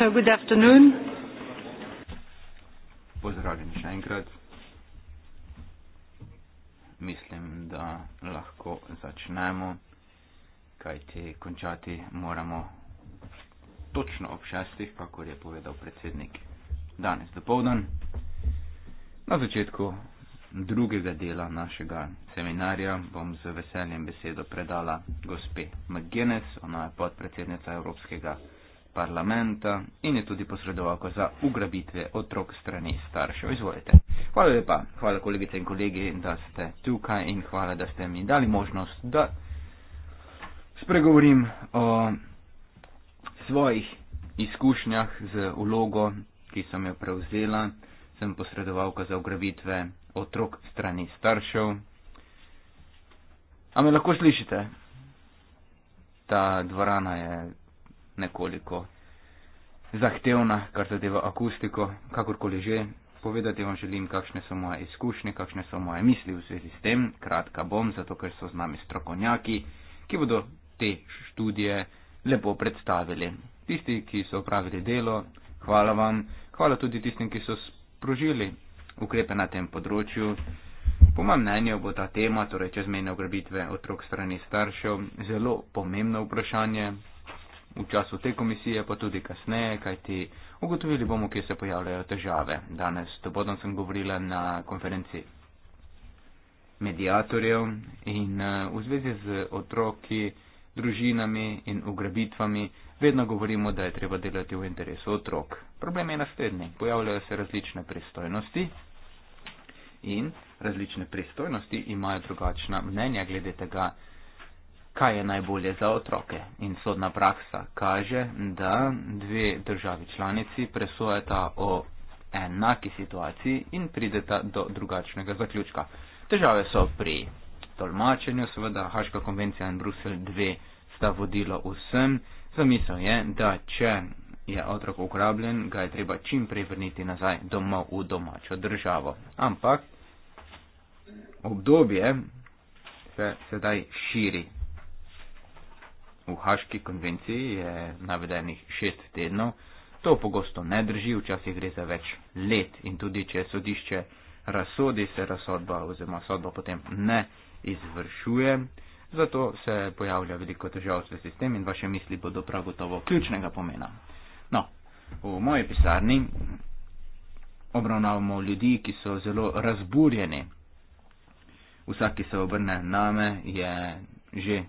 sir. Good afternoon. Pozdravljeni še enkrat. Mislim, da lahko začnemo, kajti končati moramo točno ob šestih, kakor je povedal predsednik danes dopovdan. Na začetku drugega dela našega seminarja bom z veseljem besedo predala gospe McGuinness, ona je podpredsednica Evropskega parlamenta parlamenta in je tudi posredoval za ugrabitve otrok strani staršev. Izvolite. Hvala lepa, hvala kolegice in kolegi, da ste tukaj in hvala, da ste mi dali možnost, da spregovorim o svojih izkušnjah z ulogo, ki sem jo prevzela. Sem posredoval za ugrabitve otrok strani staršev. A me lahko slišite? Ta dvorana je nekoliko zahtevna, kar zadeva akustiko, kakorkoli že. Povedati vam želim, kakšne so moje izkušnje, kakšne so moje misli v zvezi s tem. Kratka bom, zato ker so z nami strokovnjaki, ki bodo te študije lepo predstavili. Tisti, ki so opravili delo, hvala vam, hvala tudi tistim, ki so sprožili ukrepe na tem področju. Po mojem mnenju bo ta tema, torej čezmejne ugrabitve otrok strani staršev, zelo pomembno vprašanje, v času te komisije, pa tudi kasneje, kajti ugotovili bomo, kje se pojavljajo težave. Danes to bodo sem govorila na konferenci medijatorjev in eh, v zvezi z otroki, družinami in ugrabitvami vedno govorimo, da je treba delati v interesu otrok. Problem je naslednji. Pojavljajo se različne pristojnosti in različne pristojnosti imajo drugačna mnenja glede tega, kaj je najbolje za otroke. In sodna praksa kaže, da dve državi članici presojata o enaki situaciji in prideta do drugačnega zaključka. Težave so pri tolmačenju, seveda Haška konvencija in Bruselj 2 sta vodilo vsem. Zamisel je, da če je otrok ukrabljen, ga je treba čim prej vrniti nazaj domov v domačo državo. Ampak obdobje se sedaj širi V Haški konvenciji je navedenih šest tednov, to pogosto ne drži, včasih gre za več let in tudi če sodišče razsodi, se razsodba oziroma sodba potem ne izvršuje. Zato se pojavlja veliko težav s sistemom in vaše misli bodo prav gotovo ključnega pomena. No, v moji pisarni obravnavamo ljudi, ki so zelo razburjeni. Vsak, ki se obrne name, je že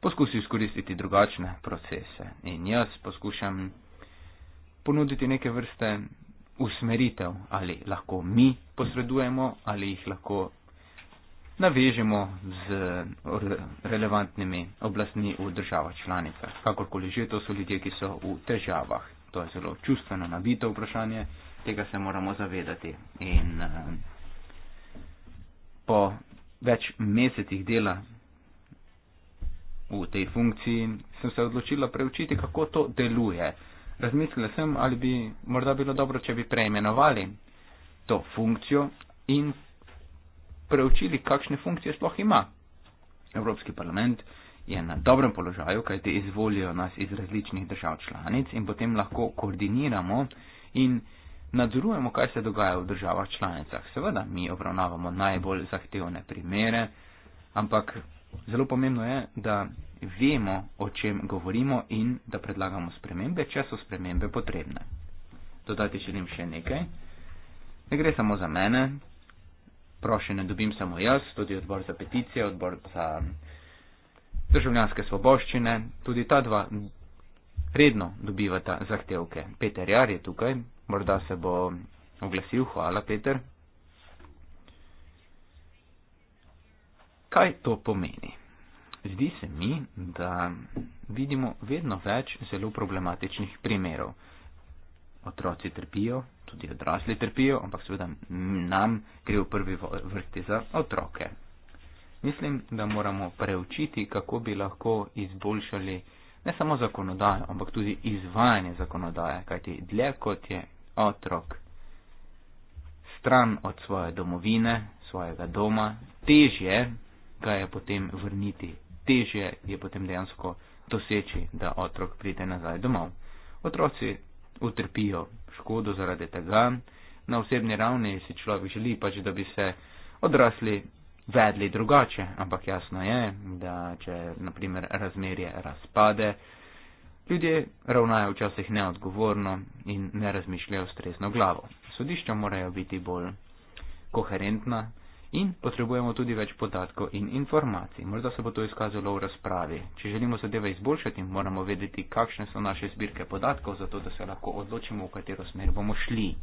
poskusi izkoristiti drugačne procese in jaz poskušam ponuditi neke vrste usmeritev, ali lahko mi posredujemo, ali jih lahko navežemo z relevantnimi oblastmi v država članica. Kakorkoli že, to so ljudje, ki so v težavah. To je zelo čustveno nabito vprašanje, tega se moramo zavedati. In uh, po več mesecih dela v tej funkciji, sem se odločila preučiti, kako to deluje. Razmislila sem, ali bi morda bilo dobro, če bi preimenovali to funkcijo in preučili, kakšne funkcije sploh ima. Evropski parlament je na dobrem položaju, kajti izvolijo nas iz različnih držav članic in potem lahko koordiniramo in nadzorujemo, kaj se dogaja v državah članicah. Seveda, mi obravnavamo najbolj zahtevne primere, ampak Zelo pomembno je, da vemo, o čem govorimo in da predlagamo spremembe, če so spremembe potrebne. Dodati želim še nekaj. Ne gre samo za mene, prošene dobim samo jaz, tudi odbor za peticije, odbor za državljanske svoboščine. Tudi ta dva redno dobivata zahtevke. Peter Jar je tukaj, morda se bo oglasil. Hvala, Peter. Kaj to pomeni? Zdi se mi, da vidimo vedno več zelo problematičnih primerov. Otroci trpijo, tudi odrasli trpijo, ampak seveda nam gre v prvi vrsti za otroke. Mislim, da moramo preučiti, kako bi lahko izboljšali ne samo zakonodajo, ampak tudi izvajanje zakonodaje, kajti dlje kot je otrok stran od svoje domovine, svojega doma, težje ga je potem vrniti. Težje je potem dejansko doseči, da otrok pride nazaj domov. Otroci utrpijo škodo zaradi tega. Na osebni ravni si človek želi pač, da bi se odrasli vedli drugače, ampak jasno je, da če naprimer razmerje razpade, ljudje ravnajo včasih neodgovorno in ne razmišljajo strezno glavo. Sodišča morajo biti bolj koherentna, in potrebujemo tudi več podatkov in informacij. Morda se bo to izkazalo v razpravi. Če želimo zadeve izboljšati, moramo vedeti, kakšne so naše zbirke podatkov, zato da se lahko odločimo, v katero smer bomo šli.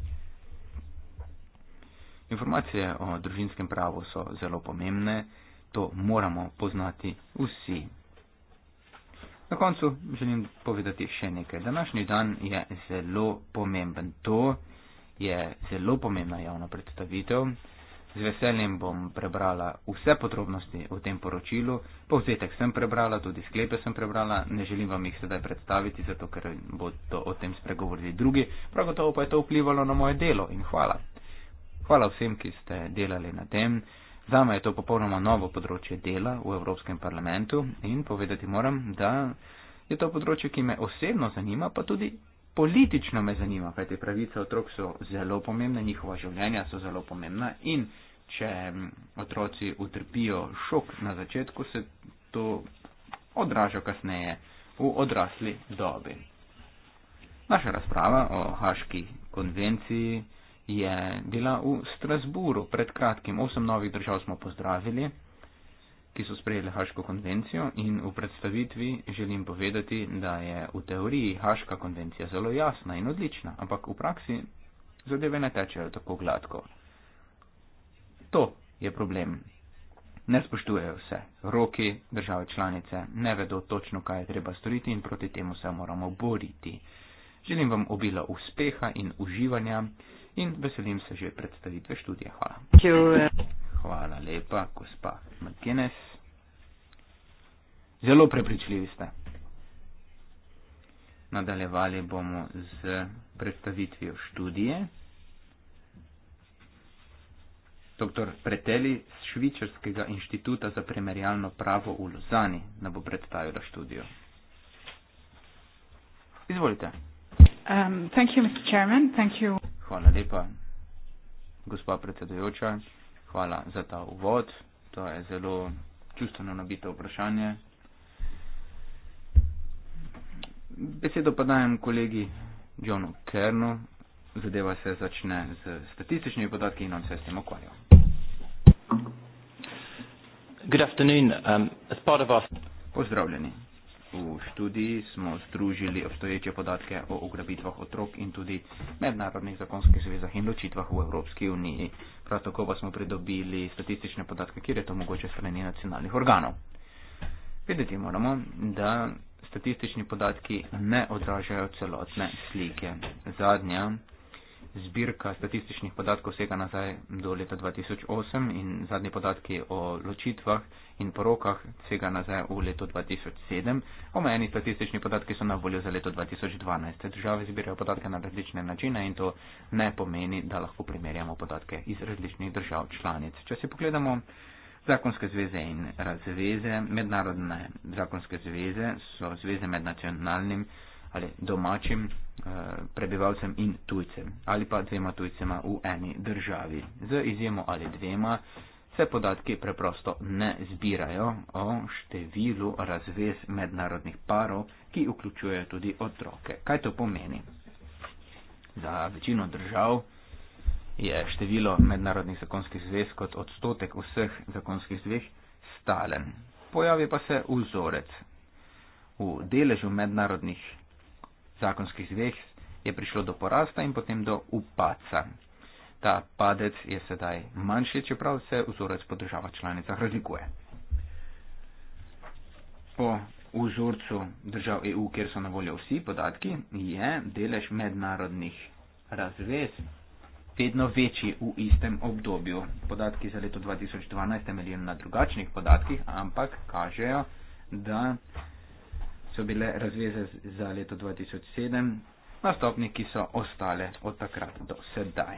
Informacije o družinskem pravu so zelo pomembne, to moramo poznati vsi. Na koncu želim povedati še nekaj. Današnji dan je zelo pomemben. To je zelo pomembna javna predstavitev. Z veseljem bom prebrala vse podrobnosti o tem poročilu. Povzetek sem prebrala, tudi sklepe sem prebrala, ne želim vam jih sedaj predstaviti, zato ker bodo o tem spregovorili drugi. Prav gotovo pa je to vplivalo na moje delo in hvala. Hvala vsem, ki ste delali na tem. Zame je to popolnoma novo področje dela v Evropskem parlamentu in povedati moram, da je to področje, ki me osebno zanima, pa tudi politično me zanima, kajti pravice otrok so zelo pomembne, njihova življenja so zelo pomembna in če otroci utrpijo šok na začetku, se to odraža kasneje v odrasli dobi. Naša razprava o Haški konvenciji je bila v Strasburu pred kratkim. Osem novih držav smo pozdravili, ki so sprejeli Haško konvencijo in v predstavitvi želim povedati, da je v teoriji Haška konvencija zelo jasna in odlična, ampak v praksi zadeve ne tečejo tako gladko to je problem. Ne spoštujejo vse. Roki države članice ne vedo točno, kaj je treba storiti in proti temu se moramo boriti. Želim vam obila uspeha in uživanja in veselim se že predstavitve študija. Hvala. Hvala lepa, gospa McGuinness. Zelo prepričljivi ste. Nadaljevali bomo z predstavitvijo študije. Dr. Preteli z Švičarskega inštituta za primerjalno pravo v Luzani nam bo predstavila študijo. Izvolite. Um, thank you, Mr. Chairman. Thank you. Hvala lepa, gospa predsedujoča. Hvala za ta uvod. To je zelo čustveno nabito vprašanje. Besedo pa dajem kolegi Johnu Kernu. Zadeva se začne z statističnimi podatki in on se s tem ukvarja. Good afternoon. Um, as part of our... Pozdravljeni. V študiji smo združili obstoječe podatke o ugrabitvah otrok in tudi mednarodnih zakonskih zvezah in ločitvah v Evropski uniji. Prav tako pa smo pridobili statistične podatke, kjer je to mogoče strani nacionalnih organov. Vedeti moramo, da statistični podatki ne odražajo celotne slike. Zadnja zbirka statističnih podatkov vsega nazaj do leta 2008 in zadnji podatki o ločitvah in porokah vsega nazaj v leto 2007. Omejeni statistični podatki so na voljo za leto 2012. Države zbirajo podatke na različne načine in to ne pomeni, da lahko primerjamo podatke iz različnih držav članic. Če si pogledamo zakonske zveze in razveze, mednarodne zakonske zveze so zveze med nacionalnim ali domačim eh, prebivalcem in tujcem ali pa dvema tujcema v eni državi. Z izjemo ali dvema se podatki preprosto ne zbirajo o številu razvez mednarodnih parov, ki vključujejo tudi otroke. Kaj to pomeni? Za večino držav je število mednarodnih zakonskih zvez kot odstotek vseh zakonskih zvez stalen. Pojavi pa se vzorec. V deležu mednarodnih zakonskih dveh je prišlo do porasta in potem do upaca. Ta padec je sedaj manjši, čeprav se vzorec po državah članicah razlikuje. Po vzorcu držav EU, kjer so na voljo vsi podatki, je delež mednarodnih razvez vedno večji v istem obdobju. Podatki za leto 2012 temeljijo na drugačnih podatkih, ampak kažejo, da so bile razveze za leto 2007, nastopni, ki so ostale od takrat do sedaj.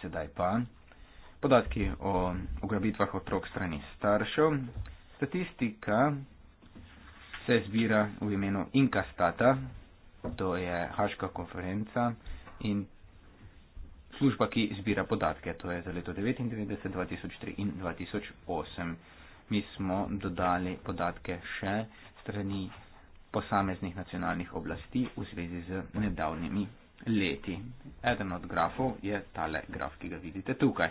Sedaj pa podatki o ugrabitvah otrok strani staršev. Statistika se zbira v imenu Inkastata, to je Haška konferenca in služba, ki zbira podatke, to je za leto 1999, 2003 in 2008 mi smo dodali podatke še strani posameznih nacionalnih oblasti v zvezi z nedavnimi leti. Eden od grafov je tale graf, ki ga vidite tukaj.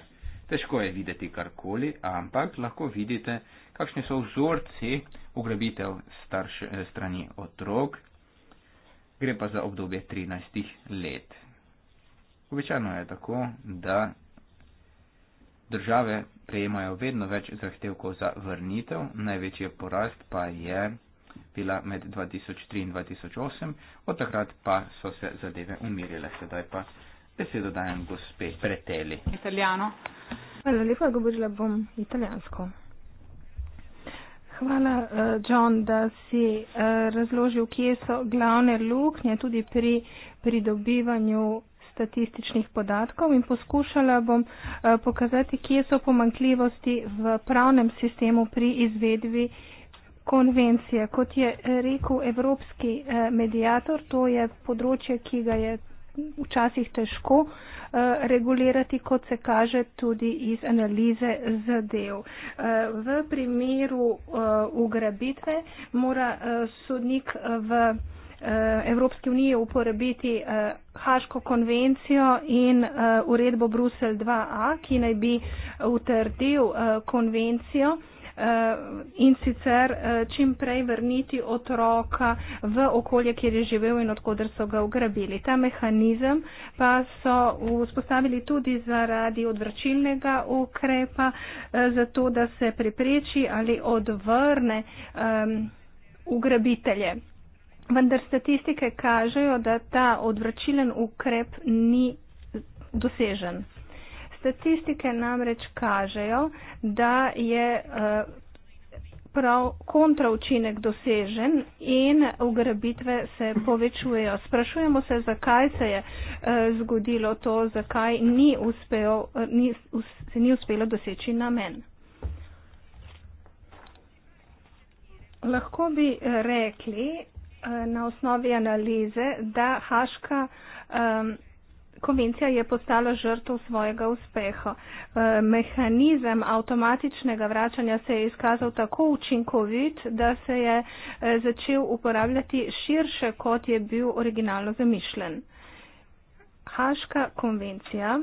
Težko je videti karkoli, ampak lahko vidite, kakšni so vzorci ugrabitev strani otrok. Gre pa za obdobje 13 let. Običajno je tako, da Države prejemajo vedno več zahtevkov za vrnitev, največji porast pa je bila med 2003 in 2008, od takrat pa so se zadeve umirile, sedaj pa besedo dajem gospe preteli. Italijano. Hvala lepa, govorila bom italijansko. Hvala, eh, John, da si eh, razložil, kje so glavne luknje tudi pri pridobivanju statističnih podatkov in poskušala bom eh, pokazati, kje so pomankljivosti v pravnem sistemu pri izvedbi konvencije. Kot je rekel evropski eh, medijator, to je področje, ki ga je včasih težko eh, regulirati, kot se kaže tudi iz analize zadev. V primeru ugrabitve mora sodnik v. Eh, Evropske unije uporabiti eh, Haško konvencijo in eh, uredbo Brusel 2a, ki naj bi utrdil konvencijo in sicer čim prej vrniti otroka v okolje, kjer je živel in odkudar so ga ugrabili. Ta mehanizem pa so vzpostavili tudi zaradi odvračilnega ukrepa, zato da se prepreči ali odvrne ugrabitelje vendar statistike kažejo, da ta odvračilen ukrep ni dosežen. Statistike namreč kažejo, da je eh, prav kontraučinek dosežen in ugrabitve se povečujejo. Sprašujemo se, zakaj se je eh, zgodilo to, zakaj ni uspel, eh, ni, se ni uspelo doseči namen. Lahko bi rekli, Eh, na osnovi analize, da Haška um, konvencija je postala žrtev svojega uspeha. Eh, mehanizem avtomatičnega vračanja se je izkazal tako učinkovit, da se je eh, začel uporabljati širše, kot je bil originalno zamišljen. Haška konvencija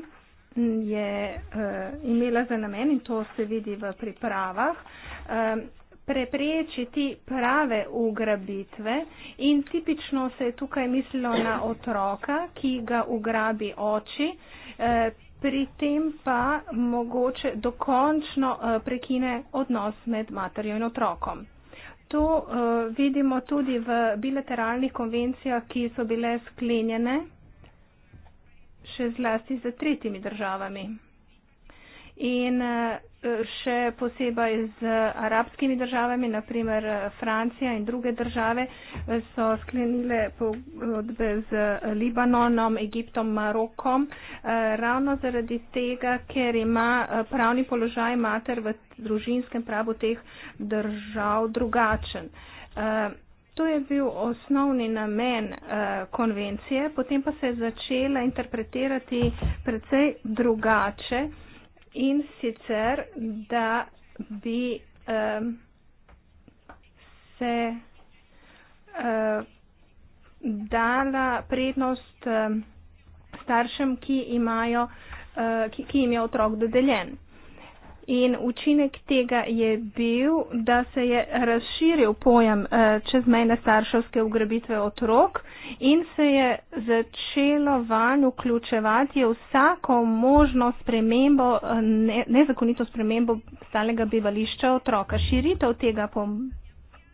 mm, je uh, imela za namen, in to se vidi v pripravah, uh, preprečiti prave ugrabitve in tipično se je tukaj mislilo na otroka, ki ga ugrabi oči, eh, pri tem pa mogoče dokončno eh, prekine odnos med materjo in otrokom. To eh, vidimo tudi v bilateralnih konvencijah, ki so bile sklenjene še zlasti z tretjimi državami. In še posebej z arabskimi državami, naprimer eh, Francija in druge države eh, so sklenile pogodbe z Libanonom, Egiptom, Marokom, eh, ravno zaradi tega, ker ima pravni položaj mater v družinskem pravu teh držav drugačen. To je bil osnovni namen konvencije, potem pa se je začela interpretirati precej drugače in sicer, da bi um, se uh, dala prednost um, staršem, ki, imajo, uh, ki, ki jim je otrok dodeljen. In učinek tega je bil, da se je razširil pojem eh, čezmejne starševske ugrabitve otrok in se je začelo van vključevati vsako možno spremembo, eh, ne, nezakonito spremembo stalnega bivališča otroka. Širitev tega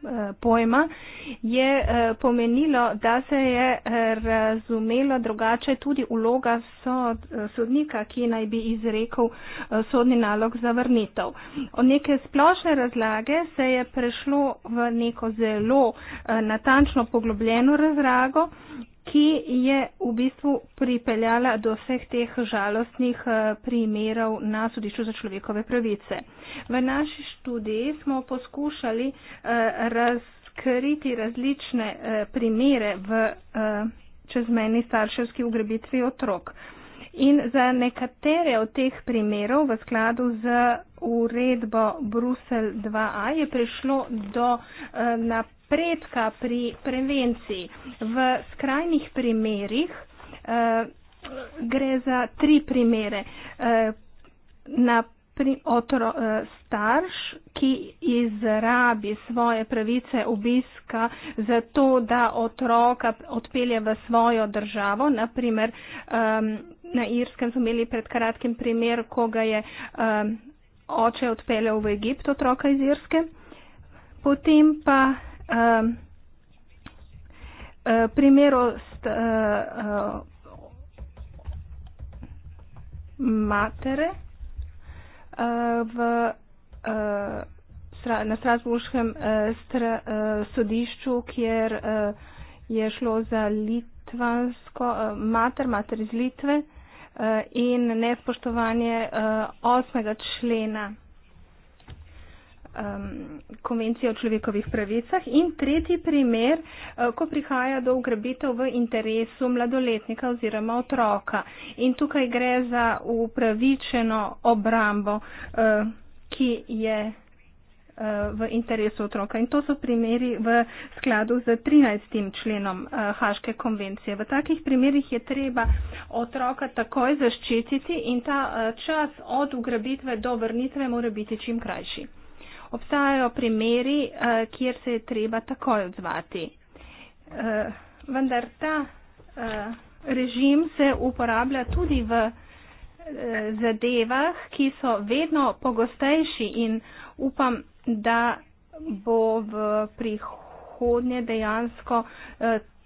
Eh, pojma, je eh, pomenilo, da se je eh, razumela drugače tudi uloga sod, sodnika, ki naj bi izrekel sodni nalog za vrnitev. Od neke splošne razlage se je prešlo v neko zelo natančno poglobljeno razrago ki je v bistvu pripeljala do vseh teh žalostnih eh, primerov na sodišču za človekove pravice. V naši študiji smo poskušali eh, razkriti različne eh, primere v čezmeni starševski ugrebitvi otrok. In za nekatere od teh primerov v skladu z uredbo Brusel 2a je prišlo do napredka napredka pri prevenciji. V skrajnih primerih eh, gre za tri primere. Eh, na pri otro, eh, starš, ki izrabi svoje pravice obiska za to, da otroka odpelje v svojo državo, naprimer eh, na Irskem smo imeli pred kratkim primer, ko ga je eh, oče odpeljal v Egipt otroka iz Irske. Potem pa Um, ehm, eh, primero st, uh, matere uh, v, uh, na Strasburškem uh, stra, uh, sodišču, kjer uh, je šlo za litvansko uh, mater, mater iz Litve uh, in nespoštovanje uh, osmega člena um, konvencijo o človekovih pravicah in tretji primer, uh, ko prihaja do ugrabitev v interesu mladoletnika oziroma otroka. In tukaj gre za upravičeno obrambo, uh, ki je uh, v interesu otroka. In to so primeri v skladu z 13. členom uh, Haške konvencije. V takih primerih je treba otroka takoj zaščititi in ta čas od ugrabitve do vrnitve mora biti čim krajši obstajajo primeri, eh, kjer se je treba takoj odzvati. Eh, vendar ta eh, režim se uporablja tudi v zadevah, ki so vedno pogostejši in upam, da bo v prihodnje dejansko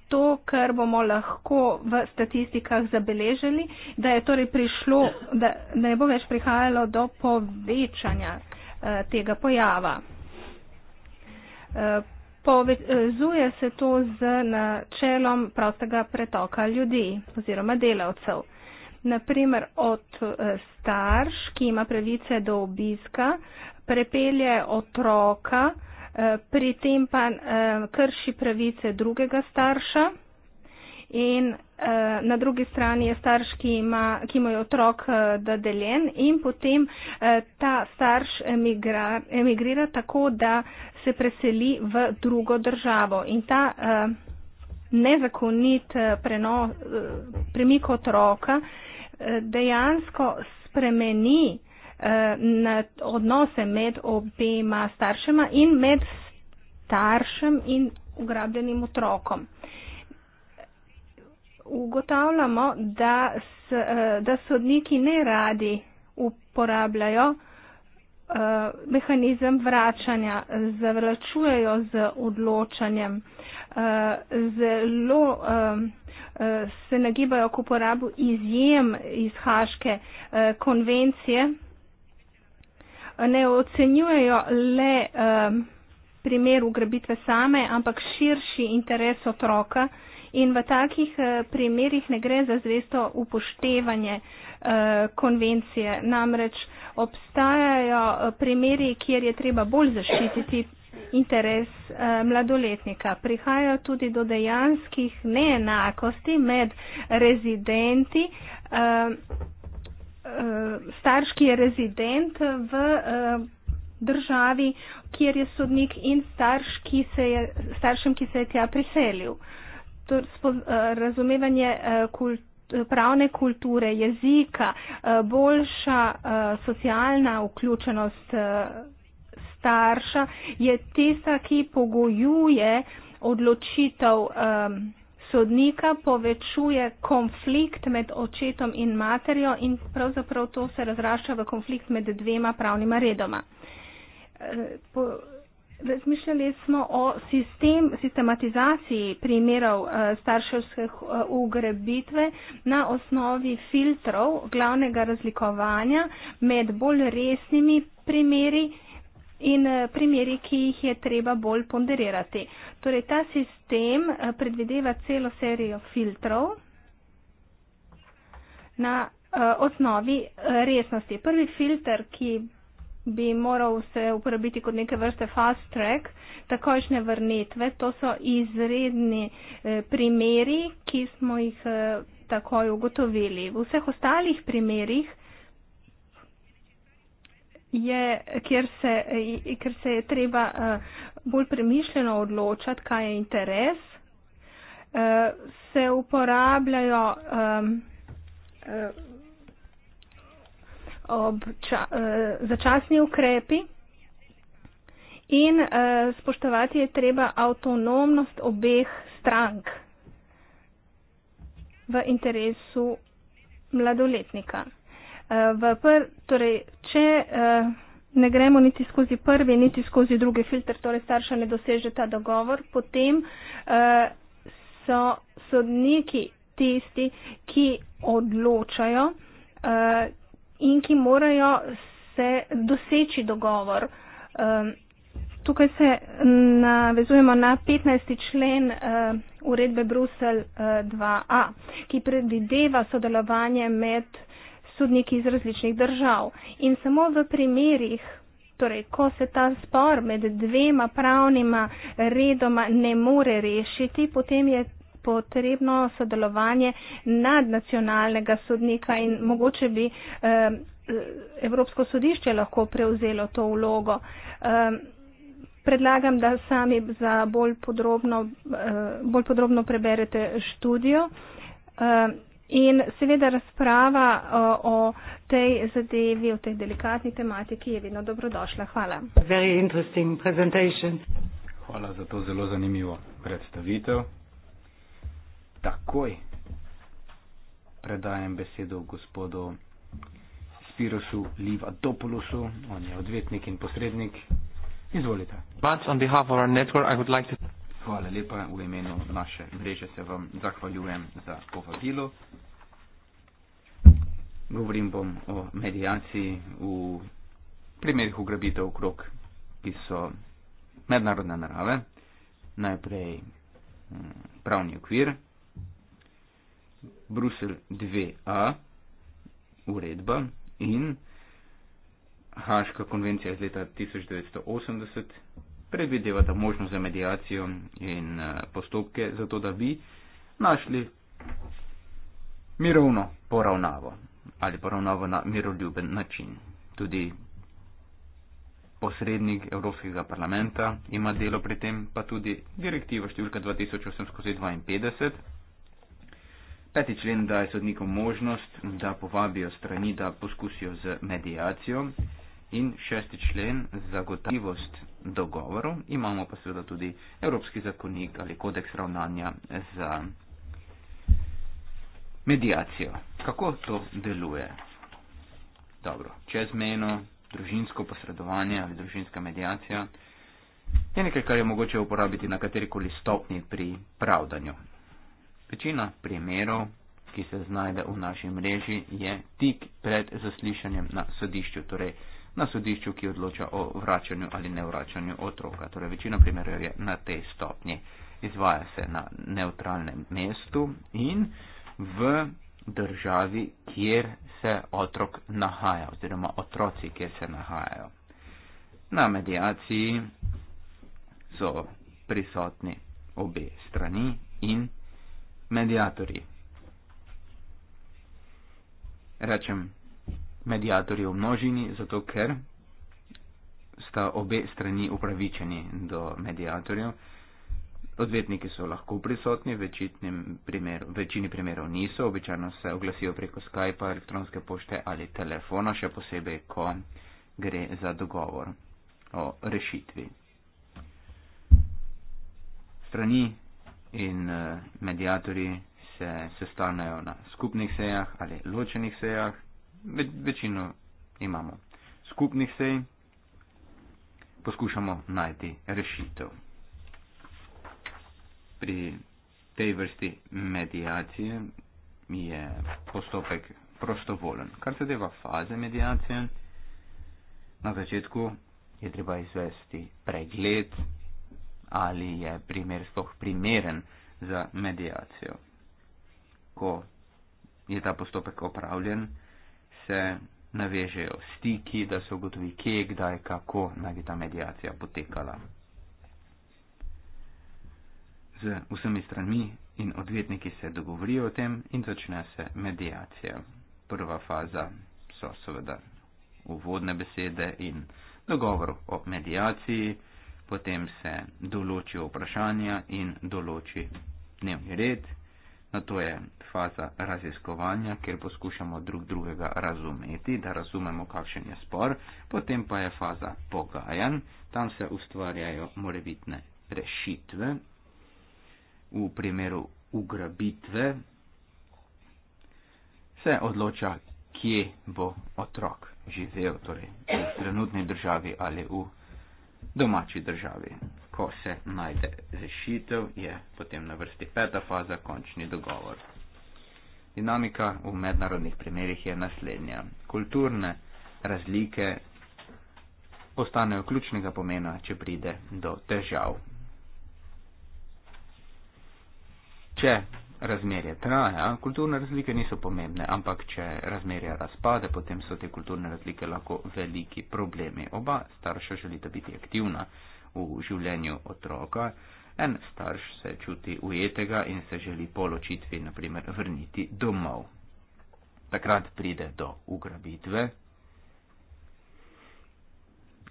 to, kar bomo lahko v statistikah zabeležili, da je torej prišlo, da ne bo več prihajalo do povečanja eh, Eh, tega pojava. Eh, povezuje se to z načelom prostega pretoka ljudi oziroma delavcev. Naprimer, od eh, starš, ki ima pravice do obiska, prepelje otroka, pri tem pa krši pravice drugega starša in uh, na drugi strani je starš, ki, ima, ki mu je otrok uh, dodeljen in potem uh, ta starš emigra, emigrira tako, da se preseli v drugo državo. In ta uh, nezakonit preno, uh, premik otroka uh, dejansko spremeni na odnose med obema staršema in med staršem in ugrabljenim otrokom. Uh, ugotavljamo, da, s, eh, da sodniki ne radi uporabljajo eh, mehanizem vračanja, zavračujejo z odločanjem, eh, zelo se nagibajo k uporabu izjem iz Haške konvencije, ne ocenjujejo le primer ugrabitve same, ampak širši interes otroka, in v takih eh, primerjih ne gre za zvesto upoštevanje eh, konvencije. Namreč obstajajo eh, primeri, kjer je treba bolj zaščititi interes mladoletnika. Prihajajo tudi do dejanskih neenakosti med rezidenti. Starš, ki je rezident v državi, kjer je sodnik in starš, ki se je, staršem, ki se je tja priselil. Uh, kultur, spo, eh, razumevanje eh, kult, pravne kulture, jezika, eh, boljša socialna vključenost starša je tista, ki pogojuje odločitev sodnika, povečuje konflikt med očetom in materjo in pravzaprav to se razrašča v konflikt med dvema pravnima redoma. Razmišljali smo o sistem, sistematizaciji primerov uh, eh, starševske uh, ugrebitve na osnovi filtrov glavnega razlikovanja med bolj resnimi primeri in uh, primeri, ki jih je treba bolj ponderirati. Torej, ta sistem uh, predvideva celo serijo filtrov na uh, osnovi uh, resnosti. Prvi filter, ki bi moral se uporabiti kot neke vrste fast track, takojšnje vrnitve. To so izredni eh, primeri, ki smo jih eh, takoj ugotovili. V vseh ostalih primerih, je, kjer, se, eh, kjer se je treba bolj premišljeno odločati, kaj je interes, se uporabljajo ob ča, uh, eh, začasni ukrepi in uh, spoštovati je treba avtonomnost obeh strank v interesu mladoletnika. Uh, pr, torej, če uh, ne gremo niti skozi prvi, niti skozi drugi filter, torej starša ne doseže ta dogovor, potem uh, so sodniki tisti, ki odločajo, uh, in ki morajo se doseči dogovor. Ehm, tukaj se navezujemo na 15. člen eh, uredbe Brusel 2a, eh, ki predvideva sodelovanje med sodniki iz različnih držav. In samo v primerih, torej, ko se ta spor med dvema pravnima redoma ne more rešiti, potem je potrebno sodelovanje nadnacionalnega sodnika in mogoče bi eh, Evropsko sodišče lahko prevzelo to vlogo. Eh, predlagam, da sami za bolj podrobno, eh, bolj podrobno preberete študijo. In seveda razprava o tej zadevi, o tej delikatni tematiki je vedno dobrodošla. Hvala. Hvala za to zelo zanimivo predstavitev takoj predajem besedo gospodu Spirosu Livadopoulosu, on je odvetnik in posrednik. Izvolite. Network, like to... Hvala lepa v imenu naše mreže, se vam zahvaljujem za povabilo. Govorim bom o medijaciji v primerih ugrabitev okrog, ki so mednarodne narave. Najprej mm, pravni okvir, Brusel 2a uredba in Haška konvencija iz leta 1980 predvideva ta možnost za medijacijo in eh, postopke za to, da bi našli mirovno poravnavo ali poravnavo na miroljuben način. Tudi posrednik Evropskega parlamenta ima delo pri tem, pa tudi direktiva številka 2008 skozi 52. Peti člen daje sodnikom možnost, da povabijo strani, da poskusijo z medijacijo. In šesti člen zagotavljivost dogovorov. Imamo pa seveda tudi Evropski zakonik ali kodeks ravnanja za medijacijo. Kako to deluje? Dobro, čezmejno družinsko posredovanje ali družinska medijacija je nekaj, kar je mogoče uporabiti na katerikoli stopni pri pravdanju. Večina primerov, ki se znajde v naši mreži, je tik pred zaslišanjem na sodišču, torej na sodišču, ki odloča o vračanju ali nevračanju otroka. Torej, večina primerov je na tej stopnji, izvaja se na neutralnem mestu in v državi, kjer se otrok nahaja oziroma otroci, kjer se nahajajo. Na mediaciji so prisotni obe strani in medijatorji. Rečem medijatorji v množini, zato ker sta obe strani upravičeni do medijatorjev. Odvetniki so lahko prisotni, v primeru, večini primerov niso, običajno se oglasijo preko Skypa, elektronske pošte ali telefona, še posebej, ko gre za dogovor o rešitvi. Strani in eh, medijatori se sestanajo na skupnih sejah ali ločenih sejah. Ve, večino imamo skupnih sej, poskušamo najti rešitev. Pri tej vrsti medijacije je postopek prostovolen. Kar se deva faze medijacije, na začetku je treba izvesti pregled ali je primer sploh primeren za medijacijo. Ko je ta postopek opravljen, se navežejo stiki, da se ugotovi, kje, kdaj, kako naj bi ta medijacija potekala. Z vsemi stranmi in odvetniki se dogovorijo o tem in začne se medijacija. Prva faza so seveda uvodne besede in dogovor o medijaciji potem se določijo vprašanja in določi dnevni red. Na to je faza raziskovanja, kjer poskušamo drug drugega razumeti, da razumemo, kakšen je spor, potem pa je faza pogajanj, tam se ustvarjajo morebitne rešitve. V primeru ugrabitve se odloča, kje bo otrok živel, torej v trenutni državi ali v domači državi. Ko se najde rešitev, je potem na vrsti peta faza končni dogovor. Dinamika v mednarodnih primerjih je naslednja. Kulturne razlike postanejo ključnega pomena, če pride do težav. Če razmerje traja, kulturne razlike niso pomembne, ampak če razmerje razpade, potem so te kulturne razlike lahko veliki problemi. Oba starša želita biti aktivna v življenju otroka, en starš se čuti ujetega in se želi po ločitvi, naprimer, vrniti domov. Takrat pride do ugrabitve.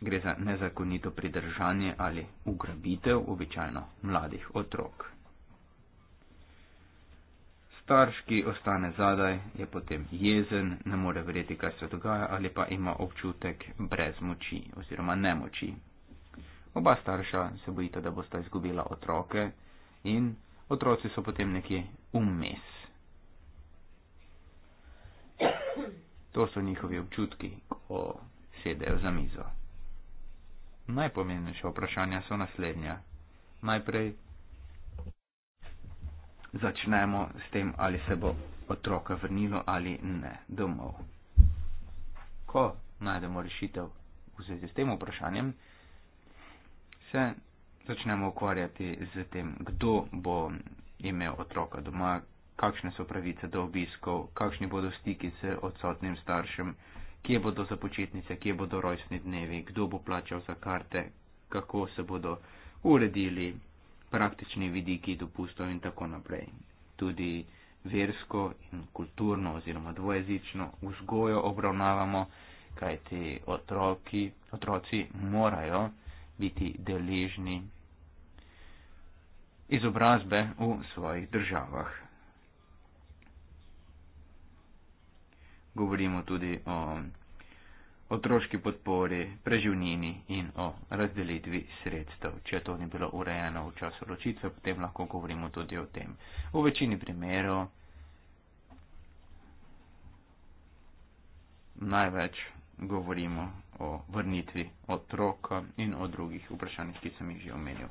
Gre za nezakonito pridržanje ali ugrabitev običajno mladih otrok starš, ki ostane zadaj, je potem jezen, ne more verjeti, kaj se dogaja ali pa ima občutek brez moči oziroma nemoči. Oba starša se bojita, da bosta izgubila otroke in otroci so potem nekje vmes. To so njihovi občutki, ko sedejo za mizo. Najpomembnejša vprašanja so naslednja. Najprej, začnemo s tem, ali se bo otroka vrnilo ali ne domov. Ko najdemo rešitev v zvezi s tem vprašanjem, se začnemo ukvarjati z tem, kdo bo imel otroka doma, kakšne so pravice do obiskov, kakšni bodo stiki s odsotnim staršem, kje bodo započetnice, kje bodo rojstni dnevi, kdo bo plačal za karte, kako se bodo uredili praktični vidiki dopustov in tako naprej. Tudi versko in kulturno oziroma dvojezično vzgojo obravnavamo, kajti otroki, otroci morajo biti deležni izobrazbe v svojih državah. Govorimo tudi o otroški podpori, preživnini in o razdelitvi sredstev. Če to ni bilo urejeno v času ločitve, potem lahko govorimo tudi o tem. V večini primerov največ govorimo o vrnitvi otroka in o drugih vprašanjih, ki sem jih že omenil.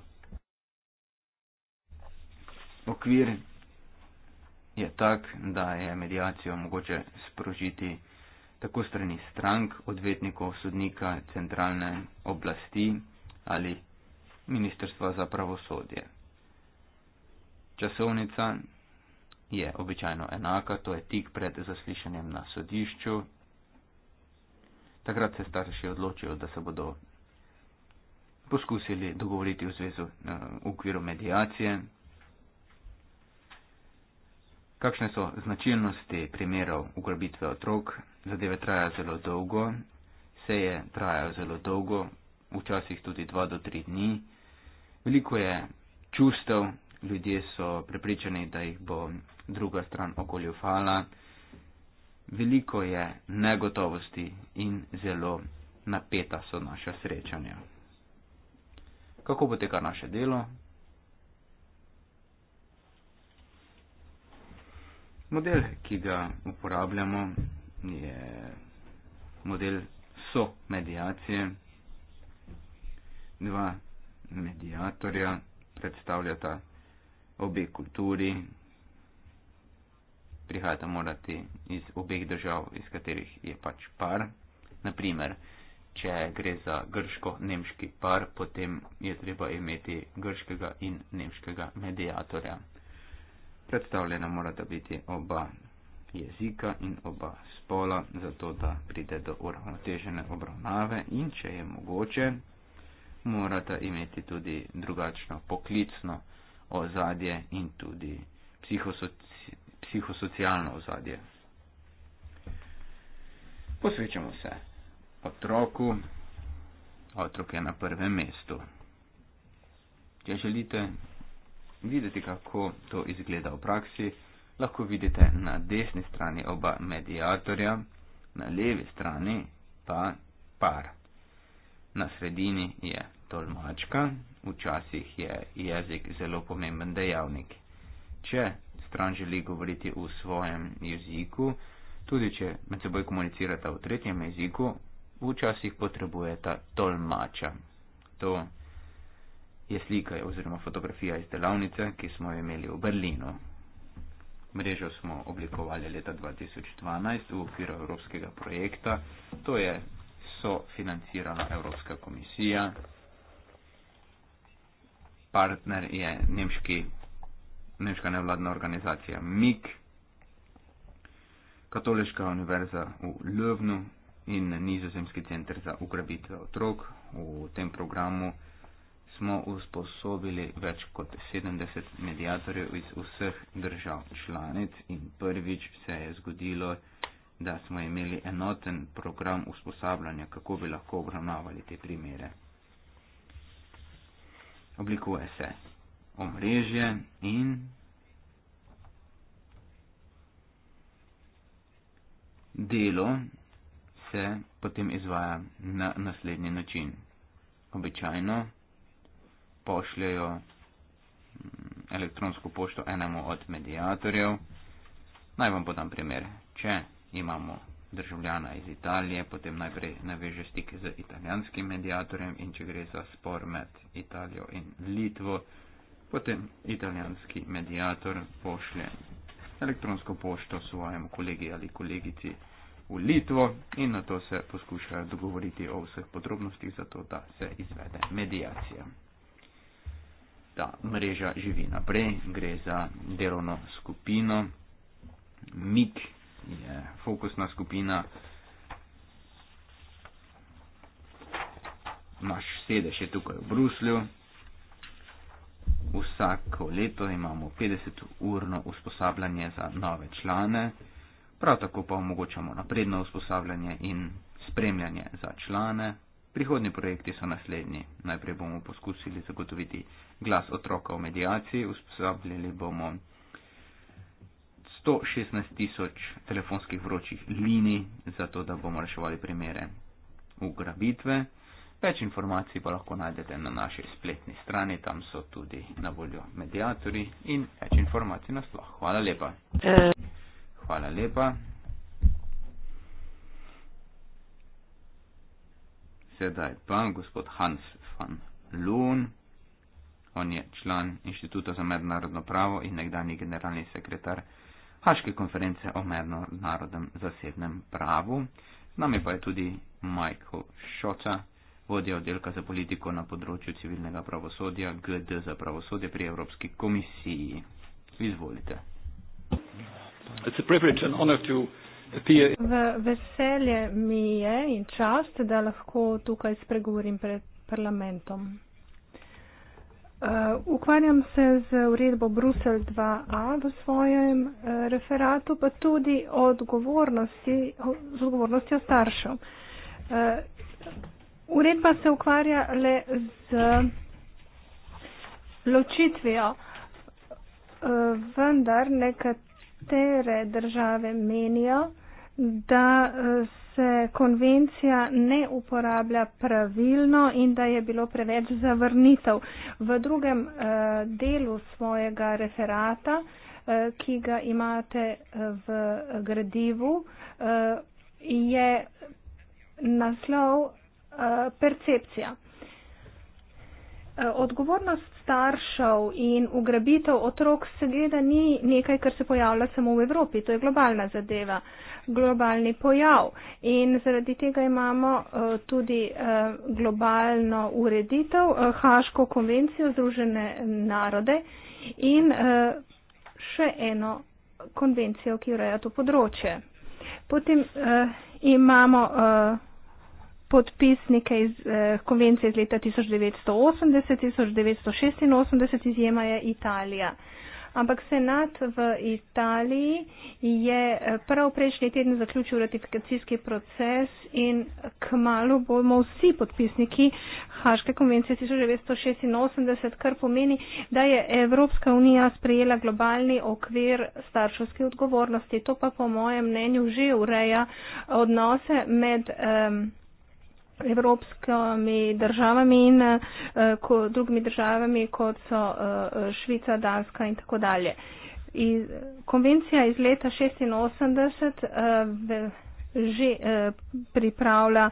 Okvir je tak, da je medijacijo mogoče sprožiti tako strani strank, odvetnikov, sodnika, centralne oblasti ali Ministrstva za pravosodje. Časovnica je običajno enaka, to je tik pred zaslišanjem na sodišču. Takrat se starši odločijo, da se bodo poskusili dogovoriti v zvezu eh, v okviru medijacije, kakšne so značilnosti primerov ugrabitve otrok. Zadeve trajajo zelo dolgo, seje trajajo zelo dolgo, včasih tudi dva do tri dni. Veliko je čustev, ljudje so prepričani, da jih bo druga stran okoljufala. Veliko je negotovosti in zelo napeta so naša srečanja. Kako poteka naše delo, Model, ki ga uporabljamo, je model so-medijacije. Dva medijatorja predstavljata obe kulturi, prihajata morati iz obeh držav, iz katerih je pač par. Naprimer, če gre za grško-nemški par, potem je treba imeti grškega in nemškega medijatorja predstavljena morata biti oba jezika in oba spola, zato da pride do uravnotežene obravnave in če je mogoče, morata imeti tudi drugačno poklicno ozadje in tudi psihosoci psihosocialno ozadje. Posvečamo se otroku, otrok je na prvem mestu. Če želite, videti, kako to izgleda v praksi, lahko vidite na desni strani oba medijatorja, na levi strani pa par. Na sredini je tolmačka, včasih je jezik zelo pomemben dejavnik. Če stran želi govoriti v svojem jeziku, tudi če med seboj komunicirata v tretjem jeziku, včasih potrebujeta tolmača. To je je slika oziroma fotografija iz delavnice, ki smo jo imeli v Berlinu. Mrežo smo oblikovali leta 2012 v okviru evropskega projekta, to je sofinancirala Evropska komisija. Partner je nemški, nemška nevladna organizacija MIG, Katoliška univerza v Ljubnu in Nizozemski center za ugrabitve otrok. V tem programu smo usposobili več kot 70 medijatorjev iz vseh držav članic in prvič se je zgodilo, da smo imeli enoten program usposabljanja, kako bi lahko obravnavali te primere. Oblikuje se omrežje in delo se potem izvaja na naslednji način. Običajno pošljajo mm, elektronsko pošto enemu od medijatorjev. Naj vam podam primer. Če imamo državljana iz Italije, potem najprej naveže stik z italijanskim medijatorjem in če gre za spor med Italijo in Litvo, potem italijanski medijator pošlje elektronsko pošto svojemu kolegi ali kolegici v Litvo in na to se poskušajo dogovoriti o vseh podrobnostih, zato da se izvede medijacija ta mreža živi naprej, gre za delovno skupino. MIG je fokusna skupina. Naš sedež je tukaj v Bruslju. Vsako leto imamo 50-urno usposabljanje za nove člane, prav tako pa omogočamo napredno usposabljanje in spremljanje za člane, Prihodni projekti so naslednji. Najprej bomo poskusili zagotoviti glas otroka v medijaciji, usposabljali bomo 116 tisoč telefonskih vročih linij, zato da bomo reševali primere ugrabitve. Več informacij pa lahko najdete na naši spletni strani, tam so tudi na voljo mediatori in več informacij na sploh. Hvala lepa. Eh. Hvala lepa. sedaj pa gospod Hans van Loon. On je član Inštituta za mednarodno pravo in nekdani generalni sekretar Haške konference o mednarodnem zasebnem pravu. Z nami pa je tudi Michael Šoca, vodja oddelka za politiko na področju civilnega pravosodja GD za pravosodje pri Evropski komisiji. Izvolite. It's a privilege and honor to je... V veselje mi je in čast, da lahko tukaj spregovorim pred parlamentom. Uh, ukvarjam se z uredbo Brusel 2a v svojem uh, referatu, pa tudi odgovornosti, o, z odgovornostjo staršev. Uh, uredba se ukvarja le z ločitvijo, uh, vendar nekatere nekatere države menijo, da eh, se konvencija ne uporablja pravilno in da je bilo preveč zavrnitev. V drugem eh, delu svojega referata, eh, ki ga imate v gradivu, je naslov percepcija. Eh, odgovornost staršev in ugrabitev otrok seveda ni nekaj, kar se pojavlja samo v Evropi, to je globalna zadeva, globalni pojav in zaradi tega imamo eh, tudi eh, globalno ureditev, Haško konvencijo Združene narode in še eno konvencijo, ki ureja to področje. Potem imamo podpisnike iz eh, konvencije iz leta 1980, 1986 izjema je Italija. Ampak senat v Italiji je eh, prav prejšnji teden zaključil ratifikacijski proces in kmalo bomo vsi podpisniki Haške konvencije 1986, kar pomeni, da je Evropska unija sprejela globalni okvir starševske odgovornosti. To pa po mojem mnenju že ureja odnose med. Um, evropskimi državami in eh, ko, drugimi državami, kot so eh, Švica, Danska in tako dalje. Eh, konvencija iz leta 1986 že pripravlja,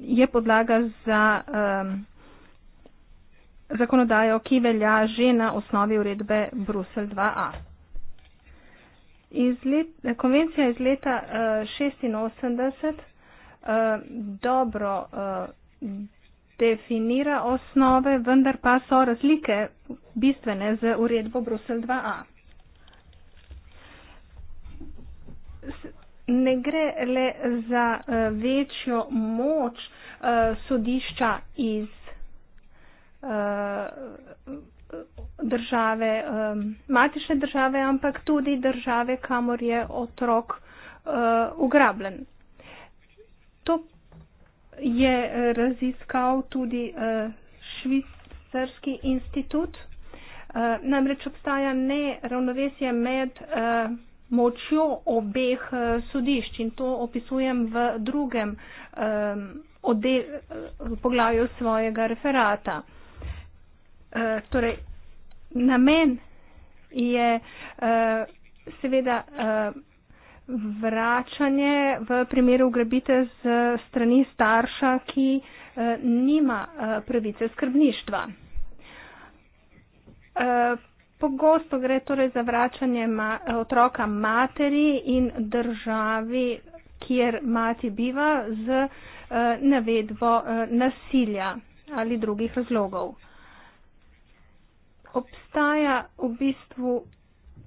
je podlaga za zakonodajo, ki velja že na osnovi uredbe Brusel 2a. Let, konvencija iz leta 1986 Eh, dobro eh, definira osnove, vendar pa so razlike bistvene z uredbo Brusel 2a. Ne gre le za eh, večjo moč sodišča iz države, matične države, ampak tudi države, kamor je otrok ugrabljen to je eh, raziskal tudi eh, švicarski institut. Eh, namreč obstaja neravnovesje med močjo obeh sodišč in to opisujem v drugem poglavju svojega referata. Torej, namen je seveda vračanje v primeru ugrabite z strani starša, ki eh, nima eh, pravice skrbništva. Eh, pogosto gre torej za vračanje otroka materi in državi, kjer mati biva z navedvo nasilja ali drugih razlogov. Obstaja v bistvu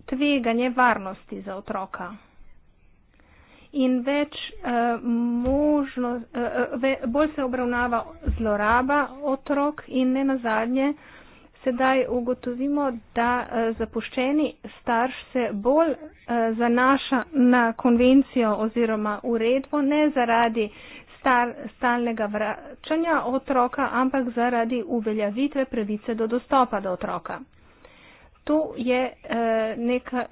tveganje varnosti za otroka in več uh, možno, uh, ve, bolj se obravnava zloraba otrok in ne nazadnje. Sedaj ugotovimo, da zapuščeni starš se bolj zanaša na konvencijo oziroma uredbo, ne zaradi star, stalnega vračanja otroka, ampak zaradi uveljavitve pravice do dostopa do otroka. To je neka,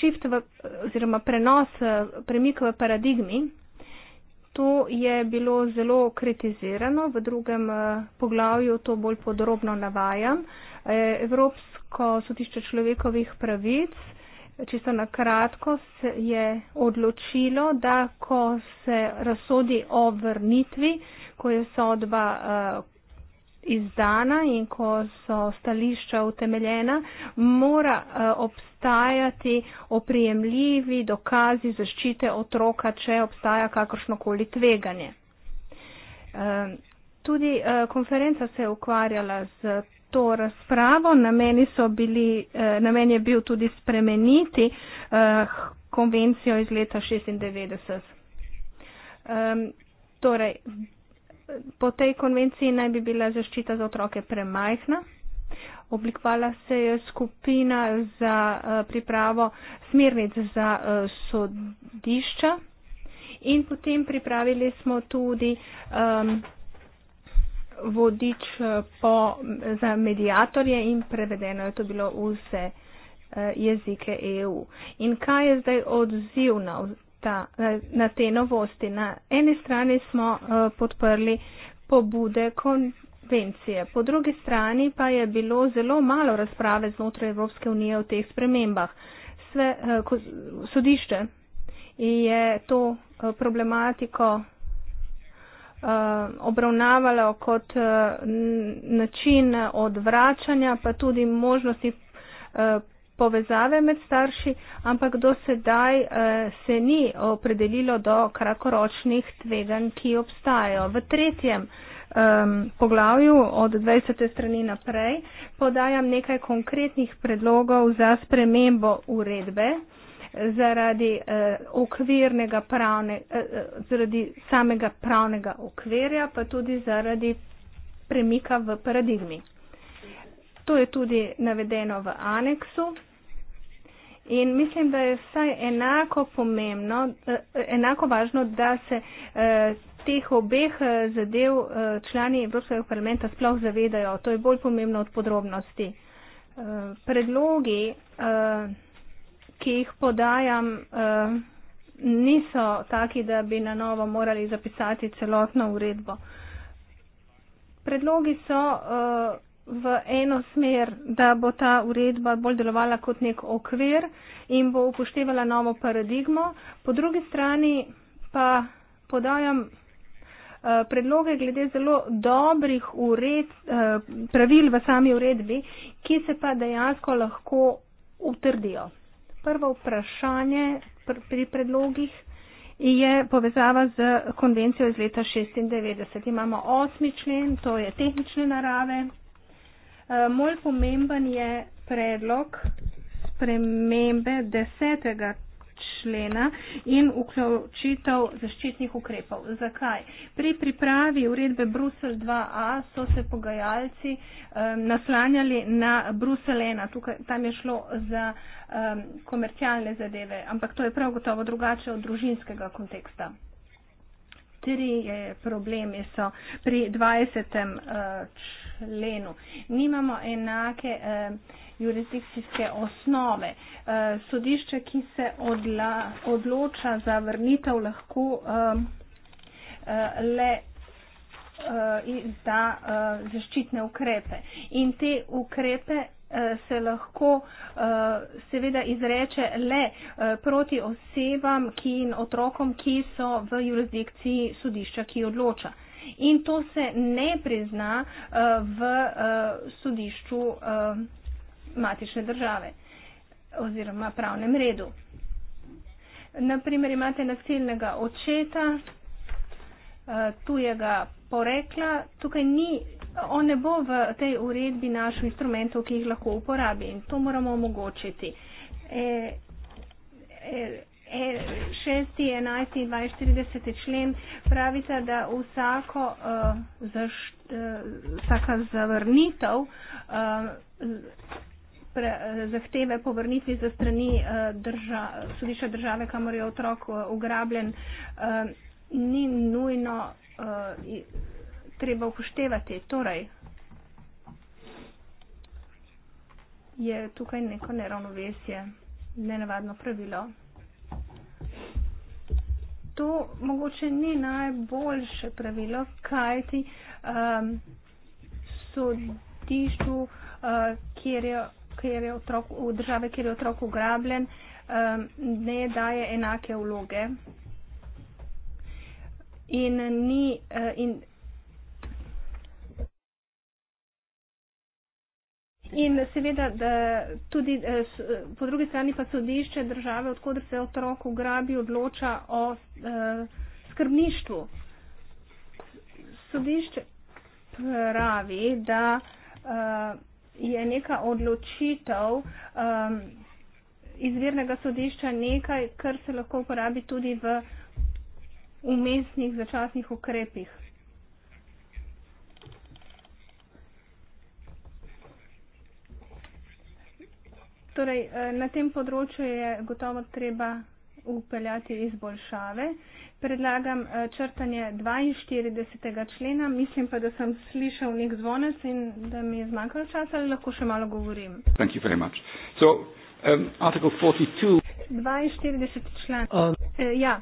shift v, oziroma prenos, eh, premik v paradigmi, to je bilo zelo kritizirano, v drugem eh, poglavju to bolj podrobno navajam. Eh, Evropsko sodišče človekovih pravic, čisto na kratko, je odločilo, da ko se razsodi o vrnitvi, ko je sodba uh, izdana in ko so stališča utemeljena, mora eh, obstajati oprijemljivi dokazi zaščite otroka, če obstaja kakršnokoli tveganje. Eh, tudi eh, konferenca se je ukvarjala z to razpravo, namen, bili, namen je bil tudi spremeniti konvencijo iz leta 96. Ehm, torej, po tej konvenciji naj bi bila zaščita za otroke premajhna. Oblikvala se je skupina za eh, pripravo smernic za eh, sodišča in potem pripravili smo tudi um, vodič eh, po, za medijatorje in prevedeno je to bilo vse jezike EU. In kaj je zdaj odziv na ta, na te novosti. Na eni strani smo eh, podprli pobude konvencije, po drugi strani pa je bilo zelo malo razprave znotraj Evropske unije o teh spremembah. Sve, eh, sodišče je to eh, problematiko obravnavalo kot način odvračanja, pa tudi možnosti povezave med starši, ampak do sedaj eh, se ni opredelilo do kratkoročnih tveganj, ki obstajajo. V tretjem eh, poglavju od 20. strani naprej podajam nekaj konkretnih predlogov za spremembo uredbe zaradi, eh, pravne, eh, eh, zaradi samega pravnega okvirja, pa tudi zaradi premika v paradigmi. To je tudi navedeno v aneksu. In mislim, da je vsaj enako pomembno, eh, enako važno, da se eh, teh obeh eh, zadev člani Evropskega parlamenta sploh zavedajo. To je bolj pomembno od podrobnosti. Predlogi, ki jih podajam, niso taki, da bi na novo morali zapisati celotno uredbo. Predlogi so uh, v eno smer, da bo ta uredba bolj delovala kot nek okvir in bo upoštevala novo paradigmo. Po drugi strani pa podajam eh, predloge glede zelo dobrih ured, eh, pravil v sami uredbi, ki se pa dejansko lahko utrdijo. Prvo vprašanje pri predlogih je povezava z konvencijo iz leta 96. Imamo osmi člen, to je tehnične narave. Mol eh, pomemben je predlog spremembe desetega člena in vključitev zaščitnih ukrepov. Zakaj? Pri pripravi uredbe Brusel 2a so se pogajalci um, naslanjali na Brusel 1, Tukaj, tam je šlo za um, komercialne zadeve, ampak to je prav gotovo drugače od družinskega konteksta. Tri problemi so pri 20. Uh, eh, členu. Nimamo enake eh, jurisdikcijske osnove. Eh, sodišče, ki se odla, odloča za vrnitev, lahko eh, eh le eh, izda eh, zaščitne ukrepe. In te ukrepe eh, se lahko eh, seveda izreče le proti osebam in otrokom, ki so v jurisdikciji sodišča, ki odloča in to se ne prizna eh, v eh, sodišču eh, matične države oziroma pravnem redu. Naprimer, imate nasilnega očeta, tujega porekla, tukaj ni, on ne bo v tej uredbi našel instrumentov, ki jih lahko uporabi in to moramo omogočiti. E, e 6, e, 11 in 42 člen pravita, da vsako, uh, zašt, uh, vsaka zavrnitev uh, pre, zahteve po vrnitvi za strani uh, drža, sodišča države, kamor je otrok uh, ugrabljen, uh, ni nujno uh, treba upoštevati. Torej, je tukaj neko neravnovesje, nenavadno pravilo to mogoče ni najboljše pravilo, kajti um, sodišču, uh, kjer, je, kjer je otrok v države, kjer je otrok ugrabljen, um, ne daje enake vloge. In, ni, uh, in In seveda, da tudi eh, po drugi strani pa sodišče države, odkud se otrok ugrabi, odloča o eh, skrbništvu. Sodišče pravi, da eh, je neka odločitev izvirnega sodišča nekaj, kar se lahko uporabi tudi v umestnih začasnih ukrepih. Torej, eh, na tem področju je gotovo treba upeljati izboljšave. Predlagam eh, črtanje 42. člena, mislim pa, da sem slišal nek zvonec in da mi je zmanjkal čas ali lahko še malo govorim. Thank you very much. So, um, article 42. 42. člen. Um. Eh, ja,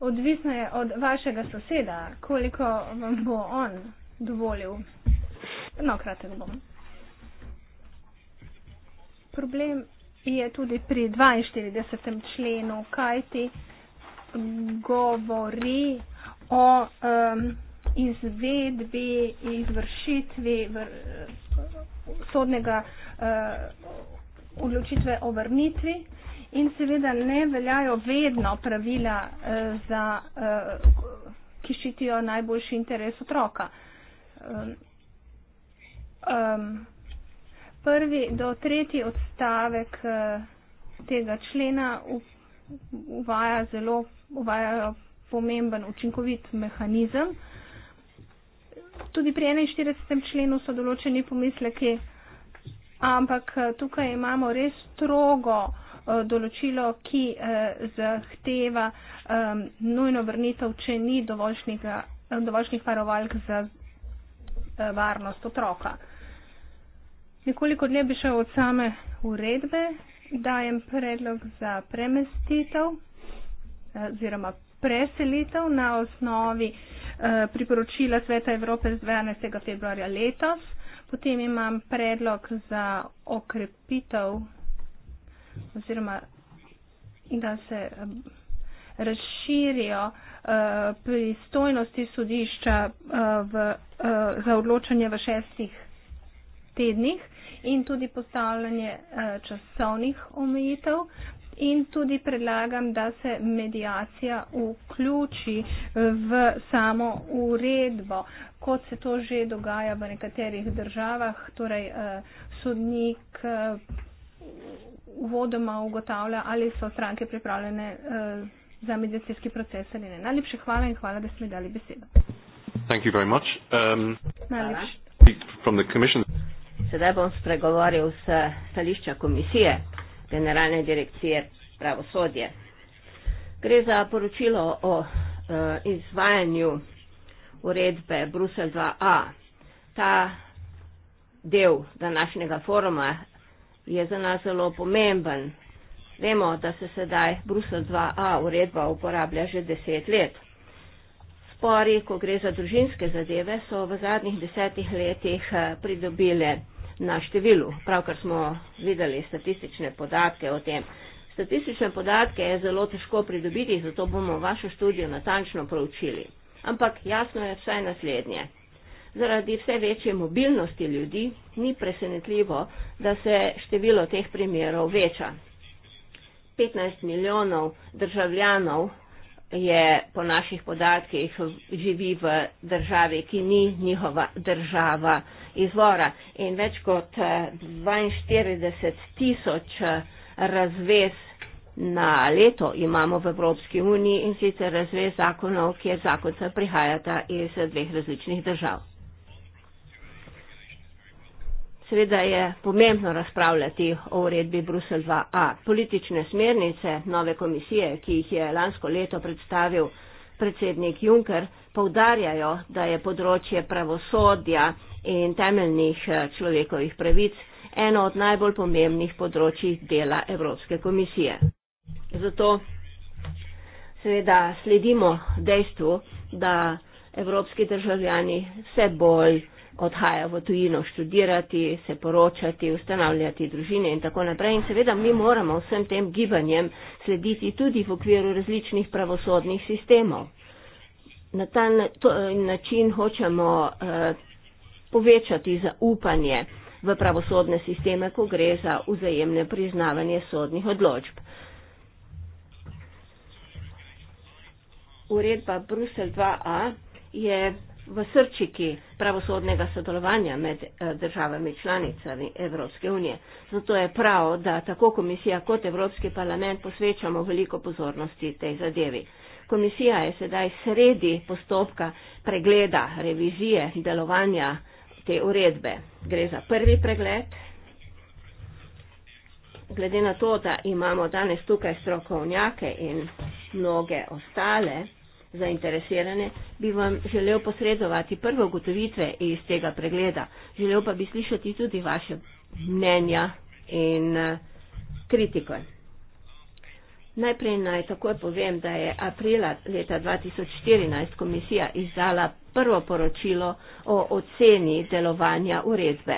odvisno je od vašega soseda, koliko vam bo on dovolil. No, kratek bom. Problem je tudi pri 42. členu, kaj ti govori o um, izvedbi, izvršitvi vr, sodnega uh, odločitve o vrnitvi in seveda ne veljajo vedno pravila, uh, za, uh, ki ščitijo najboljši interes otroka. Um, um, prvi do tretji odstavek eh, tega člena uvaja zelo uvaja pomemben učinkovit mehanizem. Tudi pri 41. členu so določeni pomisleki, ampak eh, tukaj imamo res strogo eh, določilo, ki zahteva ehm, nujno vrnitev, če ni dovoljšnih varovalk za varnost otroka nekoliko dlje bi šel od same uredbe, dajem predlog za premestitev eh, oziroma preselitev na osnovi eh, priporočila Sveta Evrope z 12. februarja letos. Potem imam predlog za okrepitev oziroma da se eh, razširijo uh, pristojnosti sodišča uh, v, uh, za odločanje v šestih tednih in tudi postavljanje eh, časovnih omejitev. In tudi predlagam, da se medijacija vključi eh, v samo uredbo, kot se to že dogaja v nekaterih državah. Torej, eh, sodnik vodoma ugotavlja, ali so stranke pripravljene za medijacijski proces ali ne. Najlepše hvala in hvala, da ste mi dali besedo. Um, Najlepše. Sedaj bom spregovoril s stališča komisije Generalne direkcije pravosodje. Gre za poročilo o e, izvajanju uredbe Brusel 2a. Ta del današnjega foruma je za nas zelo pomemben. Vemo, da se sedaj Brusel 2a uredba uporablja že deset let. Spori, ko gre za družinske zadeve, so v zadnjih desetih letih e, pridobile na številu. Pravkar smo videli statistične podatke o tem. Statistične podatke je zelo težko pridobiti, zato bomo vašo študijo natančno proučili. Ampak jasno je vse naslednje. Zaradi vse večje mobilnosti ljudi ni presenetljivo, da se število teh primerov veča. 15 milijonov državljanov je po naših podatkih živi v državi, ki ni njihova država izvora. In več kot 42 eh, tisoč eh, razvez na leto imamo v Evropski uniji in sicer razvez zakonov, kjer zakonca prihajata iz dveh različnih držav. Seveda je pomembno razpravljati o uredbi Brusel 2a. Politične smernice nove komisije, ki jih je lansko leto predstavil predsednik Juncker, povdarjajo, da je področje pravosodja in temeljnih eh, človekovih pravic eno od najbolj pomembnih področji dela Evropske komisije. Zato seveda sledimo dejstvu, da evropski državljani vse bolj odhaja v tujino študirati, se poročati, ustanavljati družine in tako naprej. In seveda mi moramo vsem tem gibanjem slediti tudi v okviru različnih pravosodnih sistemov. Na ta način hočemo eh, povečati zaupanje v pravosodne sisteme, ko gre za vzajemne priznavanje sodnih odločb. Uredba Brusel 2a je v srčiki pravosodnega sodelovanja med eh, državami članicami Evropske unije. Zato je prav, da tako komisija kot Evropski parlament posvečamo veliko pozornosti tej zadevi. Komisija je sedaj sredi postopka pregleda, revizije, delovanja te uredbe. Gre za prvi pregled. Glede na to, da imamo danes tukaj strokovnjake in mnoge ostale, zainteresirane, bi vam želel posredovati prve ugotovitve iz tega pregleda. Želel pa bi slišati tudi vaše mnenja in eh, kritiko. Najprej naj takoj povem, da je aprila leta 2014 komisija izdala prvo poročilo o oceni delovanja uredbe.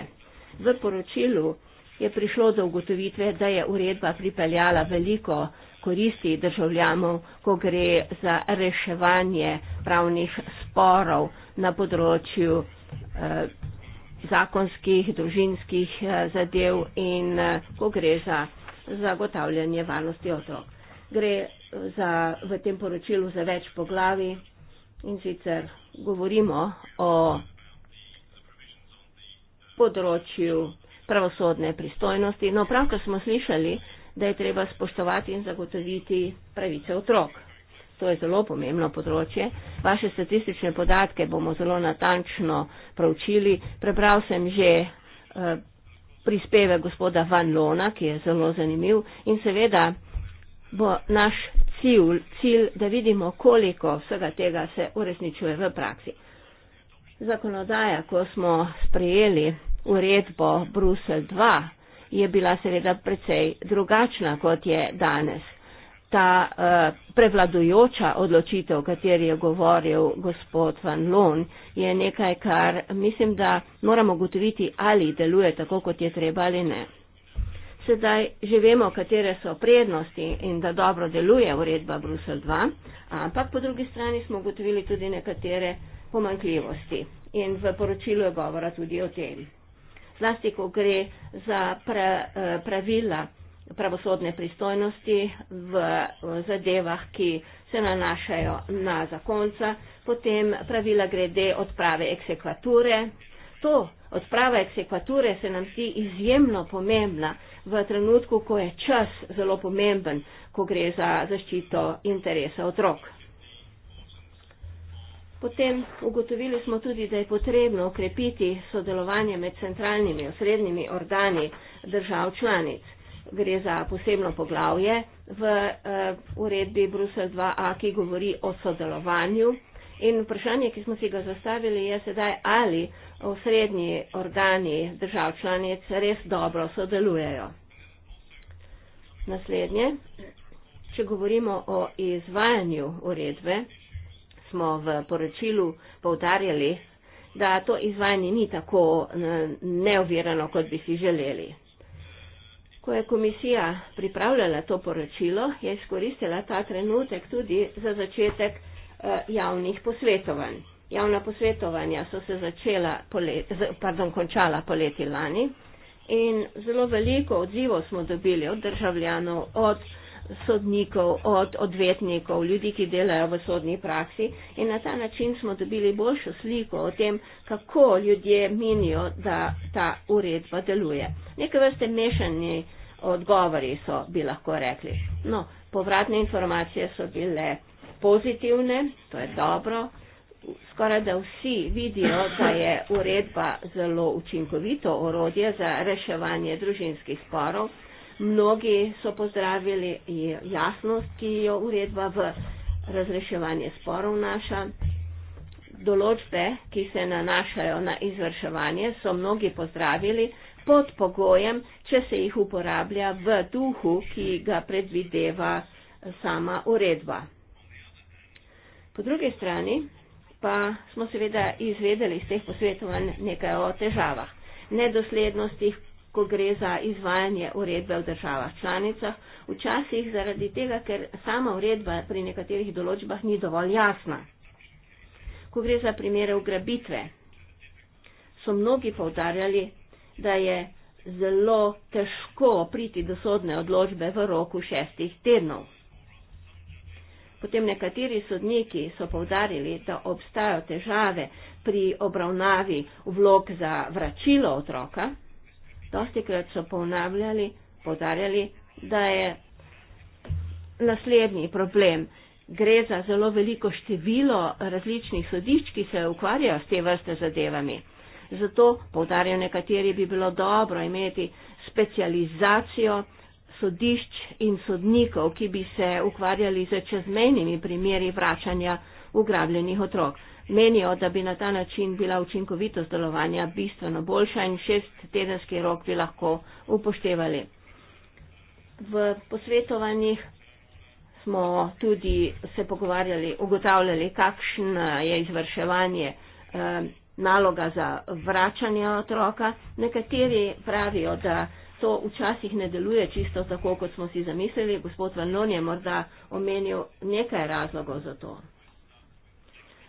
V poročilu je prišlo do ugotovitve, da je uredba pripeljala veliko koristi državljanov, ko gre za reševanje pravnih sporov na področju eh, zakonskih, družinskih eh, zadev in eh, ko gre za zagotavljanje varnosti otrok. Gre za, v tem poročilu za več poglavi in sicer govorimo o področju pravosodne pristojnosti. No, pravko smo slišali, da je treba spoštovati in zagotoviti pravice otrok. To je zelo pomembno področje. Vaše statistične podatke bomo zelo natančno pravčili. Prebral sem že eh, prispeve gospoda Van Lona, ki je zelo zanimiv in seveda bo naš cilj, cilj, da vidimo, koliko vsega tega se uresničuje v praksi. Zakonodaja, ko smo sprejeli uredbo Brusel 2, je bila seveda precej drugačna, kot je danes. Ta uh, prevladujoča odločitev, o kateri je govoril gospod Van Loon, je nekaj, kar mislim, da moramo ugotoviti, ali deluje tako, kot je treba ali ne. Sedaj že vemo, katere so prednosti in da dobro deluje uredba Brusel 2, ampak po drugi strani smo ugotovili tudi nekatere pomankljivosti in v poročilu je govora tudi o tem zlasti, ko gre za pra, eh, pravila pravosodne pristojnosti v zadevah, ki se nanašajo na zakonca, potem pravila grede odprave eksekvature. To odprava eksekvature se nam zdi izjemno pomembna v trenutku, ko je čas zelo pomemben, ko gre za zaščito interesa otrok. Potem ugotovili smo tudi, da je potrebno okrepiti sodelovanje med centralnimi in osrednjimi organi držav članic. Gre za posebno poglavje v uh, uredbi Brusel 2a, ki govori o sodelovanju. In vprašanje, ki smo si ga zastavili, je sedaj, ali osrednji organi držav članic res dobro sodelujejo. Naslednje, če govorimo o izvajanju uredbe, smo v poročilu povdarjali, da to izvajanje ni tako eh, neovirano, kot bi si želeli. Ko je komisija pripravljala to poročilo, je izkoristila ta trenutek tudi za začetek eh, javnih posvetovanj. Javna posvetovanja so se začela poleti, pardon, končala poleti lani in zelo veliko odzivov smo dobili od državljanov, od državljanov, sodnikov, od odvetnikov, ljudi, ki delajo v sodni praksi. In na ta način smo dobili boljšo sliko o tem, kako ljudje menijo, da ta uredba deluje. Neke vrste mešani odgovori so, bi lahko rekli. No, povratne informacije so bile pozitivne, to je dobro. Skoraj da vsi vidijo, da je uredba zelo učinkovito orodje za reševanje družinskih sporov mnogi so pozdravili jasnost, ki jo uredba v razreševanje sporov naša. Določbe, ki se nanašajo na izvrševanje, so mnogi pozdravili pod pogojem, če se jih uporablja v duhu, ki ga predvideva sama uredba. Po drugi strani pa smo seveda izvedeli iz teh posvetovanj nekaj o težavah, nedoslednostih ko gre za izvajanje uredbe v državah članicah, včasih zaradi tega, ker sama uredba pri nekaterih določbah ni dovolj jasna. Ko gre za primere ugrabitve, so mnogi povdarjali, da je zelo težko priti do sodne odločbe v roku šestih tednov. Potem nekateri sodniki so povdarili, da obstajajo težave pri obravnavi vlog za vračilo otroka, Dosti krat so ponavljali, podarjali, da je naslednji problem. Gre za zelo veliko število različnih sodišč, ki se ukvarjajo s te vrste zadevami. Zato, povdarjajo nekateri, bi bilo dobro imeti specializacijo sodišč in sodnikov, ki bi se ukvarjali z čezmejnimi primeri vračanja ugrabljenih otrok menijo, da bi na ta način bila učinkovitost delovanja bistveno boljša in šest tedenski rok bi lahko upoštevali. V posvetovanjih smo tudi se pogovarjali, ugotavljali, kakšen je izvrševanje eh, naloga za vračanje otroka. Nekateri pravijo, da to včasih ne deluje čisto tako, kot smo si zamislili. Gospod Vanon je morda omenil nekaj razlogov za to.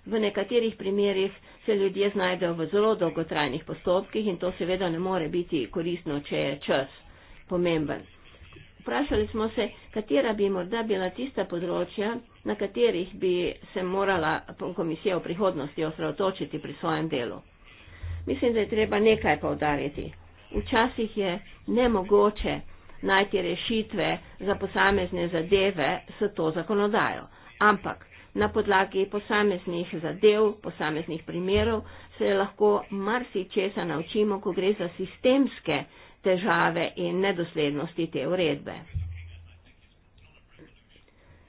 V nekaterih primerjih se ljudje znajdejo v zelo dolgotrajnih postopkih in to seveda ne more biti koristno, če je čas pomemben. Vprašali smo se, katera bi morda bila tista področja, na katerih bi se morala komisija v prihodnosti osredotočiti pri svojem delu. Mislim, da je treba nekaj povdariti. Včasih je nemogoče najti rešitve za posamezne zadeve s to zakonodajo, ampak Na podlagi posameznih zadev, posameznih primerov se lahko marsičesa naučimo, ko gre za sistemske težave in nedoslednosti te uredbe.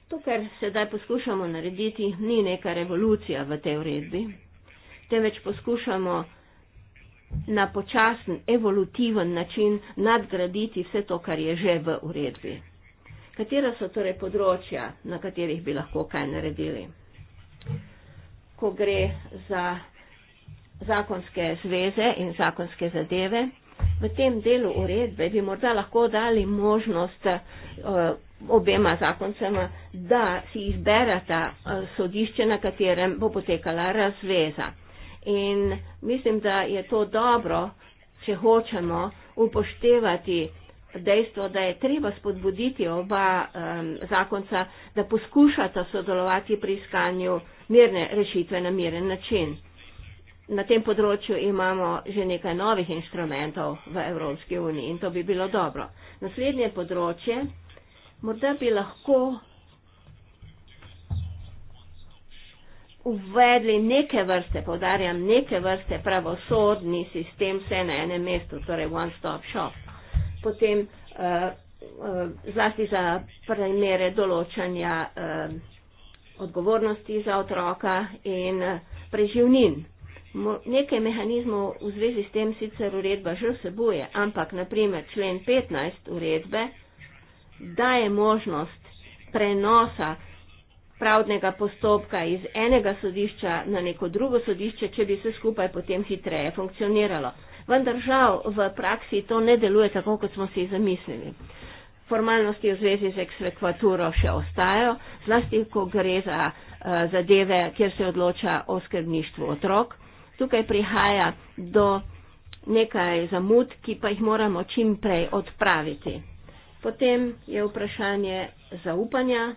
To, kar sedaj poskušamo narediti, ni neka revolucija v tej uredbi, temveč poskušamo na počasen, evolutiven način nadgraditi vse to, kar je že v uredbi. Katera so torej področja, na katerih bi lahko kaj naredili? Ko gre za zakonske zveze in zakonske zadeve, v tem delu uredbe bi morda lahko dali možnost eh, obema zakoncema, da si izberata eh, sodišče, na katerem bo potekala razveza. In mislim, da je to dobro, če hočemo upoštevati dejstvo, da je treba spodbuditi oba um, zakonca, da poskušata sodelovati pri iskanju mirne rešitve na miren način. Na tem področju imamo že nekaj novih inštrumentov v Evropski uniji in to bi bilo dobro. Naslednje področje, morda bi lahko uvedli neke vrste, povdarjam, neke vrste pravosodni sistem vse na enem mestu, torej one stop shop potem eh, eh, zlasti za primere določanja eh, odgovornosti za otroka in preživnin. Nekaj mehanizmov v zvezi s tem sicer uredba že vsebuje, ampak naprimer člen 15 uredbe daje možnost prenosa pravdnega postopka iz enega sodišča na neko drugo sodišče, če bi se skupaj potem hitreje funkcioniralo vendar žal v praksi to ne deluje tako, kot smo si zamislili. Formalnosti v zvezi z eksekvaturo še ostajajo, zlasti, ko gre za uh, zadeve, kjer se odloča o skrbništvu otrok. Tukaj prihaja do nekaj zamud, ki pa jih moramo čim prej odpraviti. Potem je vprašanje zaupanja,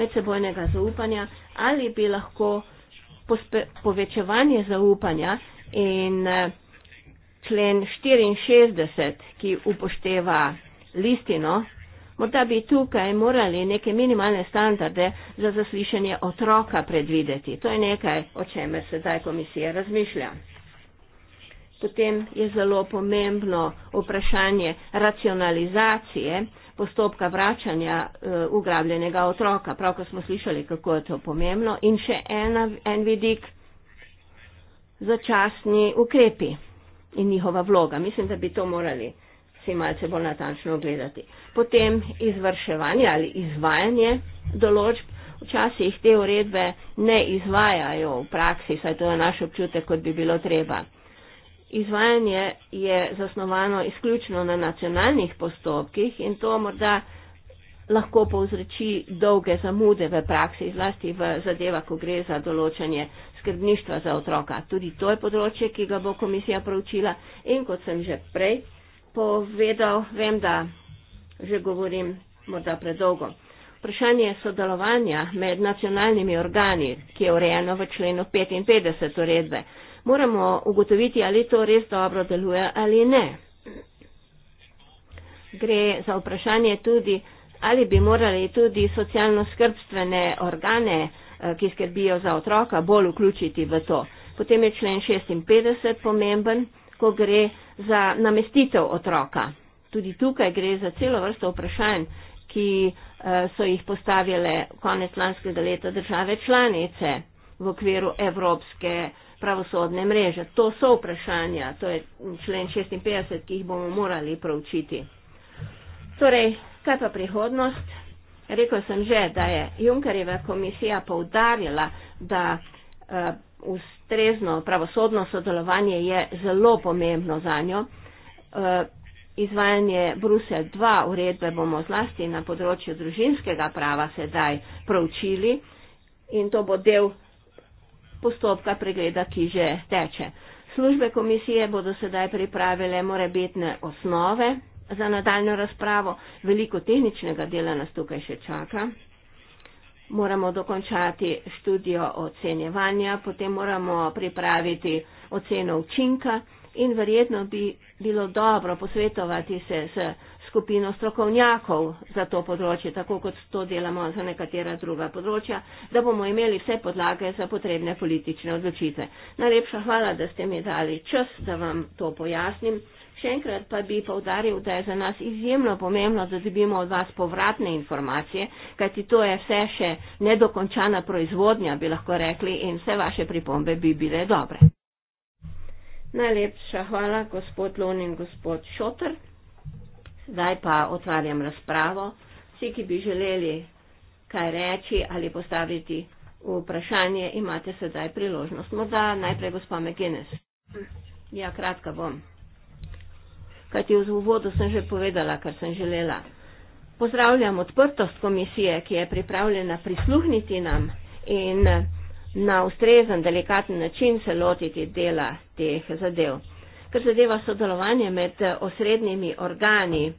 medsebojnega zaupanja, ali bi lahko pospe, povečevanje zaupanja in uh, člen 64, ki upošteva listino, morda bi tukaj morali neke minimalne standarde za zaslišanje otroka predvideti. To je nekaj, o čemer se zdaj komisija razmišlja. Potem je zelo pomembno vprašanje racionalizacije postopka vračanja uh, ugrabljenega otroka. Pravko smo slišali, kako je to pomembno. In še ena, en vidik, začasni ukrepi in njihova vloga. Mislim, da bi to morali si malce bolj natančno ogledati. Potem izvrševanje ali izvajanje določb. Včasih te uredbe ne izvajajo v praksi, saj to je naš občutek, kot bi bilo treba. Izvajanje je zasnovano izključno na nacionalnih postopkih in to morda lahko povzroči dolge zamude v praksi, zlasti v zadeva, ko gre za določanje skrbništva za otroka. Tudi to je področje, ki ga bo komisija proučila in kot sem že prej povedal, vem, da že govorim morda predolgo. Vprašanje sodelovanja med nacionalnimi organi, ki je urejeno v členu 55 uredbe, moramo ugotoviti, ali to res dobro deluje ali ne. Gre za vprašanje tudi, ali bi morali tudi socialno skrbstvene organe uh, Eh, ki skrbijo za otroka, bolj vključiti v to. Potem je člen 56 pomemben, ko gre za namestitev otroka. Tudi tukaj gre za celo vrsto vprašanj, ki eh, so jih postavile konec lanskega leta države članice v okviru Evropske pravosodne mreže. To so vprašanja, to je člen 56, ki jih bomo morali proučiti. Torej, kaj pa prihodnost? Rekl sem že, da je Junkerjeva komisija poudarjala, da uh, ustrezno pravosodno sodelovanje je zelo pomembno za njo. Uh, eh, izvajanje Brusel 2 uredbe bomo zlasti na področju družinskega prava sedaj proučili in to bo del postopka pregleda, ki že teče. Službe komisije bodo sedaj pripravile morebitne osnove za nadaljno razpravo. Veliko tehničnega dela nas tukaj še čaka. Moramo dokončati študijo ocenjevanja, potem moramo pripraviti oceno učinka in verjetno bi bilo dobro posvetovati se s skupino strokovnjakov za to področje, tako kot to delamo za nekatera druga področja, da bomo imeli vse podlage za potrebne politične odločitve. Najlepša hvala, da ste mi dali čas, da vam to pojasnim. Še enkrat pa bi povdaril, da je za nas izjemno pomembno, da dobimo od vas povratne informacije, kajti to je vse še nedokončana proizvodnja, bi lahko rekli, in vse vaše pripombe bi bile dobre. Najlepša hvala, gospod Lon in gospod Šotr. Zdaj pa otvarjam razpravo. Vsi, ki bi želeli kaj reči ali postaviti vprašanje, imate sedaj priložnost. Morda najprej gospod McGuinness. Ja, kratka bom kajti v uvodu sem že povedala, kar sem želela. Pozdravljam odprtost komisije, ki je pripravljena prisluhniti nam in na ustrezen, delikaten način se lotiti dela teh zadev. Kar zadeva sodelovanje med osrednjimi organi,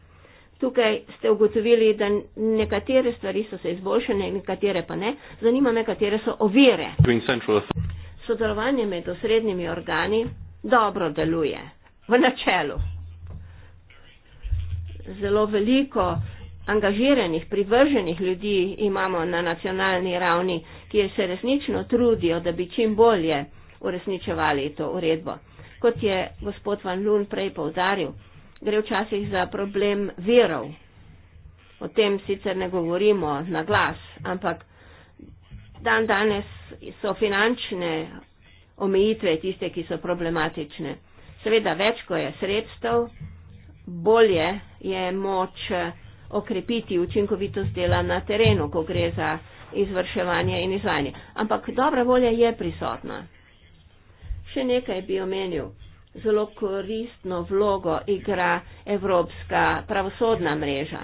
tukaj ste ugotovili, da nekatere stvari so se izboljšene, nekatere pa ne. Zanima me, katere so ovire. Sodelovanje med osrednjimi organi dobro deluje v načelu zelo veliko angažiranih, privrženih ljudi imamo na nacionalni ravni, ki se resnično trudijo, da bi čim bolje uresničevali to uredbo. Kot je gospod Van Lun prej povdaril, gre včasih za problem verov. O tem sicer ne govorimo na glas, ampak dan danes so finančne omejitve tiste, ki so problematične. Seveda, več, ko je sredstev, bolje je moč eh, okrepiti učinkovitost dela na terenu, ko gre za izvrševanje in izvajanje. Ampak dobra volja je prisotna. Še nekaj bi omenil. Zelo koristno vlogo igra Evropska pravosodna mreža.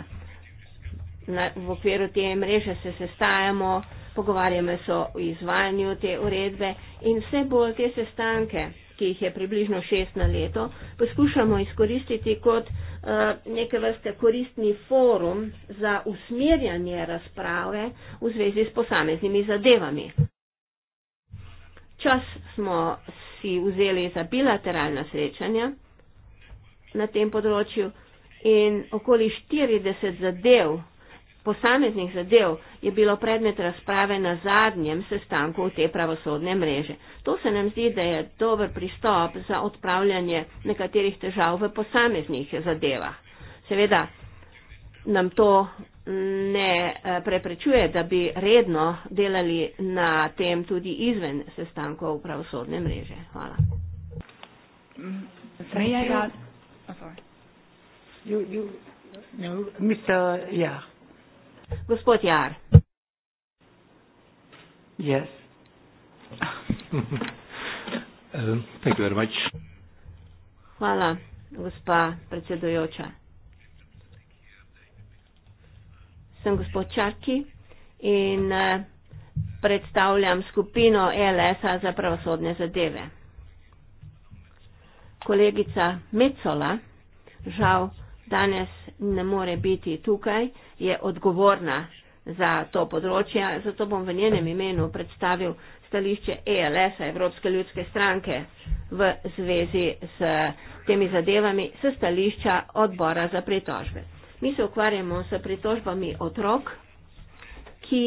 Na, v okviru te mreže se sestajamo, pogovarjamo se o izvajanju te uredbe in vse bolj te sestanke ki jih je približno šest na leto, poskušamo izkoristiti kot uh, neke vrste koristni forum za usmerjanje razprave v zvezi s posameznimi zadevami. Čas smo si vzeli za bilateralna srečanja na tem področju in okoli 40 zadev posameznih zadev je bilo predmet razprave na zadnjem sestanku v te pravosodne mreže. To se nam zdi, da je dober pristop za odpravljanje nekaterih težav v posameznih zadevah. Seveda nam to ne eh, preprečuje, da bi redno delali na tem tudi izven sestankov pravosodne mreže. Hvala. Mr. Mm, oh, no, yeah. Gospod Jar. Yes. Um, thank you very much. Hvala, gospa predsedojoča. Sem gospod Čaki in eh, predstavljam skupino LS-a za pravosodne zadeve. Kolegica Mecola žal danes ne more biti tukaj, je odgovorna za to področje, zato bom v njenem imenu predstavil stališče ELS-a Evropske ljudske stranke v zvezi s temi zadevami s stališča odbora za pritožbe. Mi se ukvarjamo s pritožbami otrok, ki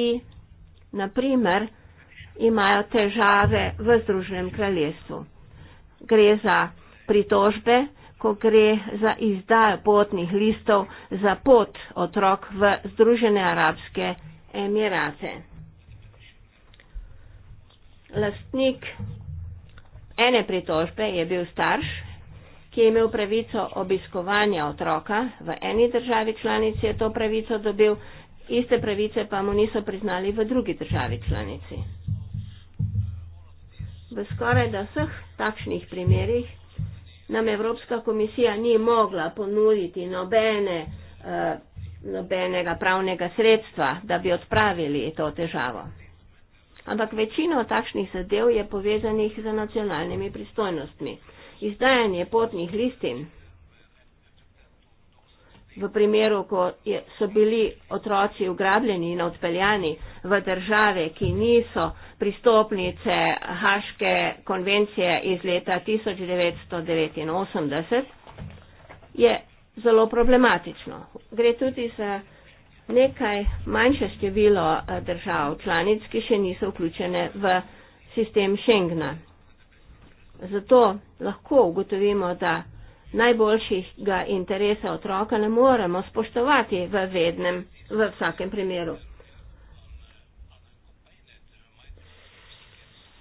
naprimer imajo težave v Združenem kraljestvu. Gre za pritožbe, ko gre za izdajo potnih listov za pot otrok v Združene arabske emirate. Lastnik ene pritožbe je bil starš, ki je imel pravico obiskovanja otroka, v eni državi članici je to pravico dobil, iste pravice pa mu niso priznali v drugi državi članici. V skoraj da vseh takšnih primerjih nam Evropska komisija ni mogla ponuditi nobene, eh, nobenega pravnega sredstva, da bi odpravili to težavo. Ampak večino takšnih zadev je povezanih z nacionalnimi pristojnostmi. Izdajanje potnih listin v primeru, ko so bili otroci ugrabljeni in odpeljani v države, ki niso pristopnice Haške konvencije iz leta 1989 je zelo problematično. Gre tudi za nekaj manjše število eh, držav članic, ki še niso vključene v sistem Schengna. Zato lahko ugotovimo, da najboljšega interesa otroka ne moremo spoštovati v vednem, v vsakem primeru.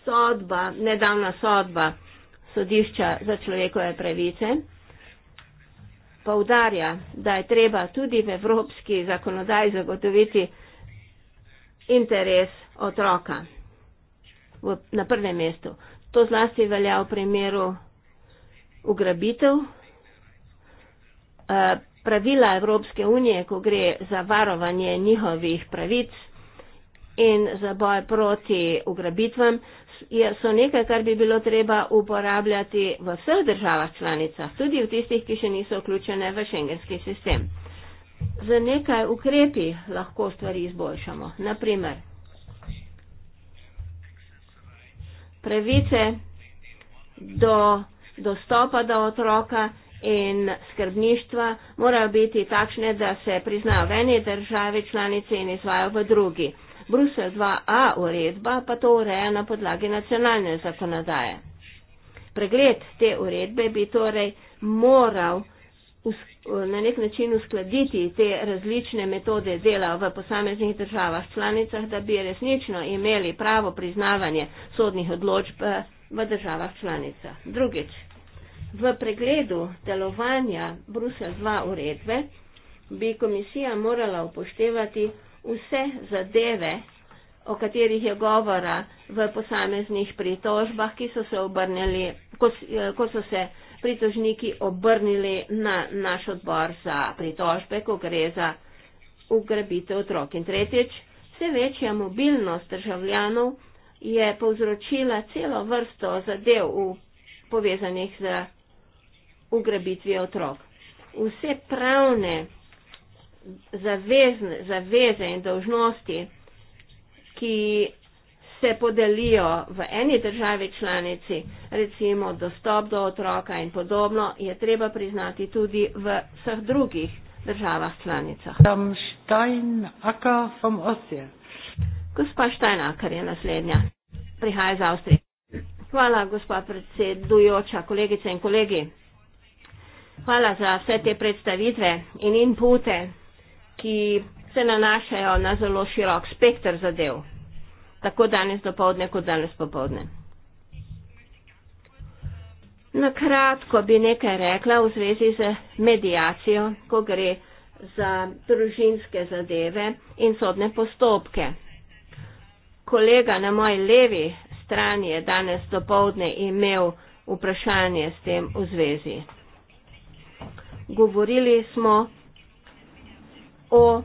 sodba, nedavna sodba sodišča za človekove pravice, povdarja, da je treba tudi v evropski zakonodaji zagotoviti interes otroka v, na prvem mestu. To zlasti velja v primeru ugrabitev. Eh, pravila Evropske unije, ko gre za varovanje njihovih pravic in za boj proti ugrabitvam, je, so nekaj, kar bi bilo treba uporabljati v vseh državah članicah, tudi v tistih, ki še niso vključene v šengenski sistem. Z nekaj ukrepi lahko stvari izboljšamo. Naprimer, pravice do dostopa do otroka in skrbništva morajo biti takšne, da se priznajo v eni državi članici in izvajo v drugi. Brusel 2a uredba pa to ureja na podlagi nacionalne zakonodaje. Pregled te uredbe bi torej moral na nek način uskladiti te različne metode dela v posameznih državah članicah, da bi resnično imeli pravo priznavanje sodnih odločb eh, v državah članicah. Drugič, v pregledu delovanja Brusel 2 uredbe bi komisija morala upoštevati vse zadeve, o katerih je govora v posameznih pritožbah, ki so se obrnili, ko, eh, ko so se pritožniki obrnili na naš odbor za pritožbe, ko gre za ugrabitev otrok. In tretjič, vse večja mobilnost državljanov je povzročila celo vrsto zadev v povezanih z ugrabitvijo otrok. Vse pravne zavezne, zaveze in dožnosti, ki se podelijo v eni državi članici, recimo dostop do otroka in podobno, je treba priznati tudi v vseh drugih državah članicah. Gospa Štajnakar je naslednja. Prihaja iz Avstrije. Hvala, gospa predsedujoča, kolegice in kolegi. Hvala za vse te predstavitve in inpute ki se nanašajo na zelo širok spektr zadev. Tako danes dopovdne, kot danes popovdne. Na kratko bi nekaj rekla v zvezi z medijacijo, ko gre za družinske zadeve in sodne postopke. Kolega na moji levi strani je danes dopovdne imel vprašanje s tem v zvezi. Govorili smo o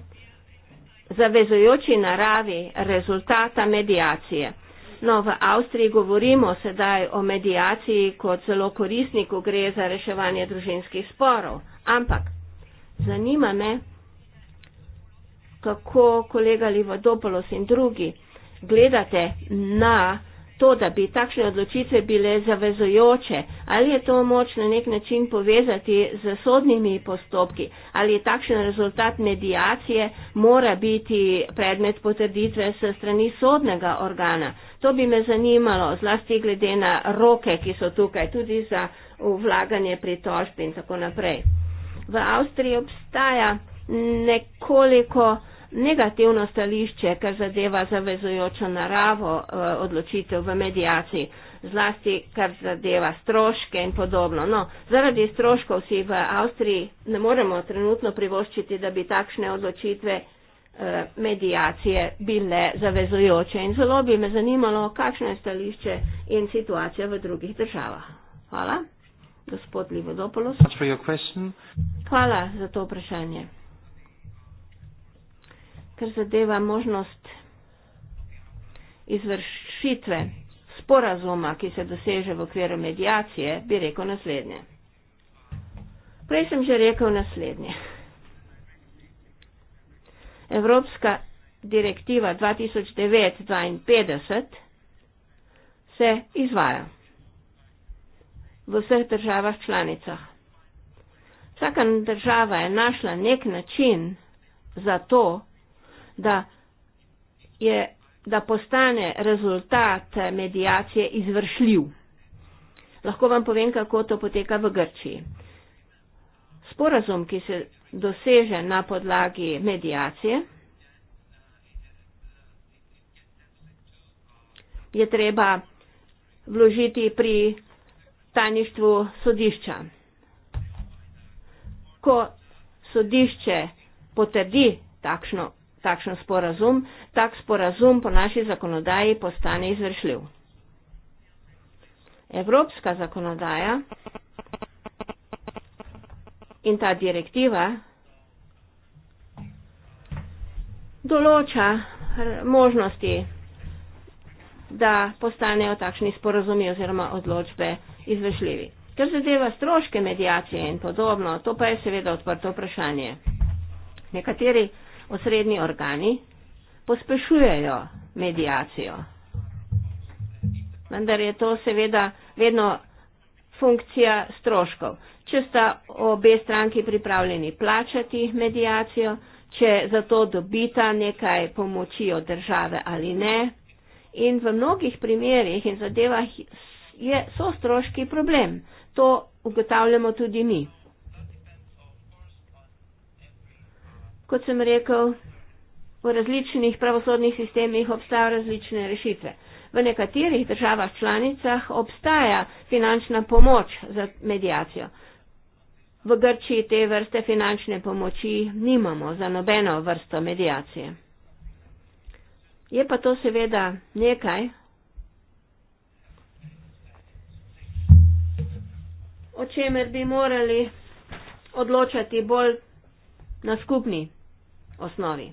zavezojoči naravi rezultata medijacije. No, v Avstriji govorimo sedaj o medijaciji kot zelo koristniku gre za reševanje družinskih sporov. Ampak zanima me, kako kolega Livodopolos in drugi gledate na to, da bi takšne odločitve bile zavezojoče, ali je to moč na nek način povezati z sodnimi postopki, ali je takšen rezultat medijacije mora biti predmet potrditve s strani sodnega organa. To bi me zanimalo, zlasti glede na roke, ki so tukaj tudi za vlaganje pritožb in tako naprej. V Avstriji obstaja nekoliko negativno stališče, kar zadeva zavezujočo naravo eh, odločitev v medijaciji, zlasti kar zadeva stroške in podobno. No, zaradi stroškov si v Avstriji ne moremo trenutno privoščiti, da bi takšne odločitve eh, medijacije bile zavezujoče in zelo bi me zanimalo, kakšno je stališče in situacija v drugih državah. Hvala, gospod Livodopolos. Hvala za to vprašanje kar zadeva možnost izvršitve sporazuma, ki se doseže v okviru medijacije, bi rekel naslednje. Prej sem že rekel naslednje. Evropska direktiva 2009-52 se izvaja v vseh državah članicah. Vsaka država je našla nek način za to, da, je, da postane rezultat medijacije izvršljiv. Lahko vam povem, kako to poteka v Grčiji. Sporazum, ki se doseže na podlagi medijacije, je treba vložiti pri tajništvu sodišča. Ko sodišče potrdi takšno takšen sporazum, tak sporazum po naši zakonodaji postane izvršljiv. Evropska zakonodaja in ta direktiva določa možnosti, da postanejo takšni sporazumi oziroma odločbe izvršljivi. Ker zadeva stroške medijacije in podobno, to pa je seveda odprto vprašanje. Nekateri osrednji organi pospešujejo medijacijo. Vendar je to seveda vedno funkcija stroškov. Če sta obe stranki pripravljeni plačati medijacijo, če za to dobita nekaj pomoči od države ali ne. In v mnogih primerjih in zadevah je, so stroški problem. To ugotavljamo tudi mi. kot sem rekel, v različnih pravosodnih sistemih obstajajo različne rešitve. V nekaterih državah članicah obstaja finančna pomoč za medijacijo. V Grčiji te vrste finančne pomoči nimamo za nobeno vrsto medijacije. Je pa to seveda nekaj, o čemer bi morali odločati bolj na skupni osnovi.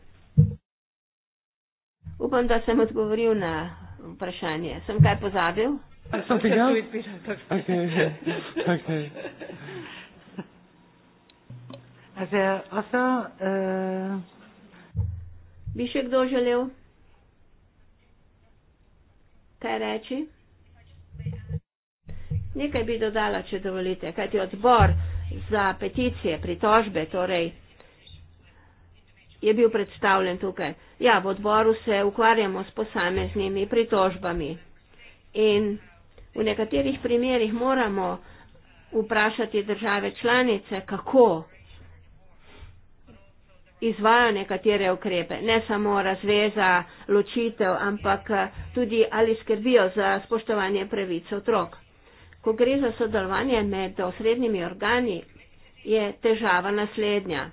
Upam, da sem odgovoril na vprašanje. Sem kaj pozabil? Sem ja. kaj pozabil? E- bi še kdo želel kaj reči? Nekaj bi dodala, če dovolite, kajti odbor za peticije, pritožbe, torej je bil predstavljen tukaj. Ja, v odboru se ukvarjamo s posameznimi pritožbami in v nekaterih primerjih moramo vprašati države članice, kako izvajo nekatere ukrepe, ne samo razveza, ločitev, ampak tudi ali skrbijo za spoštovanje pravic otrok. Ko gre za sodelovanje med osrednjimi organi, je težava naslednja.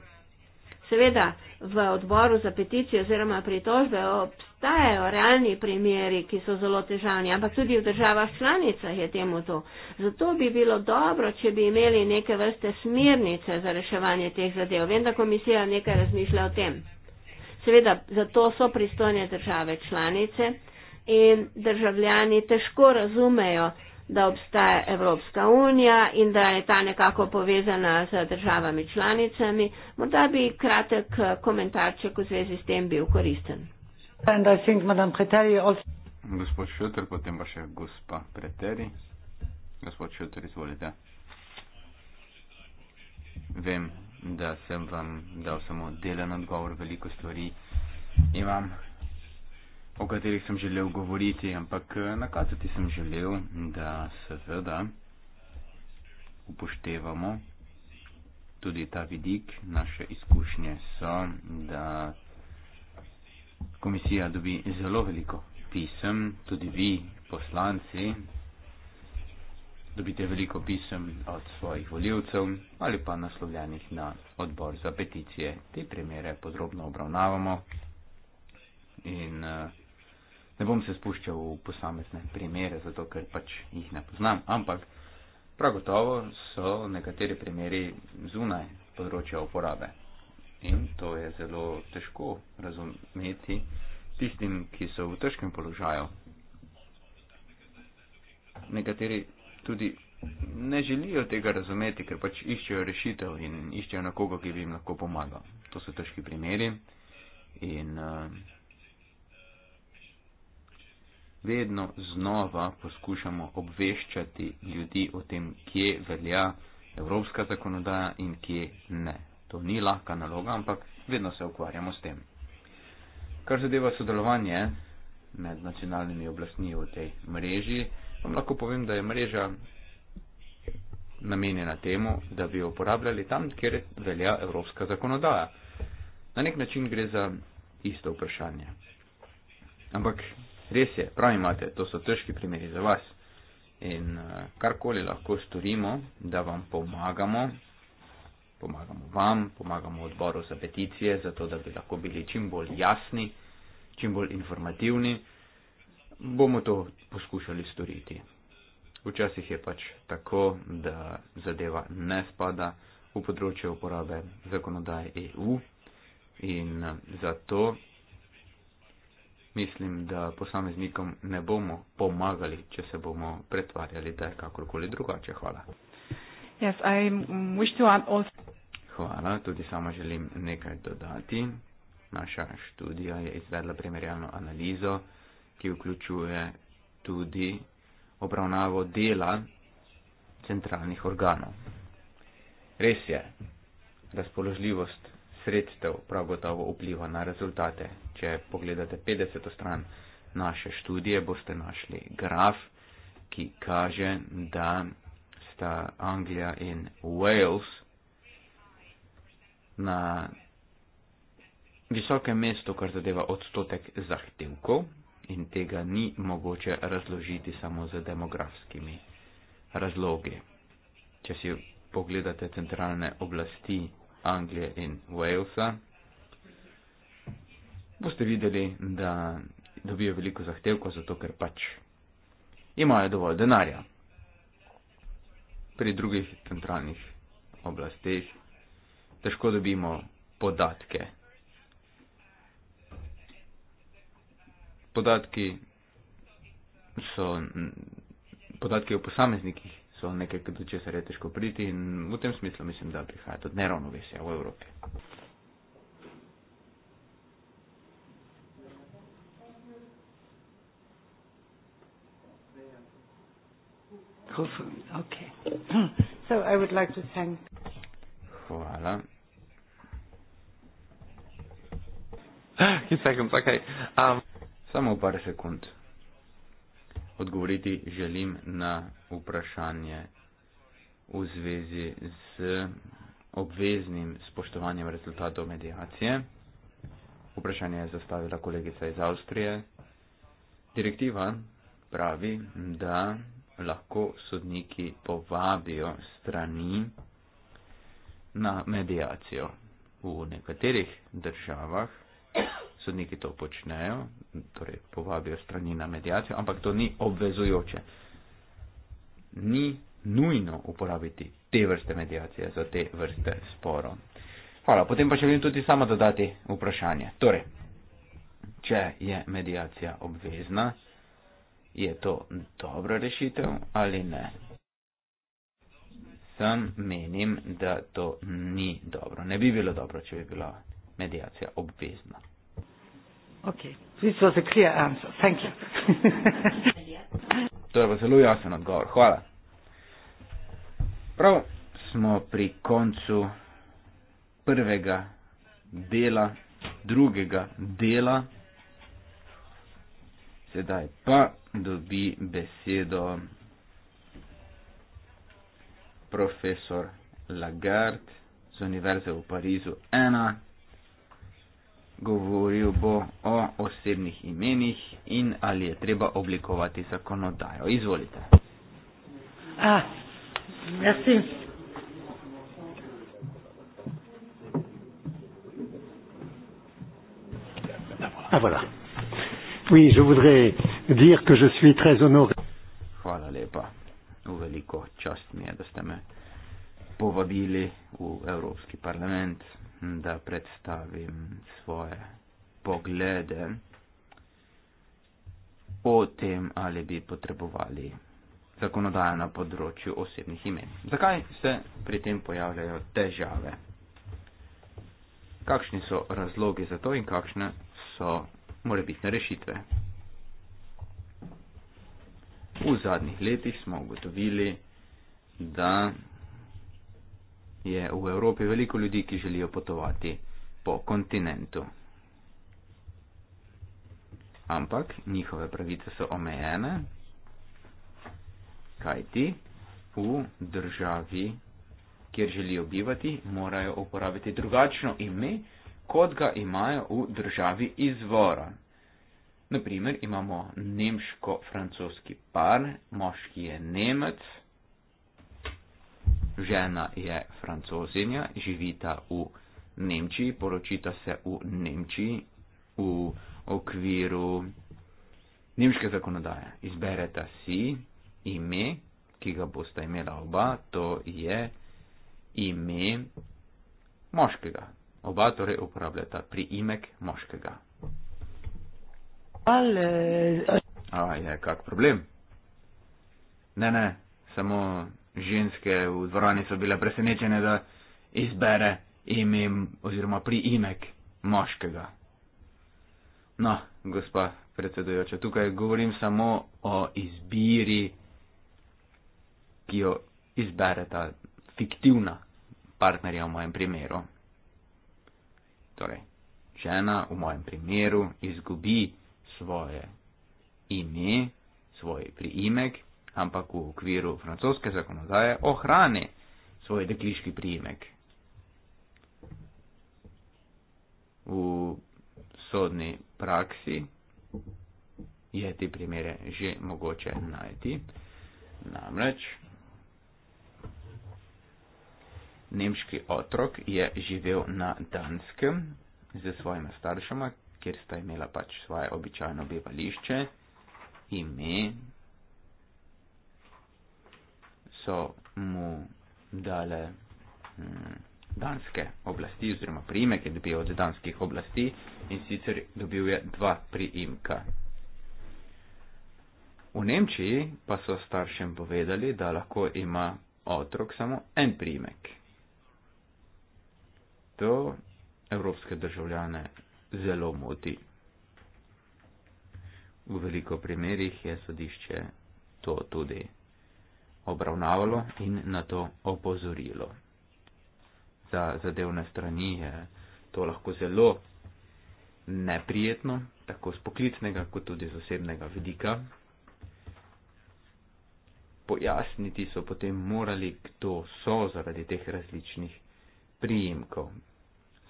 Seveda v odboru za peticijo oziroma pritožbe obstajajo realni primeri, ki so zelo težavni, ampak tudi v državah članicah je temu to. Zato bi bilo dobro, če bi imeli neke vrste smernice za reševanje teh zadev. Vem, da komisija nekaj razmišlja o tem. Seveda, zato so pristojne države članice in državljani težko razumejo, da obstaja Evropska unija in da je ta nekako povezana z državami članicami. Morda bi kratek eh, komentarček v zvezi s tem bil koristen. Gospod Šuter, potem pa še gospa Preteri. Gospod Šuter, izvolite. Vem, da sem vam dal samo delen odgovor, veliko stvari imam o katerih sem želel govoriti, ampak eh, nakazati sem želel, da seveda upoštevamo tudi ta vidik. Naše izkušnje so, da komisija dobi zelo veliko pisem, tudi vi, poslanci, dobite veliko pisem od svojih voljivcev ali pa naslovljenih na odbor za peticije. Te primere podrobno obravnavamo in uh, Ne bom se spuščal v posamezne primere, zato ker pač jih ne poznam, ampak prav gotovo so nekateri primeri zunaj področja uporabe. In to je zelo težko razumeti tistim, ki so v težkem položaju. Nekateri tudi ne želijo tega razumeti, ker pač iščejo rešitev in iščejo nekoga, ki bi jim lahko pomagal. To so težki primeri in. Uh, vedno znova poskušamo obveščati ljudi o tem, kje velja evropska zakonodaja in kje ne. To ni lahka naloga, ampak vedno se ukvarjamo s tem. Kar zadeva sodelovanje med nacionalnimi oblastmi v tej mreži, vam lahko povem, da je mreža namenjena temu, da bi jo uporabljali tam, kjer velja evropska zakonodaja. Na nek način gre za isto vprašanje. Ampak Res je, prav imate, to so težki primeri za vas. In uh, karkoli lahko storimo, da vam pomagamo, pomagamo vam, pomagamo odboru za peticije, zato da bi lahko bili čim bolj jasni, čim bolj informativni, bomo to poskušali storiti. Včasih je pač tako, da zadeva ne spada v področje uporabe zakonodaje EU in uh, zato mislim, da posameznikom ne bomo pomagali, če se bomo pretvarjali, da je kakorkoli drugače. Hvala. Yes, Hvala, tudi sama želim nekaj dodati. Naša študija je izvedla primerjalno analizo, ki vključuje tudi obravnavo dela centralnih organov. Res je, razpoložljivost sredstev prav gotovo vpliva na rezultate če pogledate 50 stran naše študije, boste našli graf, ki kaže, da sta Anglija in Wales na visokem mestu, kar zadeva odstotek zahtevkov in tega ni mogoče razložiti samo z demografskimi razlogi. Če si pogledate centralne oblasti Anglije in Walesa, boste videli, da dobijo veliko zahtevko, zato ker pač imajo dovolj denarja. Pri drugih centralnih oblasteh težko dobimo podatke. Podatki, so, podatki o posameznikih so nekaj, do česar je težko priti in v tem smislu mislim, da prihaja tudi neravnovesje v Evropi. Mikrofon. Okay. So I would like to thank. Hvala. Ah, Seconds, okay. um, samo par sekund. Odgovoriti želim na vprašanje v zvezi z obveznim spoštovanjem rezultatov medijacije. Vprašanje je zastavila kolegica iz Avstrije. Direktiva pravi, da lahko sodniki povabijo strani na medijacijo. V nekaterih državah sodniki to počnejo, torej povabijo strani na medijacijo, ampak to ni obvezujoče. Ni nujno uporabiti te vrste medijacije za te vrste sporo. Hvala, potem pa želim tudi sama dodati vprašanje. Torej, če je medijacija obvezna, je to dobra rešitev ali ne. Sam menim, da to ni dobro. Ne bi bilo dobro, če bi bila medijacija obvezna. Okay. to je pa zelo jasen odgovor. Hvala. Prav smo pri koncu prvega dela, drugega dela. Sedaj pa dobi besedo profesor Lagarde z Univerze v Parizu 1. Govoril bo o osebnih imenih in ali je treba oblikovati zakonodajo. Izvolite. A, ah, merci. Ah voilà. Oui, je voudrais dire que je suis très honoré. Hvala lepa. V veliko čast mi je, da ste me povabili v Evropski parlament, da predstavim svoje poglede o tem, ali bi potrebovali zakonodajo na področju osebnih imen. Zakaj se pri tem pojavljajo težave? Kakšni so razlogi za to in kakšne so morebitne rešitve? V zadnjih letih smo ugotovili, da je v Evropi veliko ljudi, ki želijo potovati po kontinentu. Ampak njihove pravice so omejene, kajti v državi, kjer želijo bivati, morajo uporabiti drugačno ime, kot ga imajo v državi izvora. Naprimer, imamo nemško-francoski par, moški je nemec, žena je francozinja, živita v Nemčiji, poročita se v Nemčiji v okviru nemške zakonodaje. Izbereta si ime, ki ga boste imela oba, to je ime moškega. Oba torej uporabljata priimek moškega. Ali... A je kak problem? Ne, ne, samo ženske v dvorani so bile presenečene, da izbere ime oziroma priimek moškega. No, gospa predsedujoča, tukaj govorim samo o izbiri, ki jo izbere ta fiktivna partnerja v mojem primeru. Torej, žena v mojem primeru izgubi svoje ime, svoj priimek, ampak v okviru francoske zakonodaje ohrani svoj dekliški priimek. V sodni praksi je te primere že mogoče najti. Namreč nemški otrok je živel na Danskem z svojima staršema, kjer sta imela pač svoje običajno bivališče, ime so mu dale hm, danske oblasti oziroma prime, ki je dobil od danskih oblasti in sicer dobil je dva priimka. V Nemčiji pa so staršem povedali, da lahko ima otrok samo en primek. To evropske državljane zelo moti. V veliko primerjih je sodišče to tudi obravnavalo in na to opozorilo. Za zadevne strani je to lahko zelo neprijetno, tako z poklicnega kot tudi z osebnega vidika. Pojasniti so potem morali, kdo so zaradi teh različnih prijemkov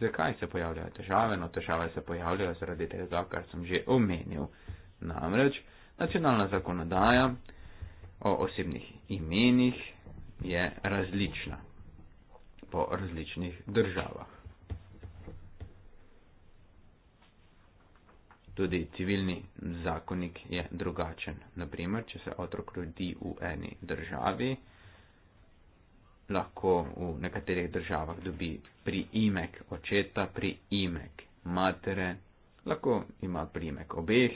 Zakaj se pojavljajo težave? No, težave se pojavljajo zaradi tega, kar sem že omenil. Namreč nacionalna zakonodaja o osebnih imenih je različna po različnih državah. Tudi civilni zakonik je drugačen. Naprimer, če se otrok rodi v eni državi, lahko v nekaterih državah dobi pri imek očeta, pri imek matere, lahko ima pri imek obeh,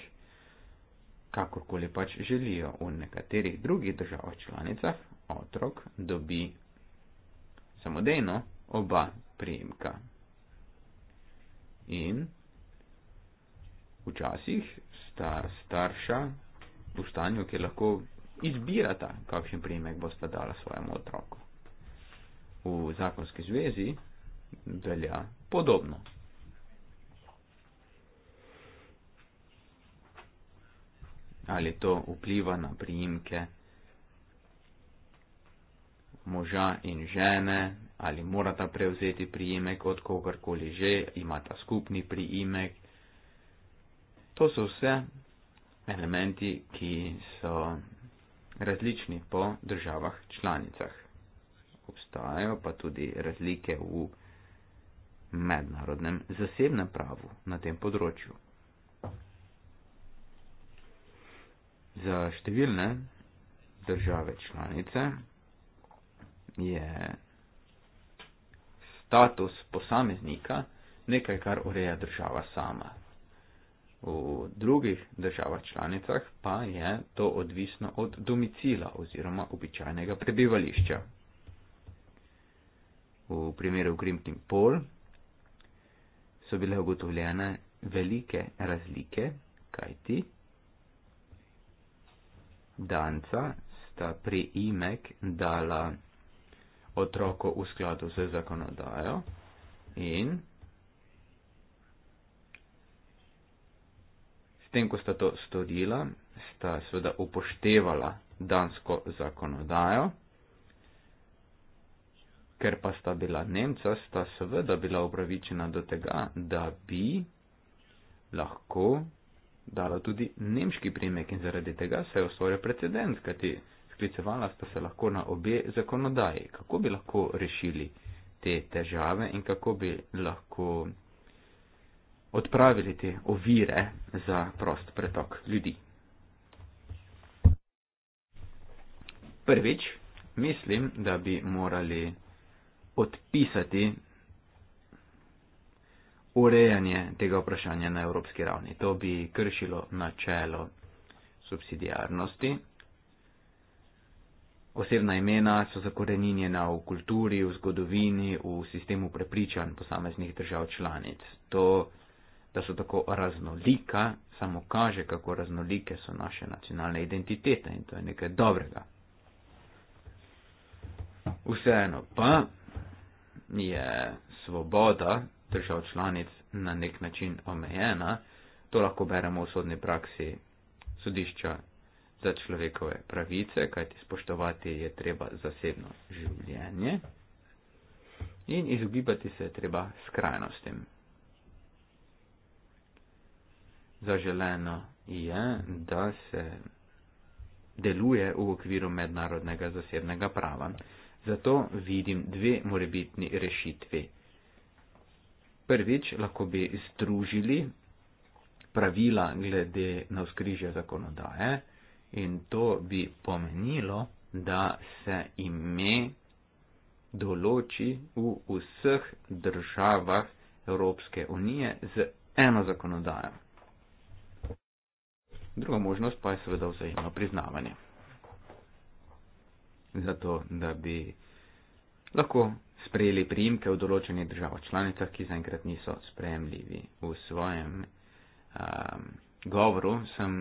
kakorkoli pač želijo. V nekaterih drugih državah članicah otrok dobi samodejno oba prijemka. In včasih sta starša v stanju, ki lahko izbirata, kakšen prijemek bosta dala svojemu otroku v zakonski zvezi velja podobno. Ali to vpliva na prijimke moža in žene, ali morata prevzeti prijimek od kogarkoli že, imata skupni prijimek. To so vse elementi, ki so različni po državah članicah obstajajo pa tudi razlike v mednarodnem zasebnem pravu na tem področju. Za številne države članice je status posameznika nekaj, kar ureja država sama. V drugih državah članicah pa je to odvisno od domicila oziroma običajnega prebivališča v primeru Grimpting Pol, so bile ugotovljene velike razlike, kajti Danca sta priimek dala otroko v skladu z zakonodajo in s tem, ko sta to storila, sta seveda upoštevala dansko zakonodajo. Ker pa sta bila Nemca, sta seveda bila upravičena do tega, da bi lahko dala tudi nemški primek in zaradi tega se je ustvaril precedens, kajti sklicevala sta se lahko na obe zakonodaji. Kako bi lahko rešili te težave in kako bi lahko odpravili te ovire za prost pretok ljudi? Prvič, mislim, da bi morali odpisati urejanje tega vprašanja na evropski ravni. To bi kršilo načelo subsidijarnosti. Osebna imena so zakorenjena v kulturi, v zgodovini, v sistemu prepričanj posameznih držav članic. To, da so tako raznolika, samo kaže, kako raznolike so naše nacionalne identitete in to je nekaj dobrega. Vseeno pa je svoboda držav članic na nek način omejena, to lahko beremo v sodni praksi sodišča za človekove pravice, kajti spoštovati je treba zasebno življenje in izogibati se je treba skrajnostim. Zaželeno je, da se deluje v okviru mednarodnega zasebnega prava. Zato vidim dve morebitni rešitvi. Prvič, lahko bi združili pravila glede na skrižje zakonodaje in to bi pomenilo, da se ime določi v vseh državah Evropske unije z eno zakonodajo. Druga možnost pa je seveda vzajemno priznavanje zato da bi lahko sprejeli prijimke v določenih državah članicah, ki zaenkrat niso sprejemljivi. V svojem um, govoru sem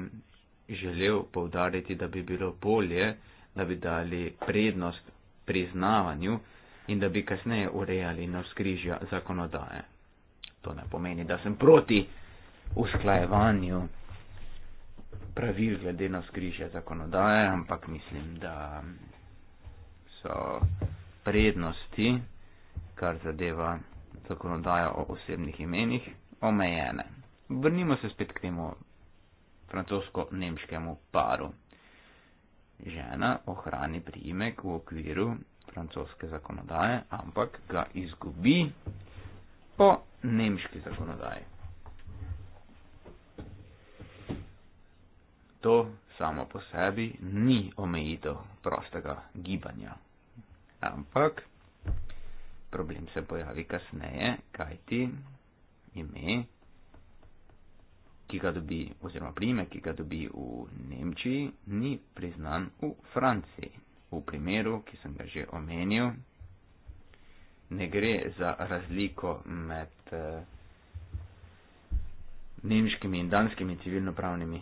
želel povdariti, da bi bilo bolje, da bi dali prednost priznavanju in da bi kasneje urejali na skrižja zakonodaje. To ne pomeni, da sem proti usklajevanju pravil glede na skrižje zakonodaje, ampak mislim, da so prednosti, kar zadeva zakonodajo o osebnih imenih, omejene. Vrnimo se spet k temu francosko-nemškemu paru. Žena ohrani priimek v okviru francoske zakonodaje, ampak ga izgubi po nemški zakonodaji. To samo po sebi ni omejitev prostega gibanja ampak problem se pojavi kasneje, kaj ti ime, ki ga dobi, oziroma prime, ki ga dobi v Nemčiji, ni priznan v Franciji. V primeru, ki sem ga že omenil, ne gre za razliko med eh, nemškimi in danskimi civilnopravnimi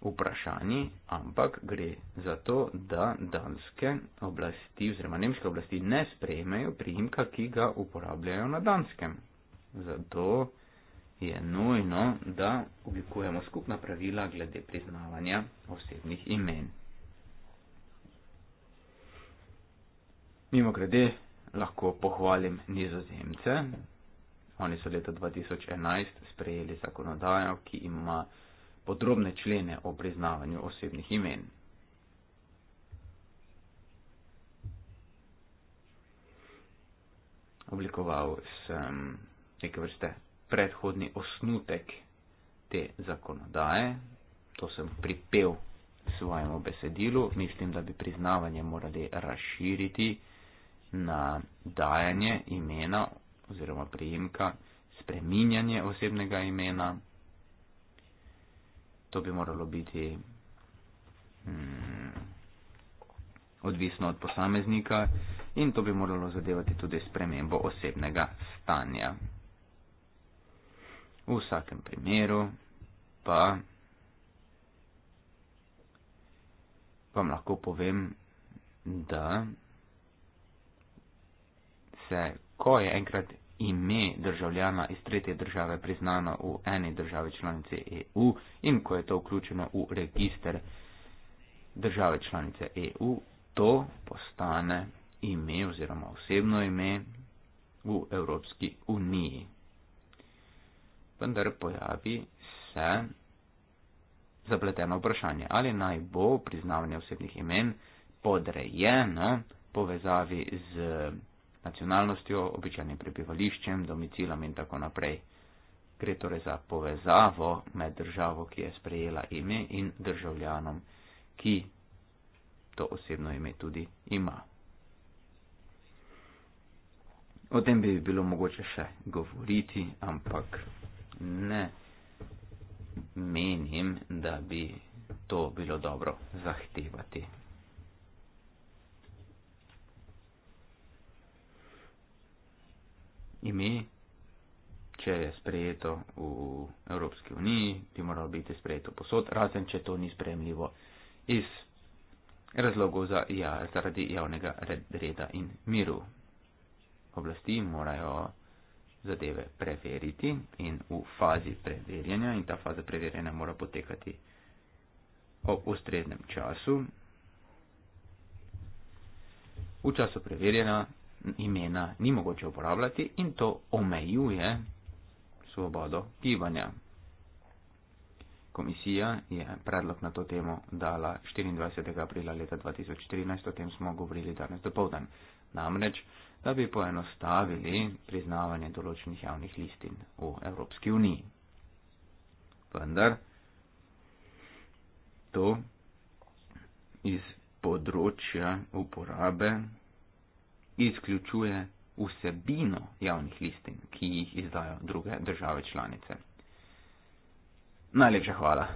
vprašanji, ampak gre za to, da danske oblasti oziroma nemške oblasti ne sprejmejo priimka, ki ga uporabljajo na danskem. Zato je nujno, da oblikujemo skupna pravila glede priznavanja osebnih imen. Mimo grede lahko pohvalim nizozemce. Oni so leta 2011 sprejeli zakonodajo, ki ima podrobne člene o priznavanju osebnih imen. Oblikoval sem neke vrste predhodni osnutek te zakonodaje, to sem pripel svojemu besedilu, mislim, da bi priznavanje morali razširiti na dajanje imena oziroma prijemka, spreminjanje osebnega imena to bi moralo biti hmm, odvisno od posameznika in to bi moralo zadevati tudi spremembo osebnega stanja. V vsakem primeru pa vam lahko povem, da se, ko je enkrat ime državljana iz tretje države priznano v eni državi članice EU in ko je to vključeno v register države članice EU, to postane ime oziroma osebno ime v Evropski uniji. Vendar pojavi se zapleteno vprašanje, ali naj bo priznavanje osebnih imen podrejeno povezavi z nacionalnostjo, običajnim prebivališčem, domicilom in tako naprej. Gre torej za povezavo med državo, ki je sprejela ime in državljanom, ki to osebno ime tudi ima. O tem bi bilo mogoče še govoriti, ampak ne menim, da bi to bilo dobro zahtevati ime, če je sprejeto v Evropski uniji, bi moralo biti sprejeto posod, razen če to ni spremljivo iz razlogov za, ja, zaradi javnega reda in miru. Oblasti morajo zadeve preveriti in v fazi preverjanja in ta faza preverjanja mora potekati ob ustreznem času. V času preverjanja imena ni mogoče uporabljati in to omejuje svobodo gibanja. Komisija je predlog na to temo dala 24. aprila leta 2014, o tem smo govorili danes do povdan. Namreč, da bi poenostavili priznavanje določenih javnih listin v Evropski uniji. Vendar, to iz področja uporabe izključuje vsebino javnih listin, ki jih izdajo druge države članice. Najlepša hvala.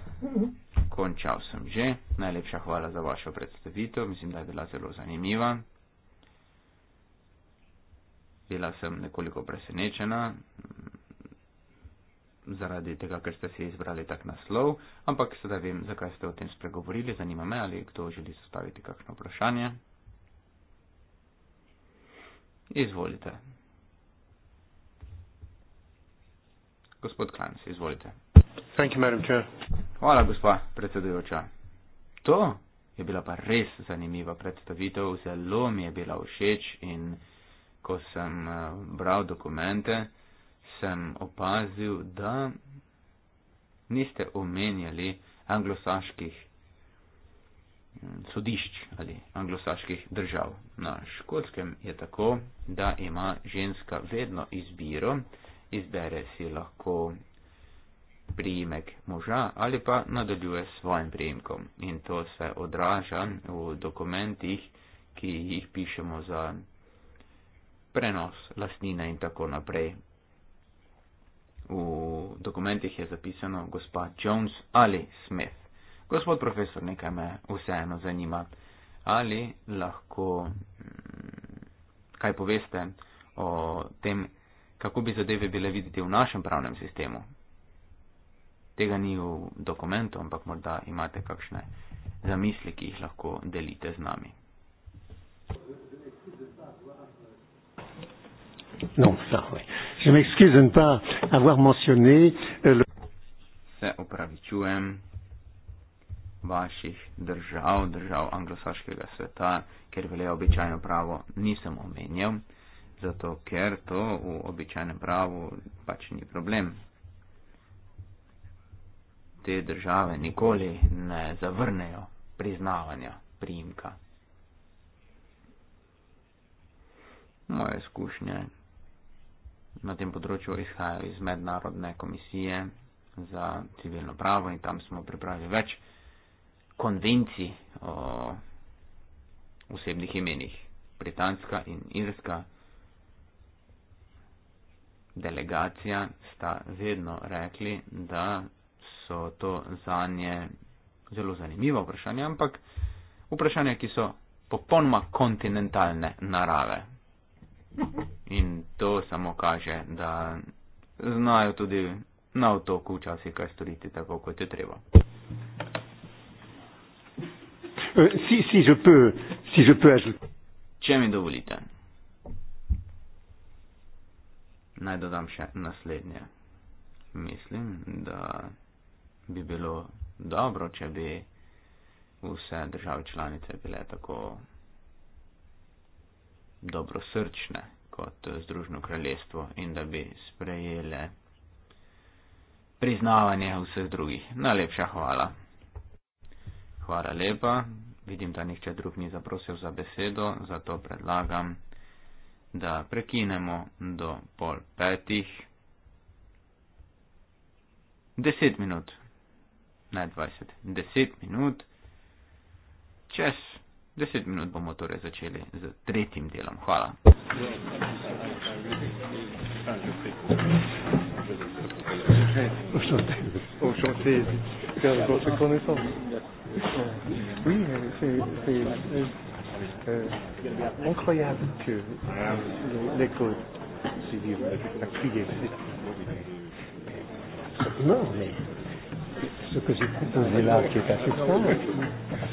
Končal sem že. Najlepša hvala za vašo predstavitev. Mislim, da je bila zelo zanimiva. Bila sem nekoliko presenečena zaradi tega, ker ste si izbrali tak naslov, ampak sedaj vem, zakaj ste o tem spregovorili. Zanima me, ali kdo želi zastaviti kakšno vprašanje. Izvolite. Gospod Klanc, izvolite. Thank you, madam chair. Hvala, gospa predsedujoča. To je bila pa res zanimiva predstavitev, zelo mi je bila všeč in ko sem eh, bral dokumente, sem opazil, da niste omenjali anglosaških sodišč ali anglosaških držav. Na škotskem je tako, da ima ženska vedno izbiro, izbere si lahko priimek moža ali pa nadaljuje s svojim priimkom. In to se odraža v dokumentih, ki jih pišemo za prenos lastnine in tako naprej. V dokumentih je zapisano gospa Jones ali Smith. Gospod profesor, nekaj me vseeno zanima. Ali lahko mm, kaj poveste o tem, kako bi zadeve bile videti v našem pravnem sistemu? Tega ni v dokumentu, ampak morda imate kakšne zamisli, ki jih lahko delite z nami. No, Se opravičujem vaših držav, držav anglosaškega sveta, ker velja običajno pravo, nisem omenjal, zato ker to v običajnem pravu pač ni problem. Te države nikoli ne zavrnejo priznavanja primka. Moje izkušnje na tem področju izhajajo iz mednarodne komisije za civilno pravo in tam smo pripravili več konvencij o osebnih imenih. Britanska in irska delegacija sta vedno rekli, da so to zanje zelo zanimiva vprašanja, ampak vprašanja, ki so popolnoma kontinentalne narave. In to samo kaže, da znajo tudi na otoku včasih kaj storiti tako, kot je treba. Euh, si, si, je peux, si je peux ajouter. Če mi dovolite, naj dodam še naslednje. Mislim, da bi bilo dobro, če bi vse države članice bile tako dobrosrčne kot Združeno kraljestvo in da bi sprejele priznavanje vseh drugih. Najlepša hvala. Hvala lepa. Vidim, da nihče drug ni zaprosil za besedo, zato predlagam, da prekinemo do pol petih. Deset minut, ne dvajset, deset minut. Čez deset minut bomo torej začeli z tretjim delom. Hvala. Ja, Oui, c'est euh, incroyable que l'écho, c'est-à-dire la prière, c'est non, mais ce que j'ai proposé là, qui est assez simple,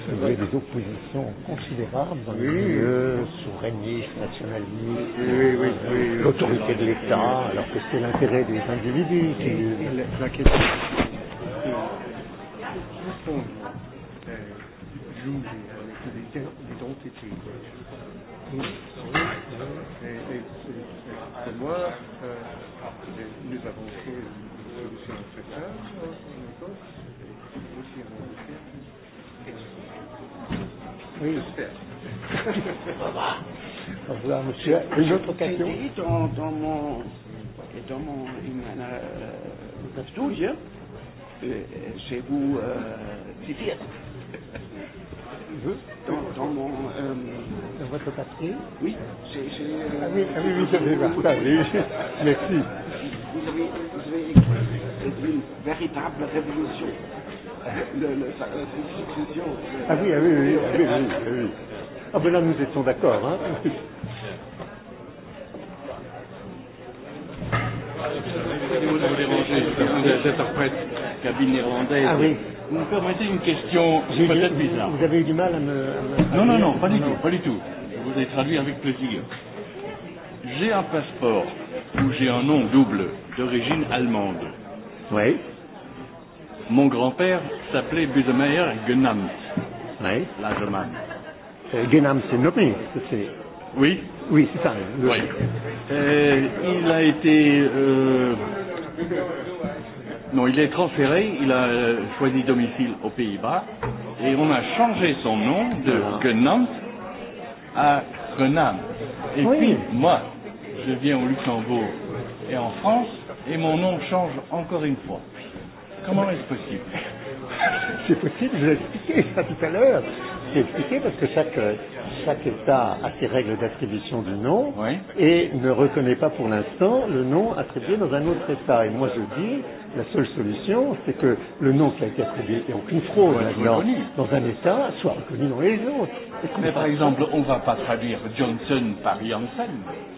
c'est qu'il y a des oppositions considérables dans le milieu souverainiste, nationaliste, oui, oui, oui, oui, l'autorité de l'État, alors que c'est l'intérêt des individus. Et, et la, la question, c'est qui sont joue des, avec des, des entités. Et, et, et, et, et pour moi, euh, et nous avons fait une solution de secteur en époque, et aussi un monde de Oui, j'espère. Au revoir, monsieur. Une autre question J'ai dit dans, dans mon, dans mon euh, studio, c'est vous, euh, c'est je veux dans, dans mon euh... dans votre papier oui j'ai euh... ah oui ah oui oui j'avais partagé merci vous avez vous avez écrit une véritable révolution le, le, sa, la succession ah oui ah oui oui ah oui, oui, oui, oui. Ah ben là nous étions d'accord hein Vous voulez ranger, vous êtes interprète, cabine irlandaise. Ah oui. Vous me permettez une question c'est peut-être du, bizarre. Vous avez eu du mal à me. À me non, non, non, pas du non. tout, pas du tout. Je vous ai traduit avec plaisir. J'ai un passeport où j'ai un nom double d'origine allemande. Oui. Mon grand-père s'appelait Bismayer Genamt. Oui. L'Allemagne. Euh, Genamt, c'est nommé. C'est... Oui. Oui, c'est ça. Oui. Euh, il a été. Euh, Non, il est transféré, il a euh, choisi domicile aux Pays-Bas et on a changé son nom de Genant à Renan. Et oui. puis, moi, je viens au Luxembourg et en France et mon nom change encore une fois. Comment est-ce possible C'est possible, je vais expliquer ça tout à l'heure été expliqué parce que chaque, chaque État a ses règles d'attribution du nom oui. et ne reconnaît pas pour l'instant le nom attribué dans un autre État. Et moi je dis, la seule solution, c'est que le nom qui a été attribué et aucune fraude oui, dans, dans un État soit reconnu dans les autres. Mais par exemple, on ne va pas traduire Johnson par Janssen.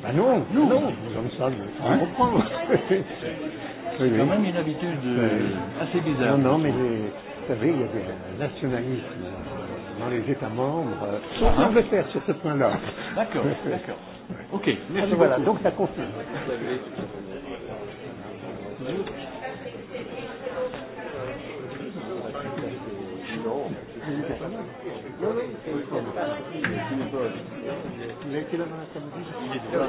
Ben non, non, non, Johnson, ça va hein? comprendre. C'est quand même une habitude euh, euh, assez bizarre. Non, non, mais les, vous savez, il y a des nationalismes dans les États membres sont ah, en hein. faire sur ce point-là. D'accord, d'accord. Ok, ah, merci. Alors, voilà, donc ça confirme. Il était là dans la samedi, je suis là.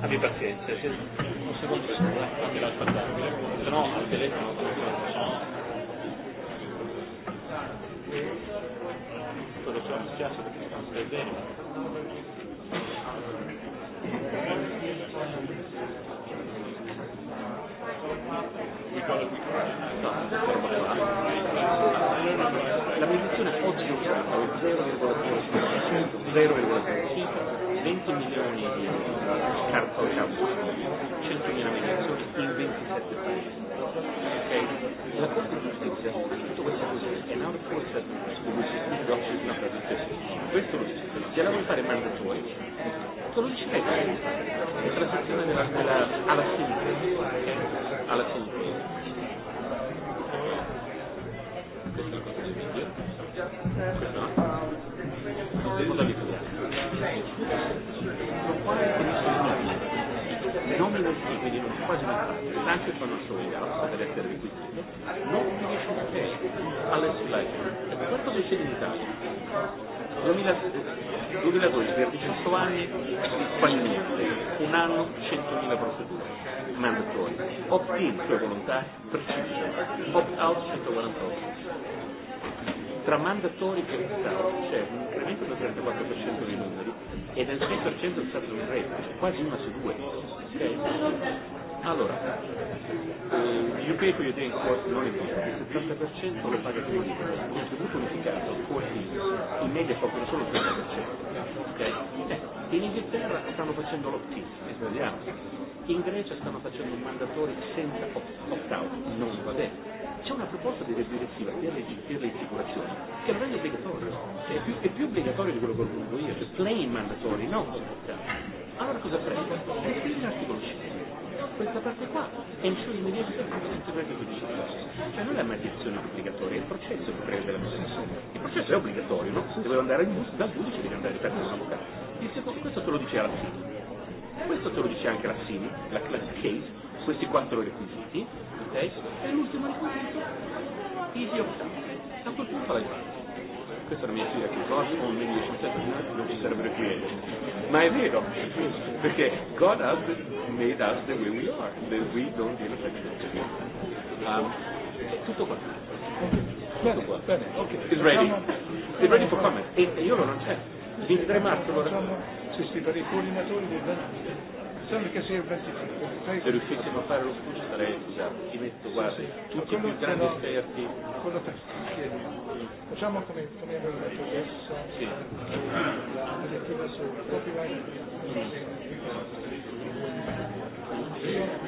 Abbi pazienza, un secondo, se no al telefono non funziona. questo lo siamo schiacciati perché stiamo perdendo. La posizione oggi è 0,3 0, 20 milioni di euro di campo, 100 mila milioni in 27 paesi. Okay. La Corte di giustizia ha scritto questa posizione, è una forza di per Trulli, se la vuoi fare merda tuoi, eh? Trulli ci pensa, è transazione della, della, alla sintesi, eh? alla sintesi. Questa è la cosa del video, questa no, questa è la cosa non mi riesco, quindi non quasi mai fatto, tanto quando sono in grado di essere requisito, non mi riesco a fare alle slide. E per quanto mi sia limitato, 2000, 2012 per 18 anni spagnolo, e un anno 100.000 procedure mandatori, opt-in cioè volontari per 5 opt-out 148. Tra mandatori e opt-out c'è un incremento del 34% dei numeri e del 6% è stato un rate, cioè quasi una su due. Okay. Allora, eh, you pay for your day in court non è il 70% lo paga il credito, un tributo unificato, poi in media coprono solo il 30%. Okay. Eh, in Inghilterra stanno facendo l'opt-in, sbagliamo. In Grecia stanno facendo i mandatori senza opt-out, non va bene. C'è una proposta di direttiva per le, per le assicurazioni che non è obbligatorio, cioè è, più, è più obbligatorio di quello che ho voluto io, cioè plain mandatori, non opt-out. Allora cosa prendo? Prendo l'articolo 5, questa parte qua, e in su immediatamente il 5 di 5 cioè non è la mediazione obbligatoria, è il processo che prende la possessione. Il processo è obbligatorio, no? Se devo andare in bus, dal giudice devi andare per un avvocato. Il secondo, questo te lo dice la CIN. Questo te lo dice anche la CIN, la class case, questi quattro requisiti, ok? E l'ultimo requisito, easy of A quel punto l'hai fatto. Questa è la mia figlia che God only needs a set of non ci sarebbero più niente. Ma è vero, perché God has made us the way we are, that we don't need a set of um, tutto qua. Tutto qua. Bene, ok. It's ready. Facciamo, It's ready for comment. E, e io non c'è. 23 marzo lo facciamo. Sì, sì, per i coordinatori del Venezia. Sembra che sia il 25. Se riuscissimo a fare lo scudo sarei, scusate, ti metto quasi sì, sì. tutti i più grandi però, esperti. Quello che ti chiedo. Facciamo come, come abbiamo detto adesso. Sì. La direttiva su copyright. Sì. Sì. Sì. Sì. Sì. Sì. Sì.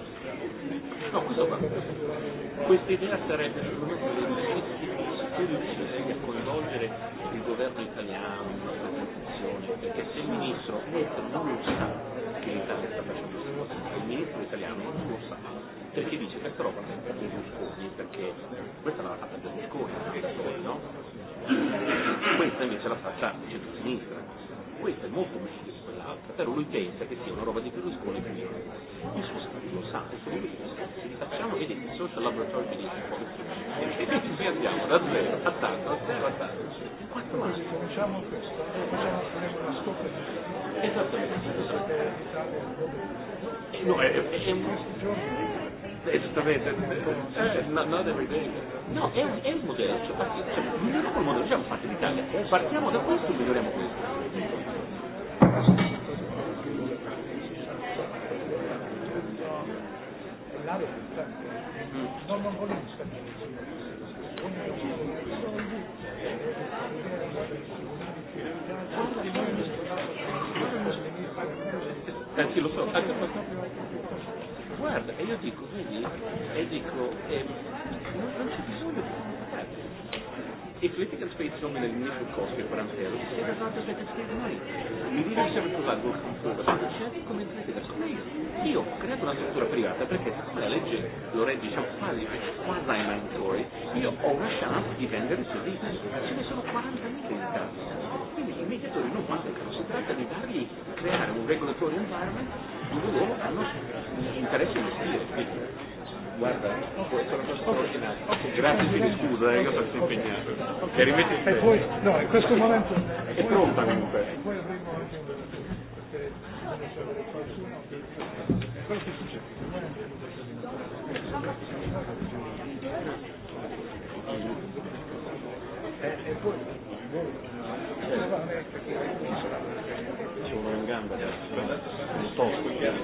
No, questo va questa idea sarebbe secondo me quella di riuscire a coinvolgere il governo italiano, la Costituzione, perché se il ministro non lo sa che l'Italia sta facendo questa cosa, il ministro italiano non lo sa, perché dice questa roba è per Berlusconi, perché questa l'ha fatta Berlusconi, no? questa invece la faccia il centro-sinistra, questa è molto meglio però lui pensa che sia una roba di Berlusconi e quindi non so se lo sa, se lui lo sa, se li facciamo vedere il social laboratorio di Berlusconi e quindi ci andiamo da zero a tanto, da zero a tanto. In quattro mesi cominciamo questo, facciamo fare eh, una scoperta. Esattamente. Eh, no, è, è, è un Esattamente, eh, no, è un modello, cioè, cioè, miglioriamo il modello, diciamo, parte d'Italia, partiamo da questo e miglioriamo questo. narodu. No, no, no, no, Anzi, lo so, anche per Guarda, e io dico, vedi, e dico, eh, non c'è bisogno di comunicare. I flytningen sprids de med en ny frukostgrupp på den fjärde. Det är bara att Mi vida se ha con fuga, ma c'è come intendete adesso meglio. Io credo una struttura privata perché siccome la legge lo rende diciamo quasi, quasi mandatory, io ho una chance di vendere i servizi. Ce ne sono 40.000 in casa. Quindi i mediatori non mancano, si tratta di dargli creare un regulatory environment dove loro hanno interesse di investire guarda, eh? può essere una cosa straordinaria. Okay. Grazie, ti scusa, eh, io sono okay. impegnato. Okay. E poi, no, in questo momento... È, è pronta comunque. E poi avremo anche un... Sono in e, e eh, gamba, non sto studiando.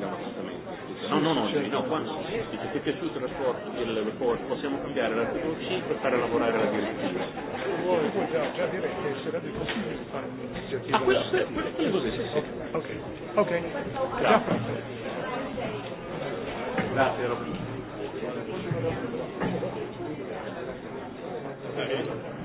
cambiamo assolutamente. No, no, no, no, qua non si sente. Se ti è piaciuto il report, il report possiamo cambiare l'articolo 5 e fare lavorare la direttiva. Se vuoi, puoi già, già dire che sarebbe possibile fare un'iniziativa. Ah, questo è quello che sì, sì. Ok, ok. Grazie. Grazie, Robin. Grazie.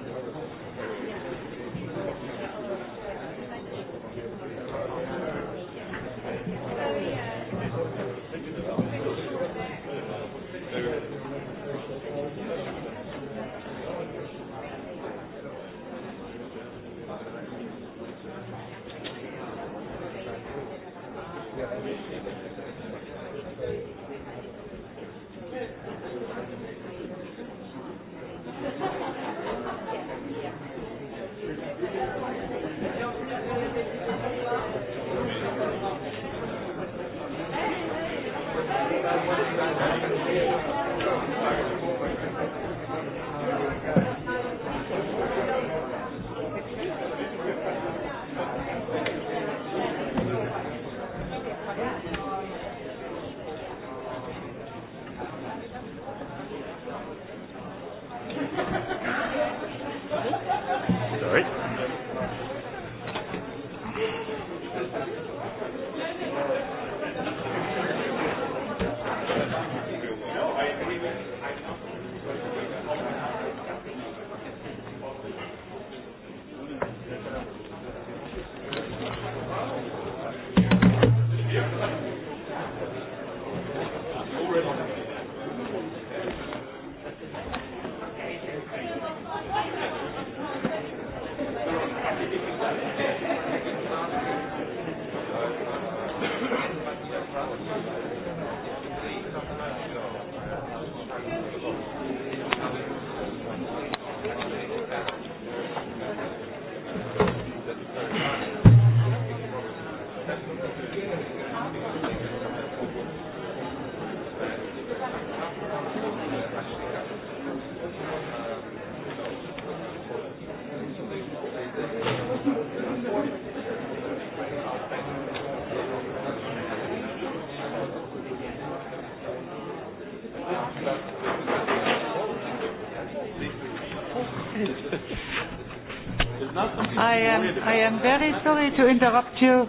I am very sorry to interrupt you.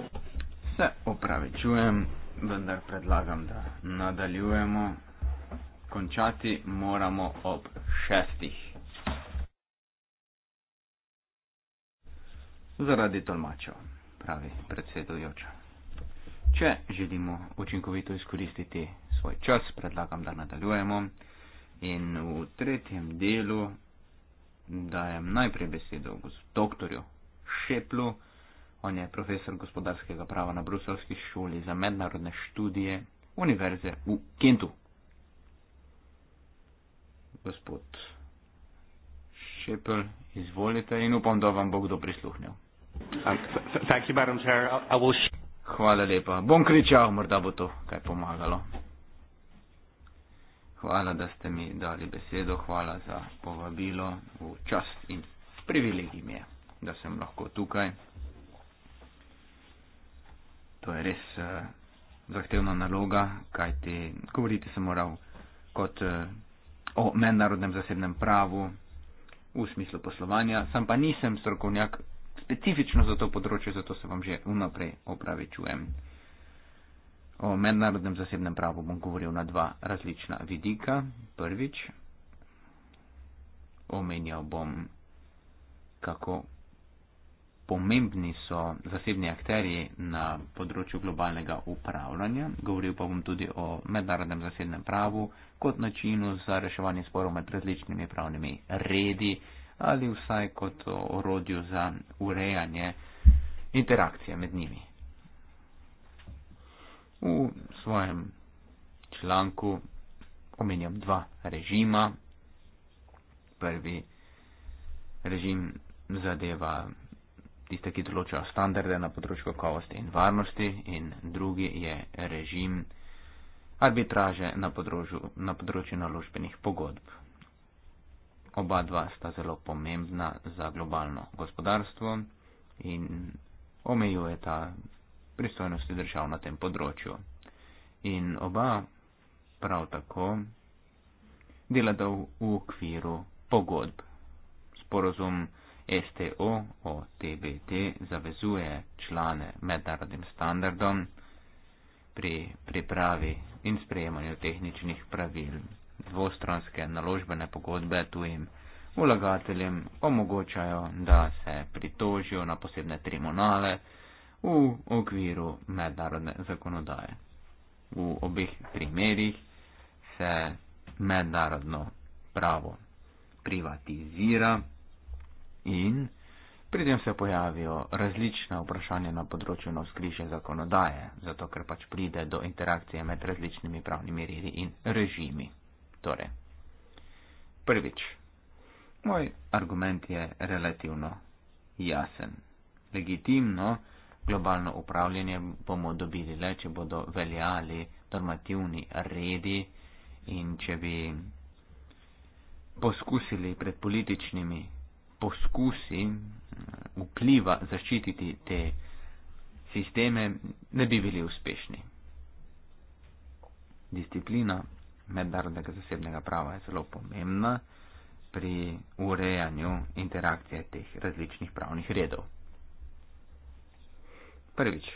Se opravičujem, vendar predlagam, da nadaljujemo. Končati moramo ob šestih. Zaradi tolmačev, pravi predsedujoča. Če želimo učinkovito izkoristiti svoj čas, predlagam, da nadaljujemo. In v tretjem delu dajem najprej besedo doktorju Šeplu. On je profesor gospodarskega prava na Bruselski šoli za mednarodne študije Univerze v Kentu. Gospod Šepl, izvolite in upam, da vam bo kdo prisluhnil. Um, Hvala lepa. Bom kričal, morda bo to kaj pomagalo. Hvala, da ste mi dali besedo. Hvala za povabilo. V čast in privilegij mi je da sem lahko tukaj. To je res uh, zahtevna naloga, kaj ti govoriti sem moral kot uh, o mednarodnem zasebnem pravu v smislu poslovanja. Sam pa nisem strokovnjak specifično za to področje, zato se vam že unaprej opravičujem. O mednarodnem zasebnem pravu bom govoril na dva različna vidika. Prvič, omenjal bom, kako pomembni so zasebni akteri na področju globalnega upravljanja. Govoril pa bom tudi o mednarodnem zasebnem pravu kot načinu za reševanje sporov med različnimi pravnimi redi ali vsaj kot orodju za urejanje interakcije med njimi. V svojem članku omenjam dva režima. Prvi režim zadeva tiste, ki določajo standarde na področju kakovosti in varnosti, in drugi je režim arbitraže na področju, na področju naložbenih pogodb. Oba dva sta zelo pomembna za globalno gospodarstvo in omejujeta pristojnosti držav na tem področju. In oba prav tako delata v, v okviru pogodb. Sporozum STO o TBT zavezuje člane mednarodnim standardom pri pripravi in sprejemanju tehničnih pravil. Dvostranske naložbene pogodbe tujim vlagateljem omogočajo, da se pritožijo na posebne tribunale v okviru mednarodne zakonodaje. V obeh primerjih se mednarodno pravo privatizira in pri tem se pojavijo različna vprašanja na področju navskrižja zakonodaje, zato ker pač pride do interakcije med različnimi pravnimi redi in režimi. Torej, prvič, moj argument je relativno jasen. Legitimno globalno upravljanje bomo dobili le, če bodo veljali normativni redi in če bi poskusili pred političnimi poskusi eh, vpliva zaščititi te sisteme ne bi bili uspešni. Disciplina mednarodnega zasebnega prava je zelo pomembna pri urejanju interakcije teh različnih pravnih redov. Prvič,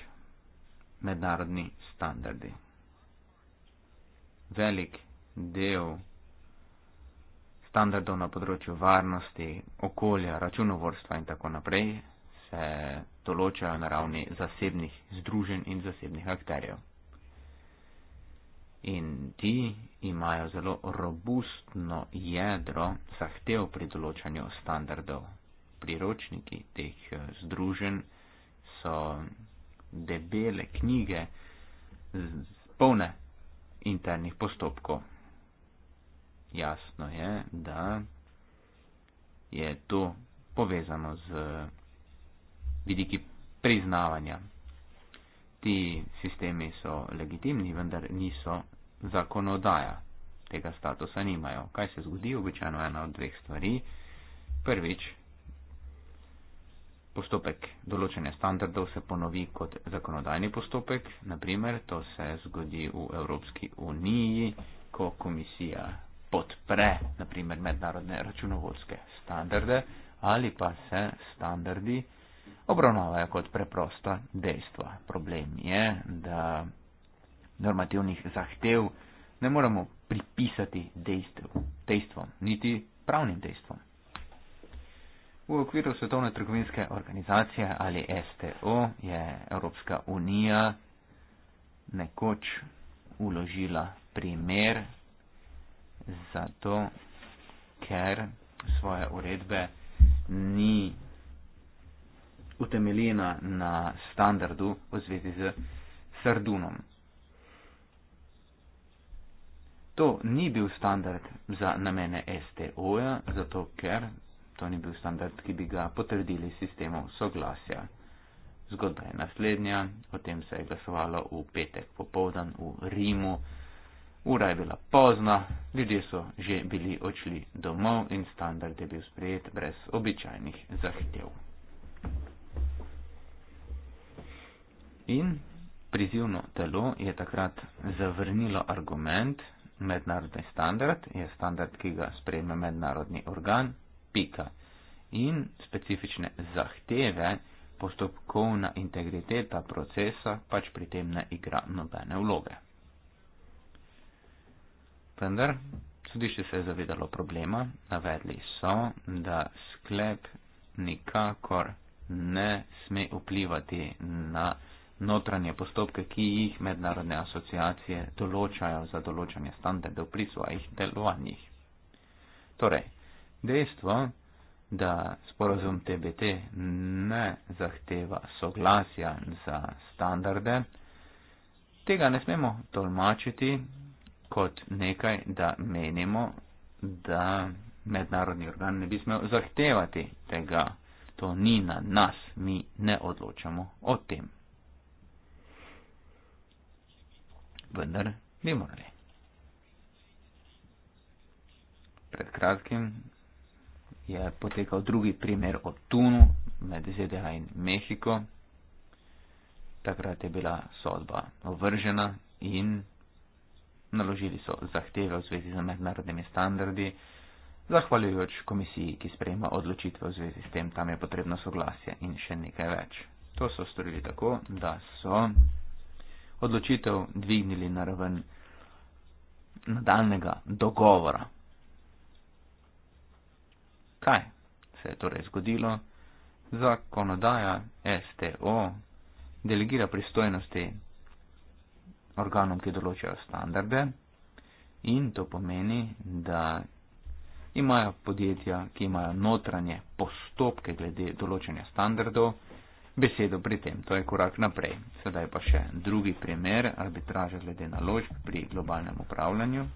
mednarodni standardi. Velik del standardov na področju varnosti, okolja, računovodstva in tako naprej se določajo na ravni zasebnih združenj in zasebnih akterjev. In ti imajo zelo robustno jedro zahtev pri določanju standardov. Priročniki teh eh, združenj so debele knjige, polne internih postopkov, jasno je, da je to povezano z vidiki priznavanja. Ti sistemi so legitimni, vendar niso zakonodaja. Tega statusa nimajo. Kaj se zgodi? Običajno ena od dveh stvari. Prvič, postopek določene standardov se ponovi kot zakonodajni postopek. Naprimer, to se zgodi v Evropski uniji, ko komisija podpre, naprimer, mednarodne računovodske standarde ali pa se standardi obravnavajo kot preprosta dejstva. Problem je, da normativnih zahtev ne moremo pripisati dejstev, dejstvom, niti pravnim dejstvom. V okviru Svetovne trgovinske organizacije ali STO je Evropska unija nekoč uložila primer zato, ker svoje uredbe ni utemeljena na standardu v zvezi z sardunom. To ni bil standard za namene STO-ja, zato ker to ni bil standard, ki bi ga potrdili sistemov soglasja. Zgodba je naslednja, o tem se je glasovalo v petek popovdan v Rimu. Ura je bila pozna, ljudje so že bili odšli domov in standard je bil sprejet brez običajnih zahtev. In prizivno telo je takrat zavrnilo argument, mednarodni standard je standard, ki ga sprejme mednarodni organ, pika. In specifične zahteve, postopkovna integriteta procesa pač pri tem ne igra nobene vloge. Vendar sodišče se je zavedalo problema, navedli so, da sklep nikakor ne sme vplivati na notranje postopke, ki jih mednarodne asociacije določajo za določanje standardov pri svojih delovanjih. Torej, dejstvo, da sporozum TBT ne zahteva soglasja za standarde, tega ne smemo tolmačiti kot nekaj, da menimo, da mednarodni organ ne bi smel zahtevati tega. To ni na nas, mi ne odločamo o tem. Vendar bi morali. Pred kratkim je potekal drugi primer o Tunu med ZDA in Mehiko. Takrat je bila sodba ovržena in naložili so zahteve v zvezi z mednarodnimi standardi, zahvaljujoč komisiji, ki sprejema odločitve v zvezi s tem, tam je potrebno soglasje in še nekaj več. To so storili tako, da so odločitev dvignili na raven nadaljnega dogovora. Kaj se je torej zgodilo? Zakonodaja STO delegira pristojnosti organom, ki določajo standarde. In to pomeni, da imajo podjetja, ki imajo notranje postopke glede določanja standardov, besedo pri tem. To je korak naprej. Sedaj pa še drugi primer arbitraže glede naložb pri globalnem upravljanju.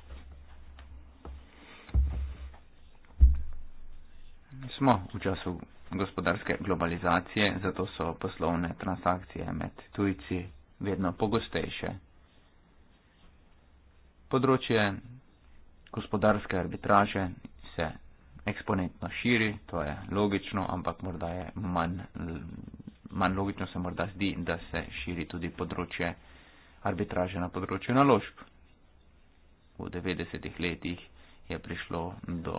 Smo v času gospodarske globalizacije, zato so poslovne transakcije med tujci vedno pogostejše področje gospodarske arbitraže se eksponentno širi, to je logično, ampak morda je manj, manj logično se morda zdi, da se širi tudi področje arbitraže na področju naložb. V 90-ih letih je prišlo do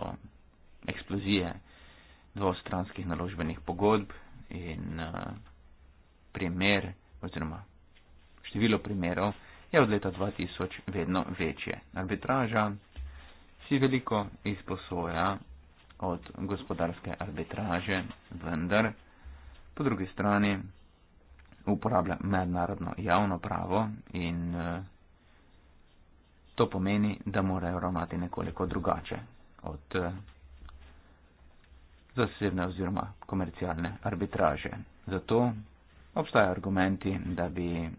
eksplozije dvostranskih naložbenih pogodb in uh, primer oziroma število primerov je od leta 2000 vedno večje. Arbitraža si veliko izposoja od gospodarske arbitraže, vendar po drugi strani uporablja mednarodno javno pravo in to pomeni, da morajo ravnati nekoliko drugače od zasebne oziroma komercialne arbitraže. Zato obstajajo argumenti, da bi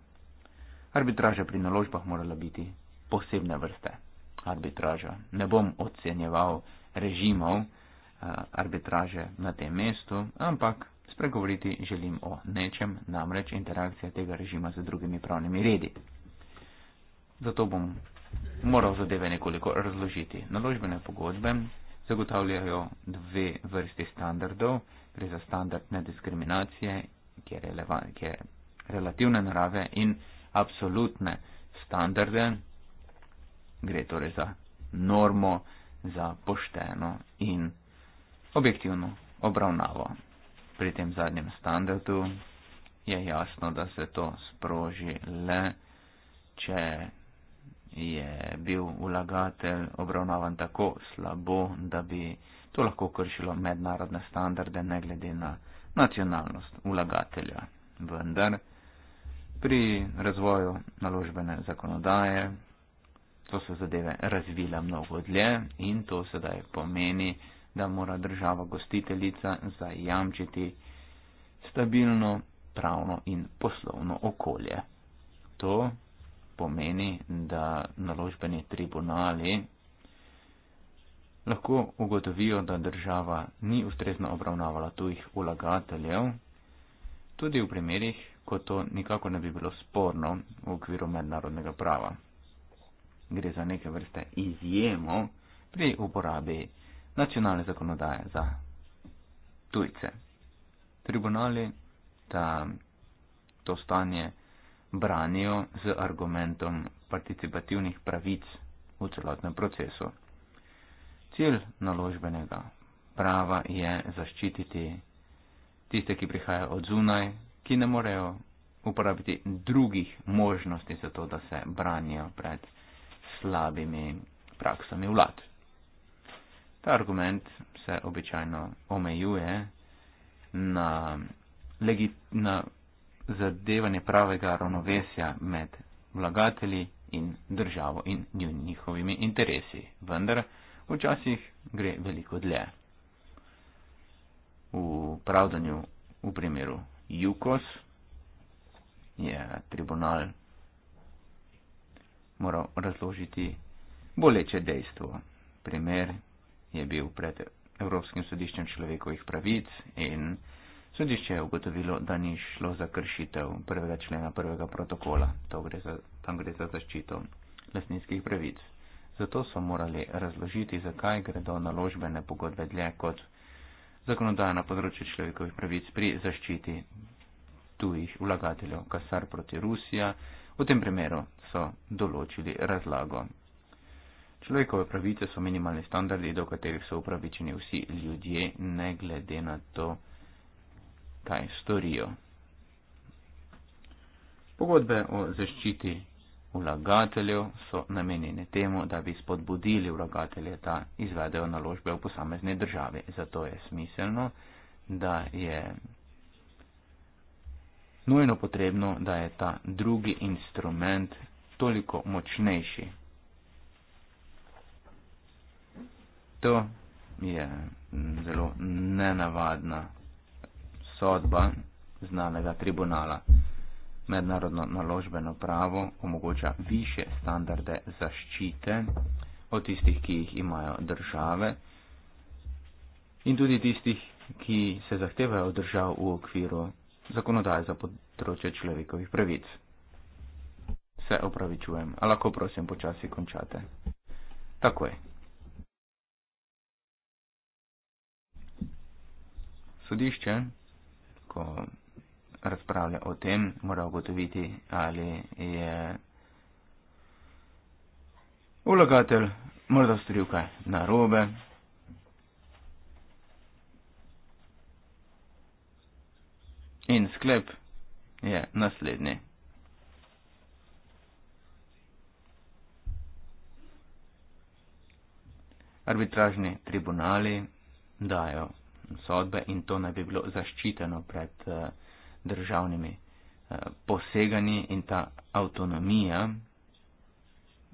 Arbitraža pri naložbah morala biti posebne vrste arbitraža. Ne bom ocenjeval režimov eh, arbitraže na tem mestu, ampak spregovoriti želim o nečem, namreč interakcija tega režima z drugimi pravnimi redi. Zato bom moral zadeve nekoliko razložiti. Naložbene pogodbe zagotavljajo dve vrsti standardov. Gre za standard nediskriminacije, ki je, relevan, ki je relativne narave in absolutne standarde, gre torej za normo, za pošteno in objektivno obravnavo. Pri tem zadnjem standardu je jasno, da se to sproži le, če je bil vlagatelj obravnavan tako slabo, da bi to lahko kršilo mednarodne standarde, ne glede na nacionalnost vlagatelja. Vendar pri razvoju naložbene zakonodaje. To so zadeve razvila mnogo dlje in to sedaj pomeni, da mora država gostiteljica zajamčiti stabilno pravno in poslovno okolje. To pomeni, da naložbeni tribunali lahko ugotovijo, da država ni ustrezno obravnavala tujih ulagateljev, tudi v primerih, ko to nikako ne bi bilo sporno v okviru mednarodnega prava. Gre za neke vrste izjemo pri uporabi nacionalne zakonodaje za tujce. Tribunali ta, to stanje branijo z argumentom participativnih pravic v celotnem procesu. Cilj naložbenega prava je zaščititi tiste, ki prihajajo od zunaj, ki ne morejo uporabiti drugih možnosti za to, da se branijo pred slabimi praksami vlad. Ta argument se običajno omejuje na, na zadevanje pravega ravnovesja med vlagatelji in državo in njihovimi interesi, vendar včasih gre veliko dlje. V pravdanju, v primeru Jukos je tribunal moral razložiti boleče dejstvo. Primer je bil pred Evropskim sodiščem človekovih pravic in sodišče je ugotovilo, da ni šlo za kršitev prvega člena prvega protokola. Gre za, tam gre za zaščito lasninskih pravic. Zato so morali razložiti, zakaj gredo naložbene pogodbe dlje kot zakonodaja na področju človekovih pravic pri zaščiti tujih vlagateljev Kasar proti Rusija. V tem primeru so določili razlago. Človekove pravice so minimalni standardi, do katerih so upravičeni vsi ljudje, ne glede na to, kaj storijo. Pogodbe o zaščiti vlagateljev so namenjene temu, da bi spodbudili vlagatelje, da izvedejo naložbe v posamezne države. Zato je smiselno, da je nujno potrebno, da je ta drugi instrument toliko močnejši. To je zelo nenavadna sodba znanega tribunala. Mednarodno naložbeno pravo omogoča više standarde zaščite od tistih, ki jih imajo države in tudi tistih, ki se zahtevajo od držav v okviru zakonodaje za področje človekovih pravic. Se opravičujem, a lahko prosim počasi končate. Tako je. Sodišče, ko razpravlja o tem, mora ugotoviti, ali je vlagatelj morda storil kaj narobe. In sklep je naslednji. Arbitražni tribunali dajo sodbe in to naj bi bilo zaščiteno pred. Uh, državnimi eh, poseganji in ta avtonomija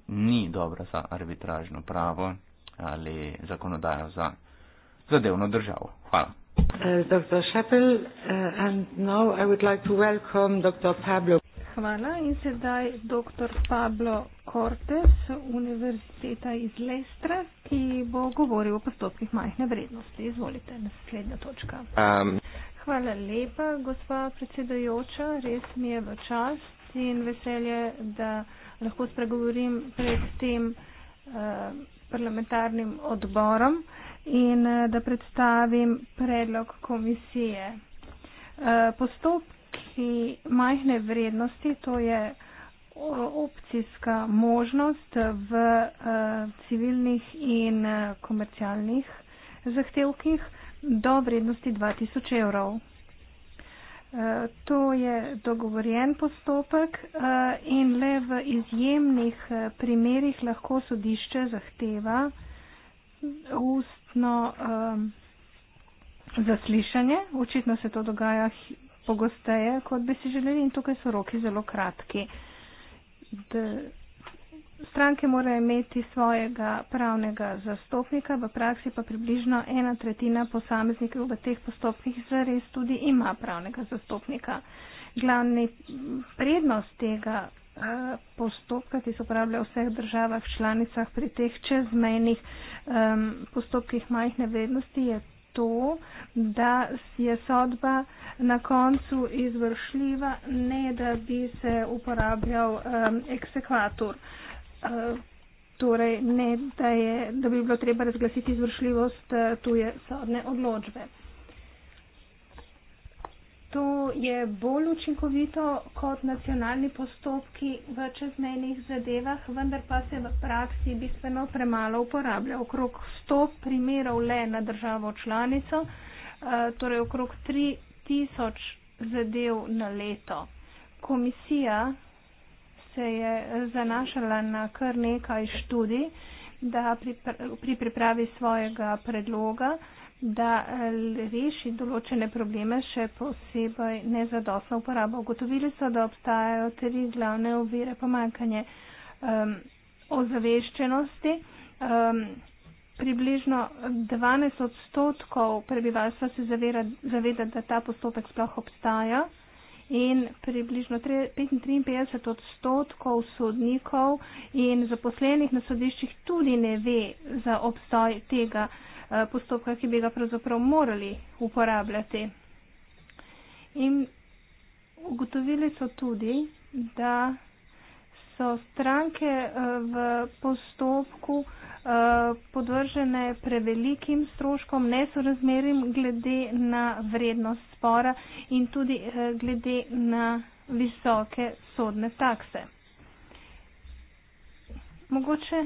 ni dobra za arbitražno pravo ali zakonodajo za zadevno državo. Hvala. Eh, eh, Hvala in sedaj dr. Pablo Cortes, Univerziteta iz Lestra, ki bo govoril o postopkih majhne vrednosti. Izvolite, naslednja točka. Um, Hvala lepa, gospa predsedajoča. Res mi je v čast in veselje, da lahko spregovorim pred tem eh, parlamentarnim odborom in eh, da predstavim predlog komisije. Eh, postopki majhne vrednosti, to je opcijska možnost v civilnih in komercialnih zahtevkih do vrednosti 2000 evrov. E, to je dogovorjen postopek e, in le v izjemnih e, primerjih lahko sodišče zahteva ustno zaslišanje. Očitno se to dogaja pogosteje, kot bi si želeli in tukaj so roki zelo kratki. Stranke morajo imeti svojega pravnega zastopnika, v praksi pa približno ena tretjina posameznikov v teh postopkih zares tudi ima pravnega zastopnika. Glavni prednost tega eh, postopka, ki se upravlja v vseh državah članicah pri teh čezmejnih um, postopkih majhne vrednosti, je to, da je sodba na koncu izvršljiva, ne da bi se uporabljal um, eksekvator. Uh, torej ne, da, je, da bi bilo treba razglasiti izvršljivost eh, tuje sodne odločbe. To je bolj učinkovito kot nacionalni postopki v čezmejnih zadevah, vendar pa se v praksi bistveno premalo uporablja. Okrog 100 primerov le na državo članico, eh, torej okrog 3000 zadev na leto. Komisija se je zanašala na kar nekaj študij, da pri pripravi svojega predloga, da reši določene probleme, še posebej nezadostno uporabo. Ugotovili so, da obstajajo tri glavne ovire pomankanje um, ozaveščenosti. Um, približno 12 odstotkov prebivalstva se zavira, zaveda, da ta postopek sploh obstaja in približno 53 odstotkov sodnikov in zaposlenih na sodiščih tudi ne ve za obstoj tega eh, postopka, ki bi ga pravzaprav morali uporabljati. In ugotovili so tudi, da so stranke eh, v postopku uh, Eh, podvržene prevelikim stroškom, nesorazmerim glede na vrednost spora in tudi eh, glede na visoke sodne takse. Mogoče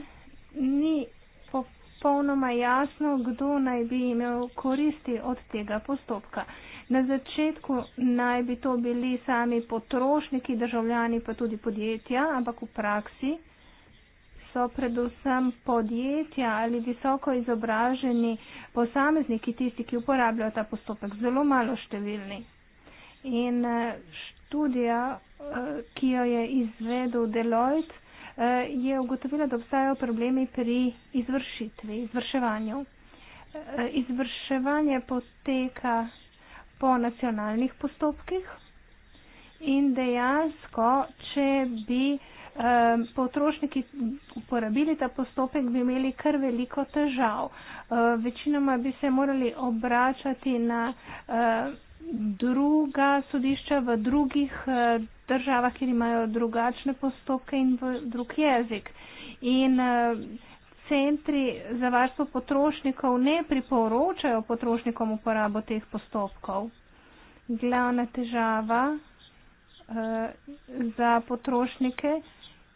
ni popolnoma jasno, kdo naj bi imel koristi od tega postopka. Na začetku naj bi to bili sami potrošniki, državljani pa tudi podjetja, ampak v praksi so predvsem podjetja ali visoko izobraženi posamezniki tisti, ki uporabljajo ta postopek, zelo malo številni. In eh, študija, eh, ki jo je izvedel Deloitte, eh, je ugotovila, da obstajajo problemi pri izvršitvi, izvrševanju. Izvrševanje poteka po nacionalnih postopkih in dejansko, če bi uh, Ehm, potrošniki uporabili ta postopek, bi imeli kar veliko težav. Ehm, večinoma bi se morali obračati na ehm, druga sodišča v drugih državah, kjer imajo drugačne postopke in v drug jezik. In centri za varstvo potrošnikov ne priporočajo potrošnikom uporabo teh postopkov. Glavna težava za potrošnike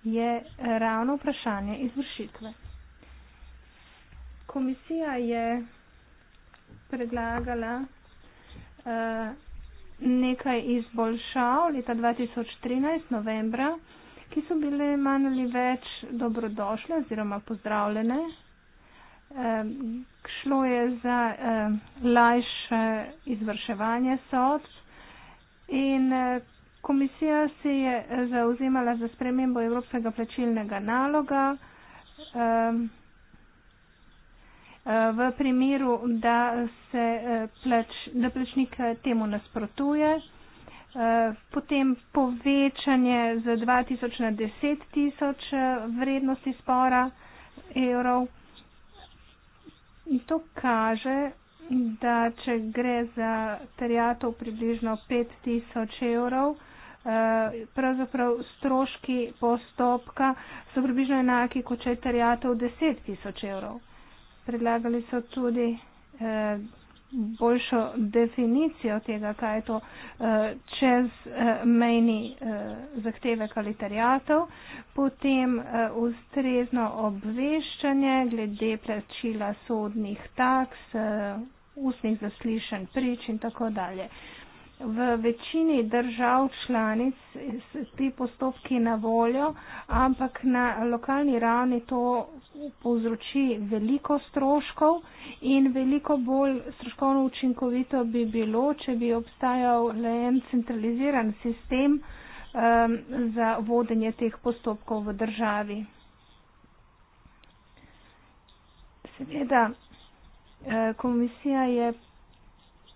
je ravno vprašanje izvršitve. Komisija je predlagala uh, nekaj izboljšav leta 2013 novembra, ki so bile manj ali več dobrodošle oziroma pozdravljene. Uh, šlo je za uh, lajše izvrševanje sod in uh, Komisija se je zauzemala za spremembo evropskega plačilnega naloga. V primeru, da se eh, plač, da plačnik eh, temu nasprotuje, eh, potem povečanje z 2000 na 10 tisoč vrednosti spora evrov. To kaže, da če gre za terjatov približno 5 tisoč evrov, Eh, pravzaprav stroški postopka so približno enaki, kot če je terjatev 10 tisoč evrov. Predlagali so tudi eh, boljšo definicijo tega, kaj je to eh, čez mejni zahtevek ali terjatev, potem ustrezno obveščanje glede plačila sodnih taks, ustnih zaslišanj prič in tako dalje. V večini držav članic so ti postopki na voljo, ampak na lokalni ravni to povzroči veliko stroškov in veliko bolj stroškovno učinkovito bi bilo, če bi obstajal le en centraliziran sistem um, za vodenje teh postopkov v državi. Seveda, eh, komisija je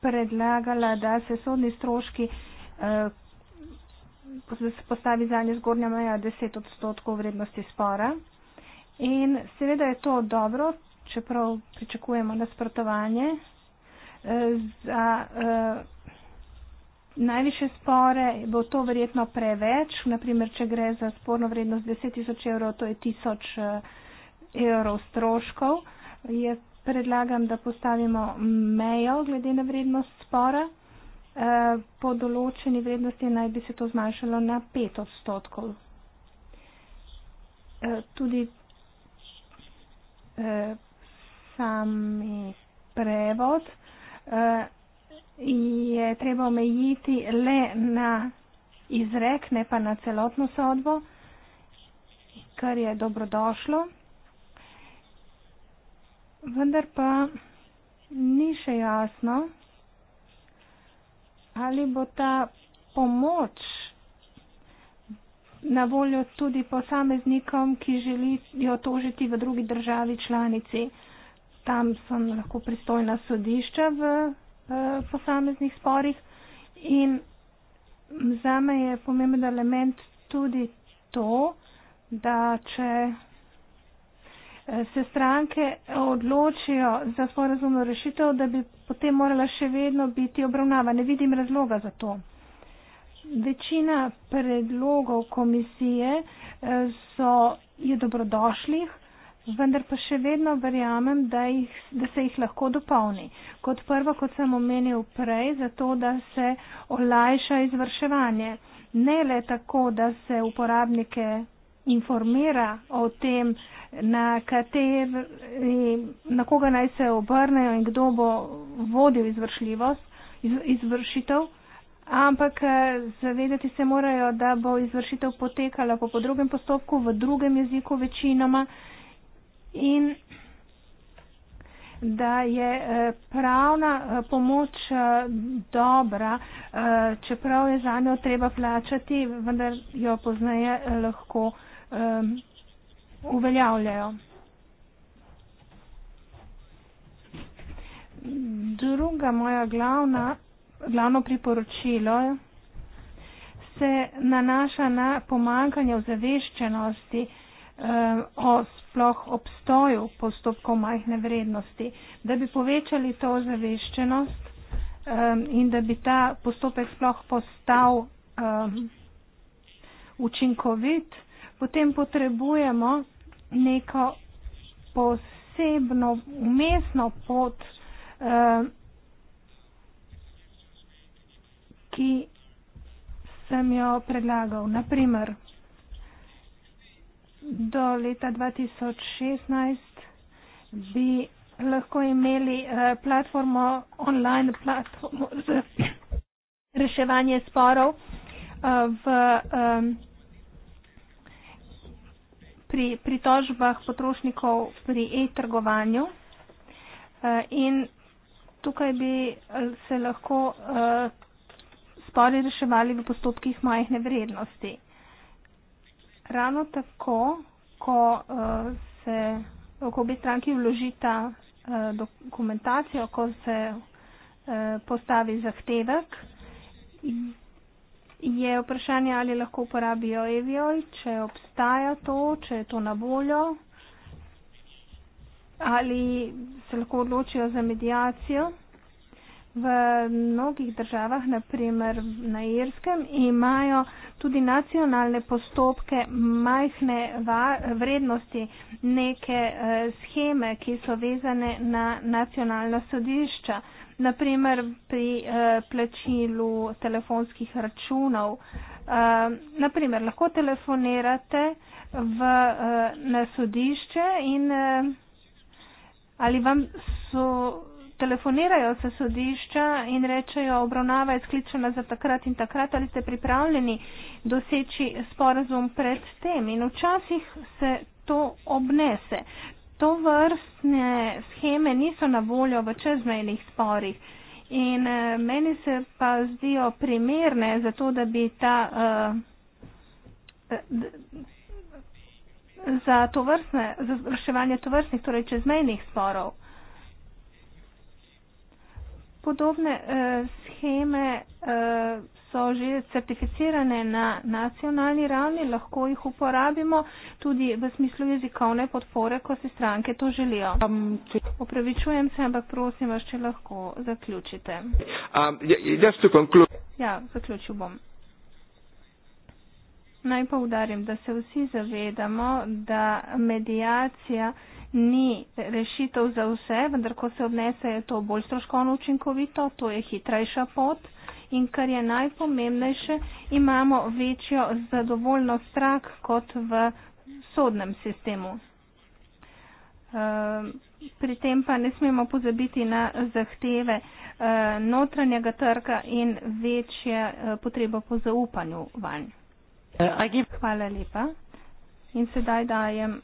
predlagala, da se sodni stroški eh, postavi za nje zgornja meja 10 odstotkov vrednosti spora. In seveda je to dobro, čeprav pričakujemo nasprotovanje. Eh, za eh, najviše spore bo to verjetno preveč, naprimer, če gre za sporno vrednost 10 tisoč evrov, to je tisoč eh, evrov stroškov. Je predlagam, da postavimo mejo glede na vrednost spora. Eh, po določeni vrednosti naj bi se to zmanjšalo na 5 odstotkov. Eh, tudi eh, sami prevod je treba omejiti le na izrek, ne pa na celotno sodbo, kar je dobrodošlo vendar pa ni še jasno, ali bo ta pomoč na voljo tudi posameznikom, ki želijo tožiti v drugi državi članici. Tam so lahko pristojna sodišča v eh, posameznih sporih in zame je pomemben element tudi to, da če se stranke odločijo za sporazumno rešitev, da bi potem morala še vedno biti obravnava. Ne vidim razloga za to. Večina predlogov komisije eh, so, je dobrodošlih, vendar pa še vedno verjamem, da, jih, da se jih lahko dopolni. Kot prvo, kot sem omenil prej, zato da se olajša izvrševanje. Ne le tako, da se uporabnike informira o tem, na, kateri, na koga naj se obrnejo in kdo bo vodil izvršljivost, iz, izvršitev, ampak zavedati se morajo, da bo izvršitev potekala po, po drugem postopku, v drugem jeziku večinoma in da je pravna pomoč dobra, čeprav je za njo treba plačati, vendar jo poznaje lahko um, uveljavljajo. Druga moja glavna, glavno priporočilo se nanaša na pomankanje ozaveščenosti eh, o sploh obstoju postopkov majhne vrednosti. Da bi povečali to ozaveščenost eh, in da bi ta postopek sploh postal eh, učinkovit, eh, potem potrebujemo neko posebno umestno pot, eh, ki sem jo predlagal. Naprimer, do leta 2016 bi lahko imeli eh, platformo online platformo za reševanje sporov eh, v um, pri pritožbah potrošnikov pri e-trgovanju. Eh, in tukaj bi eh, se lahko eh, spori reševali v postopkih majhne vrednosti. Ravno tako, ko se ko obi stranki vložita dokumentacijo, ko se postavi zahtevek, Je vprašanje, ali lahko uporabijo Evio, če obstaja to, če je to na voljo, ali se lahko odločijo za medijacijo. V mnogih državah, naprimer na Irskem, imajo tudi nacionalne postopke majhne vrednosti, neke eh, scheme, ki so vezane na nacionalna sodišča naprimer pri eh, plačilu telefonskih računov. Eh, naprimer, lahko telefonirate v, eh, na sodišče in eh, ali vam so, telefonirajo se sodišča in rečejo, obravnava je sklicana za takrat in takrat, ali ste pripravljeni doseči sporazum pred tem. In včasih se to obnese. To vrstne scheme niso na voljo v čezmejnih sporih in eh, meni se pa zdijo primerne za to, da bi ta. Uh, Za to vrstne, za vrševanje to vrstnih, torej čezmejnih sporov podobne uh, scheme uh, so že certificirane na nacionalni ravni, lahko jih uporabimo tudi v smislu jezikovne podpore, ko si stranke to želijo. Um, če... Opravičujem se, ampak prosim vas, če lahko zaključite. Um, yes ja, ja, conclude... Ja, zaključil bom. Naj pa udarim, da se vsi zavedamo, da medijacija ni rešitev za vse, vendar ko se obnese, je to bolj stroškovno učinkovito, to je hitrejša pot in kar je najpomembnejše, imamo večjo zadovoljnost strah kot v sodnem sistemu. Ehm, pri tem pa ne smemo pozabiti na zahteve eh, notranjega trga in večje eh, potrebo po zaupanju vanj. Eh, Hvala lepa. In sedaj dajem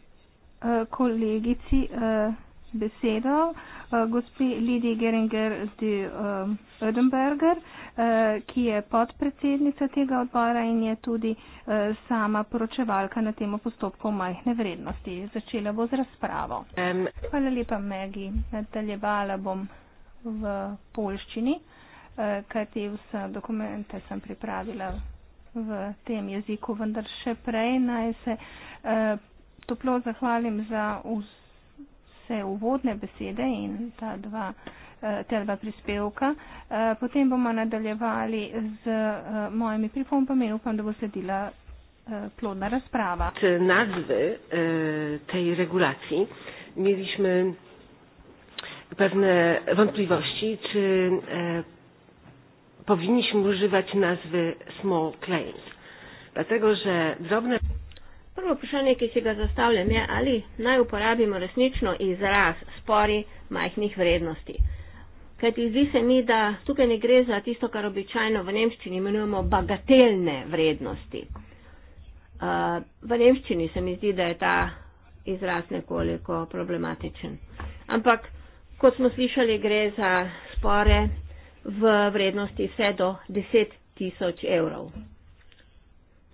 kolegici uh, besedo, uh, gospe Lidi Geringer de Ödenberger, eh, uh, uh, ki je podpredsednica tega odbora in je tudi uh, sama poročevalka na temo postopkov majhne vrednosti. Začela bo z razpravo. Um, Hvala lepa, Megi. Nadaljevala bom v polščini, uh, kajti vse dokumente sem pripravila v tem jeziku, vendar še prej naj se. Uh, toplo zahvalim za vse uvodne besede in ta dva, eh, te dva prispevka. Eh, potem bomo nadaljevali z eh, mojimi pripombami in upam, da bo sledila plodna razprava. Te nazve tej regulaciji mieliśmy pewne wątpliwości, czy e, powinniśmy używać nazwy small claims, dlatego że drobne Prvo vprašanje, ki si ga zastavljam, je, ali naj uporabimo resnično izraz spori majhnih vrednosti. Kajti zdi se mi, da tukaj ne gre za tisto, kar običajno v nemščini imenujemo bagatelne vrednosti. Uh, v nemščini se mi zdi, da je ta izraz nekoliko problematičen. Ampak, kot smo slišali, gre za spore v vrednosti vse do 10 tisoč evrov.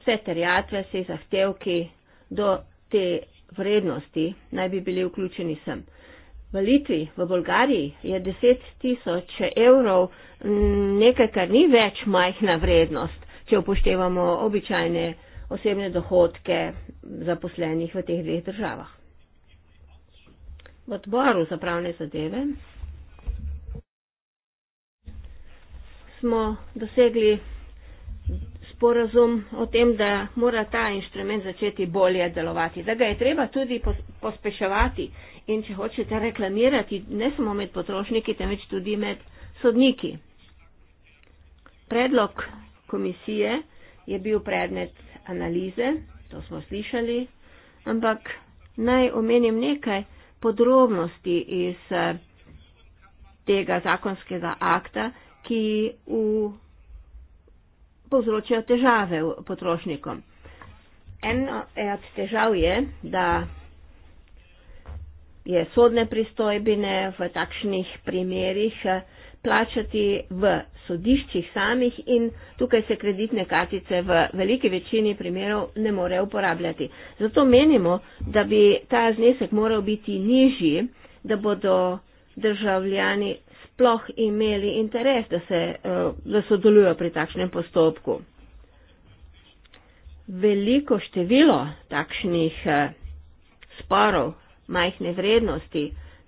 Vse terjatve, vse zahtevki do te vrednosti naj bi bili vključeni sem. V Litvi, v Bolgariji je 10 tisoč evrov nekaj, kar ni več majhna vrednost, če upoštevamo običajne osebne dohodke zaposlenih v teh dveh državah. V odboru za pravne zadeve smo dosegli sporazum o tem, da mora ta inštrument začeti bolje delovati, da ga je treba tudi pospeševati in če hočete reklamirati ne samo med potrošniki, temveč tudi med sodniki. Predlog komisije je bil predmet analize, to smo slišali, ampak naj omenim nekaj podrobnosti iz eh, tega zakonskega akta, ki v povzročajo težave potrošnikom. Eno od težav je, da je sodne pristojbine v takšnih primerih eh, plačati v sodiščih samih in tukaj se kreditne kartice v veliki večini primerov ne morejo uporabljati. Zato menimo, da bi ta znesek moral biti nižji, da bodo državljani sploh imeli interes, da, se, eh, da sodelujo pri takšnem postopku. Veliko število takšnih eh, sporov majhne vrednosti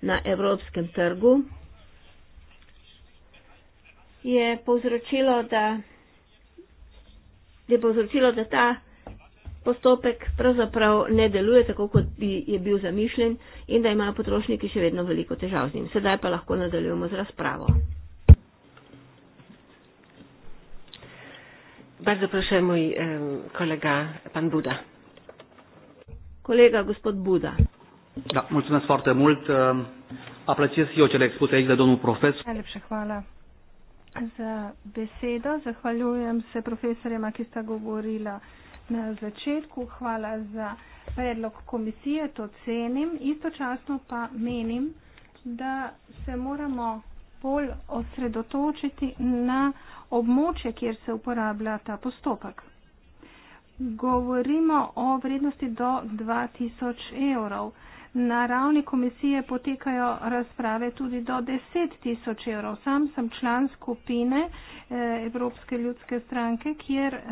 na evropskem trgu je povzročilo, da, je povzročilo, da ta postopek pravzaprav ne deluje tako, kot bi je bil zamišljen in da imajo potrošniki še vedno veliko težav z njim. Sedaj pa lahko nadaljujemo z razpravo. Bardzo proszę, mój e, kolega, pan Buda. Kolega, gospod Buda. Da, mulțumesc foarte mult. Apreciez eu cele expuse aici de domnul profesor. Najlepsze hvala za besedo. Zahvaljujem se profesorima, ki sta govorila uh, na začetku. Hvala za predlog komisije, to cenim. Istočasno pa menim, da se moramo bolj osredotočiti na območje, kjer se uporablja ta postopek. Govorimo o vrednosti do 2000 evrov. Na ravni komisije potekajo razprave tudi do 10 tisoč evrov. Sam sem član skupine eh, Evropske ljudske stranke, kjer eh,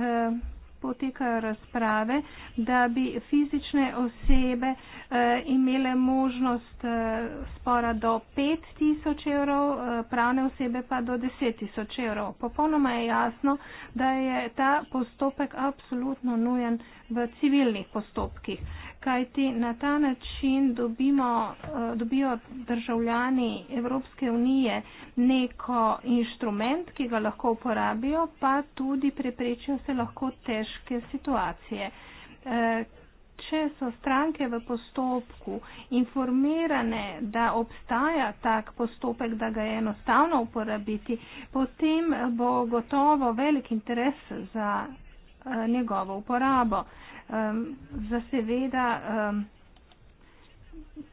potekajo razprave, da bi fizične osebe eh, imele možnost eh, spora do 5000 evrov, eh, pravne osebe pa do 10000 evrov. Popolnoma je jasno, da je ta postopek absolutno nujen v civilnih postopkih. Eh, kajti na ta način dobimo, eh, dobijo državljani Evropske unije neko inštrument, ki ga lahko uporabijo, pa tudi preprečijo se lahko težke situacije. Eh, če so stranke v postopku informirane, da obstaja tak postopek, da ga je enostavno uporabiti, potem bo gotovo velik interes za Eh, njegovo uporabo. Za seveda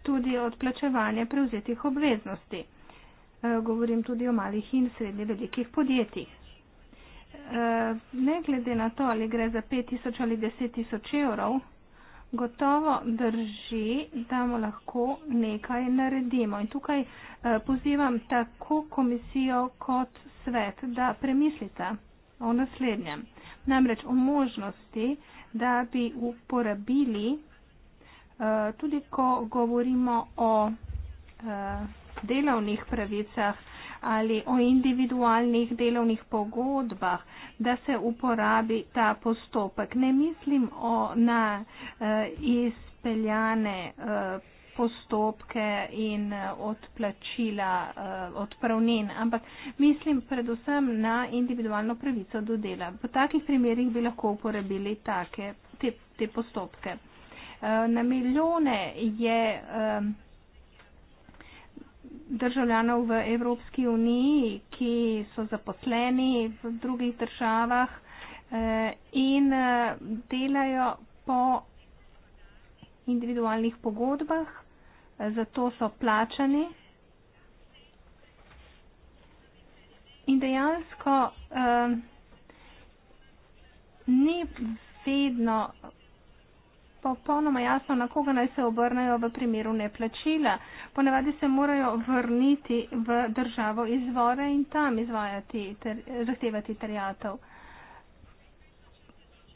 tudi odplačevanje prevzetih obveznosti. Eh, govorim tudi o malih in srednje velikih podjetjih. Eh, ne glede na to, ali gre za 5000 ali 10000 evrov, gotovo drži, da mu lahko nekaj naredimo. In tukaj pozivam tako komisijo kot svet, da premislite o naslednjem namreč o možnosti, da bi uporabili, eh, tudi ko govorimo o eh, delovnih pravicah ali o individualnih delovnih pogodbah, da se uporabi ta postopek. Ne mislim o, na eh, izpeljane postopke in eh, odplačila, eh, odpravnin, ampak mislim predvsem na individualno pravico do dela. V takih primerjih bi lahko uporabili take, te, te postopke. Eh, na milijone je državljanov v Evropski uniji, ki so zaposleni v drugih državah in delajo po individualnih pogodbah, zato so plačani. In dejansko eh, ni vedno popolnoma jasno, na koga naj se obrnejo v primeru neplačila. Ponevadi se morajo vrniti v državo izvora in tam izvajati, ter, zahtevati terjatov.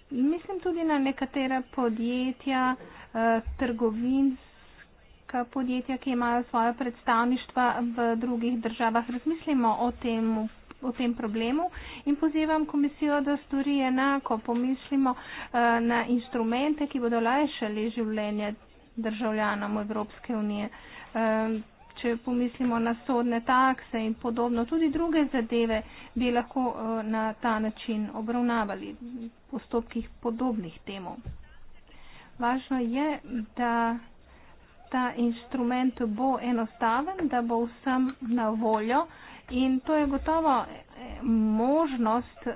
Mislim tudi na nekatera podjetja, eh, trgovinske ampak podjetja, ki imajo svoje predstavništva v drugih državah. Razmislimo o tem, o tem problemu in pozivam komisijo, da stori enako. Pomislimo eh, na instrumente, ki bodo lajšali življenje državljanom Evropske unije. Eh, če pomislimo na sodne takse in podobno, tudi druge zadeve bi lahko eh, na ta način obravnavali v postopkih podobnih temov. Važno je, da ta instrument bo enostaven, da bo vsem na voljo in to je gotovo eh, možnost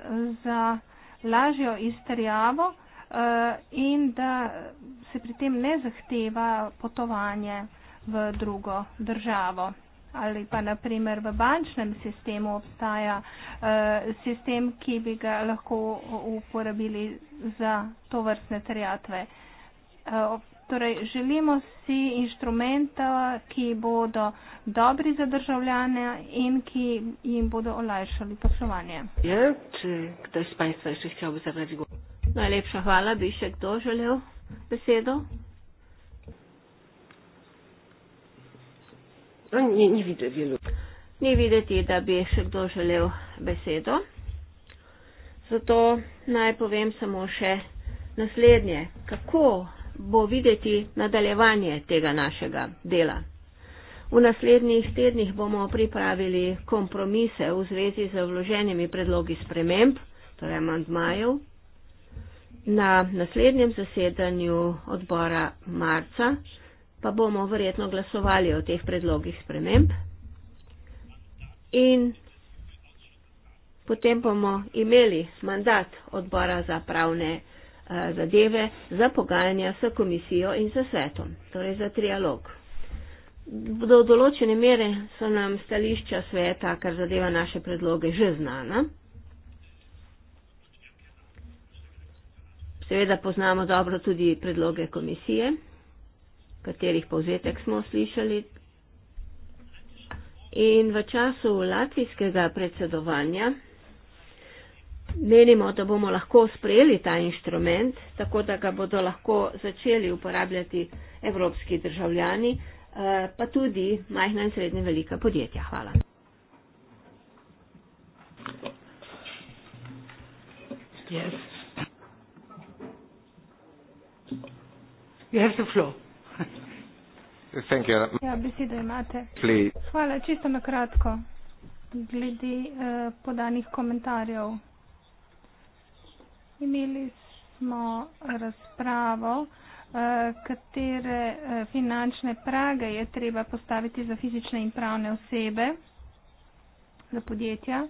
za lažjo izterjavo eh, in da se pri tem ne zahteva potovanje v drugo državo. Ali pa naprimer v bančnem sistemu obstaja eh, sistem, ki bi ga lahko uporabili za to vrstne terjatve. Torej, želimo si inštrumenta, ki bodo dobri za državljane in ki jim bodo olajšali poslovanje. Ja, če kdo iz Pajstva še hotel bi zaradi govora. Najlepša hvala, bi še kdo želel besedo? No, ni, ni, videti, ni videti, da bi še kdo želel besedo. Zato naj povem samo še naslednje. Kako bo videti nadaljevanje tega našega dela. V naslednjih tednih bomo pripravili kompromise v zvezi z vloženimi predlogi sprememb, torej amantmajev, na naslednjem zasedanju odbora marca, pa bomo verjetno glasovali o teh predlogih sprememb in potem bomo imeli mandat odbora za pravne predloge. Eh, zadeve za pogajanja s komisijo in s svetom, torej za trialog. Do določene mere so nam stališča sveta, kar zadeva naše predloge, že znana. Seveda poznamo dobro tudi predloge komisije, katerih povzetek smo slišali. In v času latvijskega predsedovanja menimo, da bomo lahko sprejeli ta inštrument, tako da ga bodo lahko začeli uporabljati evropski državljani, eh, pa tudi majhna in srednje velika podjetja. Hvala. Yes. Yes, ja, besedo imate. Please. Hvala, čisto na kratko, glede eh, podanih komentarjev. Imeli smo razpravo, eh, katere eh, finančne prage je treba postaviti za fizične in pravne osebe, za podjetja.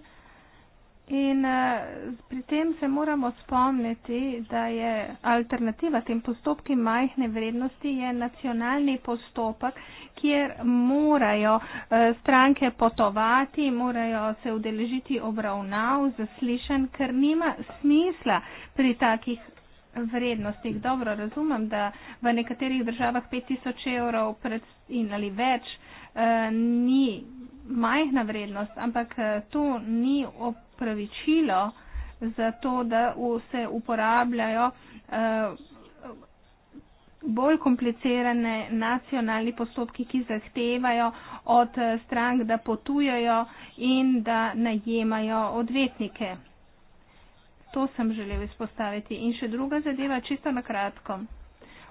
In uh, pri tem se moramo spomniti, da je alternativa tem postopki majhne vrednosti je nacionalni postopek, kjer morajo uh, stranke potovati, morajo se udeležiti obravnav, zaslišan, ker nima smisla pri takih vrednostih. Dobro, razumem, da v nekaterih državah 5000 evrov pred, in ali več uh, ni majhna vrednost, ampak uh, to ni op opravičilo za to, da se uporabljajo eh, bolj komplicirane nacionalni postopki, ki zahtevajo od eh, strank, da potujejo in da najemajo odvetnike. To sem želel izpostaviti. In še druga zadeva, čisto na kratko.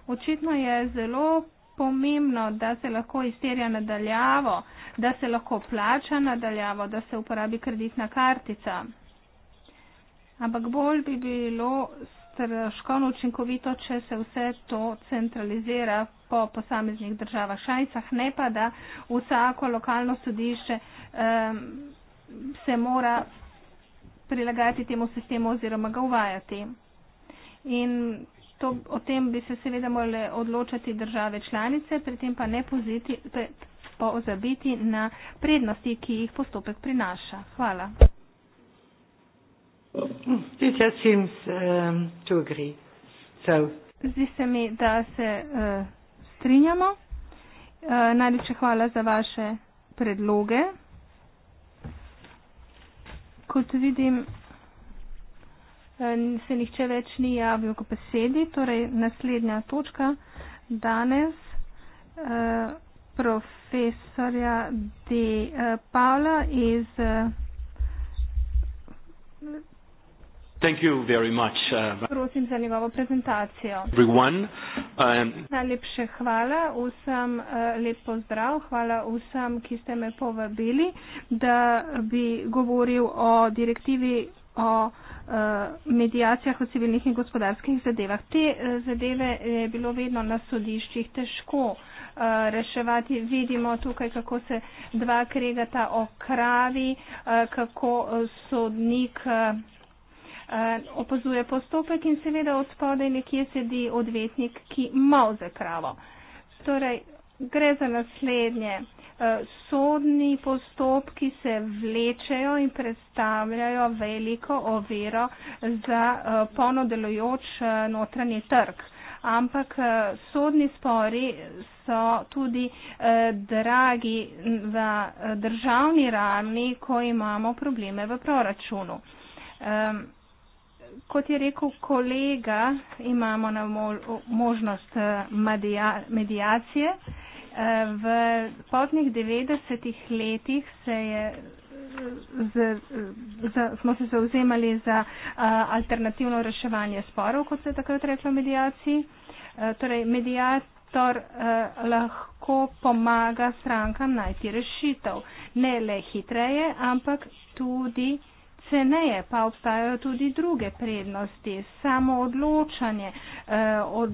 Očitno je zelo pomembno, da se lahko izterja nadaljavo, da se lahko plača nadaljavo, da se uporabi kreditna kartica. Ampak bolj bi bilo stroškovno učinkovito, če se vse to centralizira po posameznih državah šajcah, ne pa da vsako lokalno sodišče um, se mora prilagajati temu sistemu oziroma ga uvajati. In to, o tem bi se seveda morale odločati države članice, pri tem pa ne poziti, pre, pozabiti na prednosti, ki jih postopek prinaša. Hvala. Seems, um, so. Zdi se mi, da se uh, strinjamo. Uh, najlepše hvala za vaše predloge. Kot vidim, se nihče več ni javil k besedi, torej naslednja točka danes eh, profesorja D. Eh, Pavla iz. Eh, Thank you very much. Uh, Prosim za njegovo prezentacijo. Everyone, um, Najlepše hvala vsem, uh, lep pozdrav, hvala vsem, ki ste me povabili, da bi govoril o direktivi o e, medijacijah v civilnih in gospodarskih zadevah. Te e, zadeve je bilo vedno na sodiščih težko e, reševati. Vidimo tukaj, kako se dva kregata o kravi, kako sodnik opazuje postopek in seveda od spodaj nekje sedi odvetnik, ki mal za kravo. Torej, gre za naslednje. Eh, sodni postopki se vlečejo in predstavljajo veliko oviro za eh, ponodelujoč eh, notranji trg. Ampak sodni spori so tudi dragi v državni ravni, ko imamo probleme v proračunu. Kot je rekel kolega, imamo na možnost medijacije v poznih 90-ih letih se je, z, z, smo se zauzemali za alternativno reševanje sporov, kot se je takrat reklo medijaciji. Torej, medijator lahko pomaga strankam najti rešitev. Ne le hitreje, ampak tudi ceneje, pa obstajajo tudi druge prednosti. Samo odločanje. Od,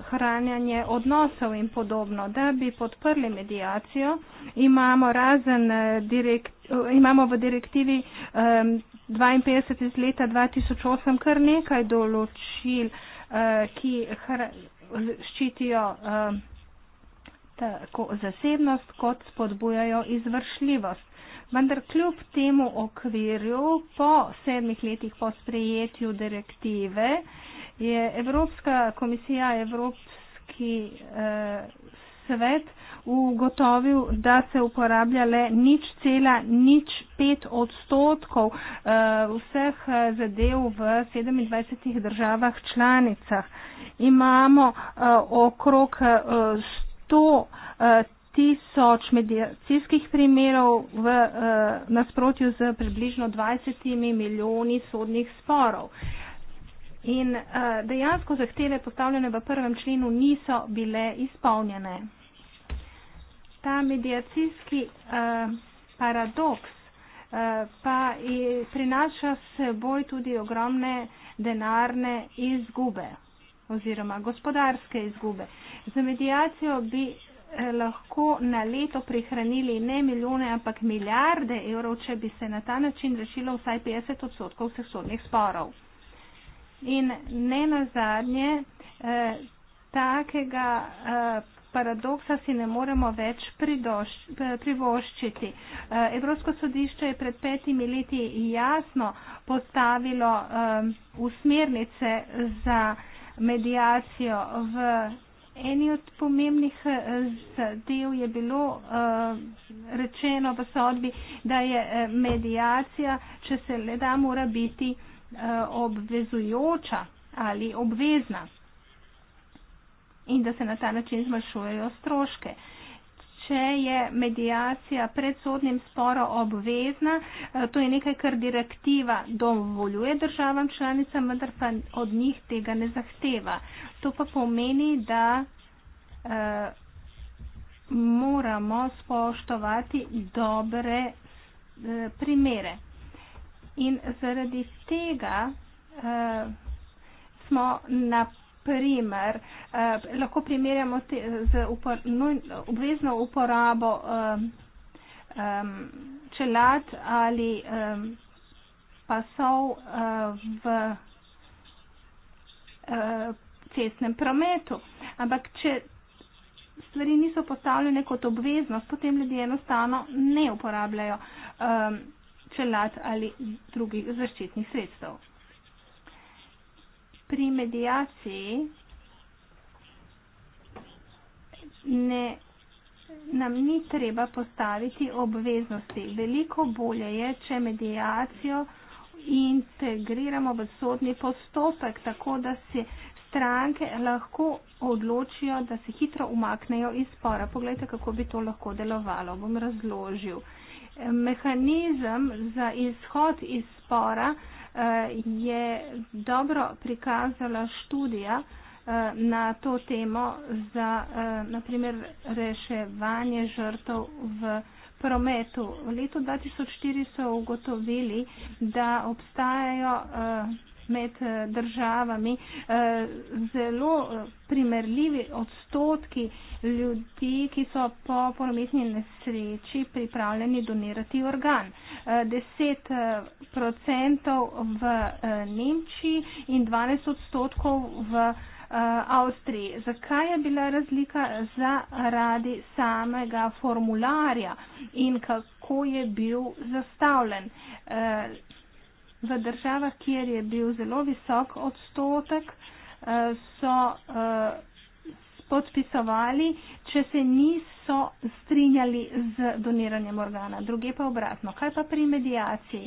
ohranjanje odnosov in podobno. Da bi podprli medijacijo, imamo, razen, eh, direkt, eh, imamo v direktivi um, 52 iz leta 2008 kar nekaj določil, uh, ki hra, ščitijo um, tako zasebnost, kot spodbujajo izvršljivost. Vendar kljub temu okvirju po sedmih letih po sprejetju direktive, je Evropska komisija, Evropski eh, svet ugotovil, da se uporablja le nič cela, nič pet odstotkov eh, vseh eh, zadev v 27 državah članicah. Imamo eh, okrog eh, 100 eh, tisoč medijacijskih primerov v eh, nasprotju z približno 20 milijoni sodnih sporov. Eh, In uh, dejansko zahteve postavljene v prvem členu niso bile izpolnjene. Ta medijacijski uh, eh, paradoks uh, pa je, prinaša seboj tudi ogromne denarne izgube oziroma gospodarske izgube. Za medijacijo bi lahko na leto prihranili ne milijone, ampak milijarde evrov, če bi se na ta način rešilo vsaj 50 odstotkov vseh sodnih sporov. In ne nazadnje, eh, takega eh, paradoksa si ne moremo več pridoš, privoščiti. Eh, Evropsko sodišče je pred petimi leti jasno postavilo eh, usmernice za medijacijo v. Eni od pomembnih eh, zadev je bilo eh, rečeno v sodbi, da je eh, medijacija, če se le da, mora biti Eh, obvezujoča ali obvezna in da se na ta način zmanjšujejo stroške. Če je medijacija pred sodnim sporo obvezna, eh, to je nekaj, kar direktiva dovoljuje državam članicam, vendar pa od njih tega ne zahteva. To pa pomeni, da eh, moramo spoštovati dobre primere in zaradi tega uh, smo na primer, uh, lahko primerjamo te, z upor, nuj, obvezno uporabo um, um, čelad ali um, pasov uh, v uh, cestnem prometu. Ampak, če stvari niso postavljene kot obveznost, potem ljudje enostavno ne uporabljajo. Um, čelad ali drugih zaščitnih sredstev. Pri medijaciji ne, nam ni treba postaviti obveznosti. Veliko bolje je, če medijacijo integriramo v sodni postopek, tako da se stranke lahko odločijo, da se hitro umaknejo iz spora. Poglejte, kako bi to lahko delovalo. Bom razložil mehanizem za izhod iz spora eh, je dobro prikazala študija eh, na to temo za eh, naprimer reševanje žrtov v prometu. V letu 2004 so ugotovili, da obstajajo med eh, državami. Eh, zelo eh, primerljivi odstotki ljudi, ki so po prometni nesreči pripravljeni donirati organ. 10 odstotkov v Nemčiji in 12 odstotkov v Avstriji. Zakaj je bila razlika zaradi samega formularja in kako je bil zastavljen? V državah, kjer je bil zelo visok odstotek, eh, so eh, podpisovali, če se niso strinjali z doniranjem organa. Druge pa obratno. Kaj pa pri medijaciji?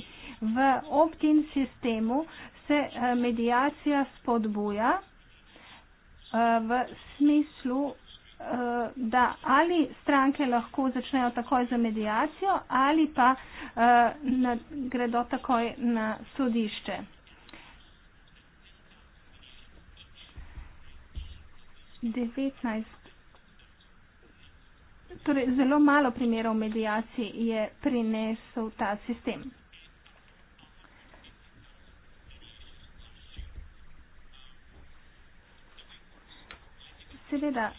V opt-in sistemu se eh, medijacija spodbuja v smislu Eh, da ali stranke lahko začnejo takoj za medijacijo ali pa eh, na, gredo takoj na sodišče. Torej, zelo malo primerov medijacije je prinesel ta sistem. Seveda,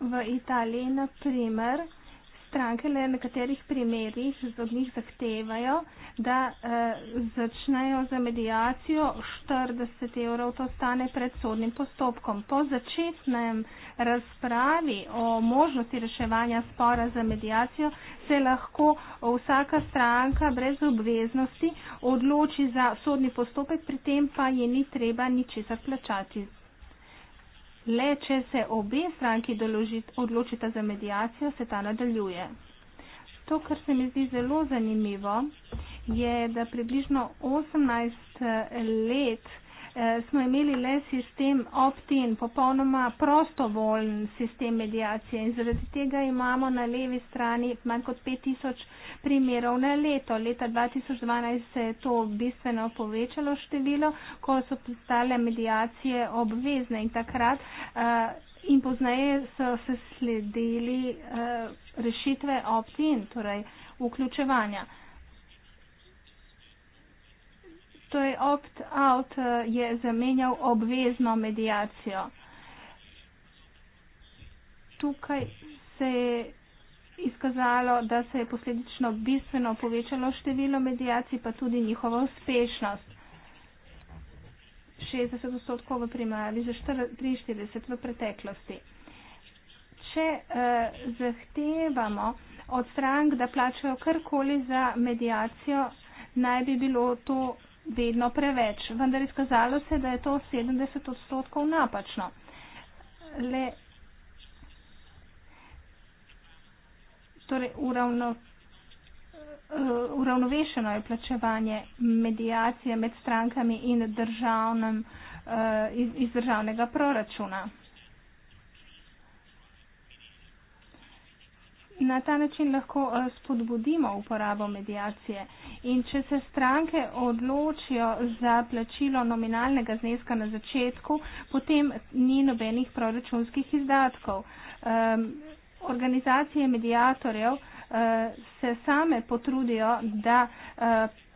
v Italiji, na primer, stranke le v nekaterih primerjih od njih zahtevajo, da eh, začnejo za medijacijo 40 evrov, to stane pred sodnim postopkom. Po začetnem razpravi o možnosti reševanja spora za medijacijo se lahko vsaka stranka brez obveznosti odloči za sodni postopek, pri tem pa je ni treba ničesar plačati. Le če se obe stranki odločita za medijacijo, se ta nadaljuje. To, kar se mi zdi zelo zanimivo, je, da približno 18 let Eh, smo imeli le sistem opt-in, popolnoma prostovoljen sistem medijacije in zaradi tega imamo na levi strani manj kot 5000 primerov na leto. Leta 2012 se je to bistveno povečalo število, ko so postale medijacije obvezne in takrat uh, in poznaje so se sledili uh, rešitve opt-in, torej vključevanja. Uh, torej opt-out eh, je zamenjal obvezno medijacijo. Tukaj se je izkazalo, da se je posledično bistveno povečalo število medijacij, pa tudi njihova uspešnost. 60 odstotkov v primarju za 43 v preteklosti. Če eh, zahtevamo od strank, da plačajo karkoli za medijacijo, naj bi bilo to vedno preveč, vendar izkazalo se, da je to 70 odstotkov napačno. Le, torej, uravno, eh, uravnovešeno je plačevanje medijacije med strankami in državnem, eh, iz, iz državnega proračuna. na ta način lahko eh, spodbudimo uporabo medijacije. In če se stranke odločijo za plačilo nominalnega zneska na začetku, potem ni nobenih proračunskih izdatkov. Um, organizacije medijatorjev uh, eh, se same potrudijo, da uh,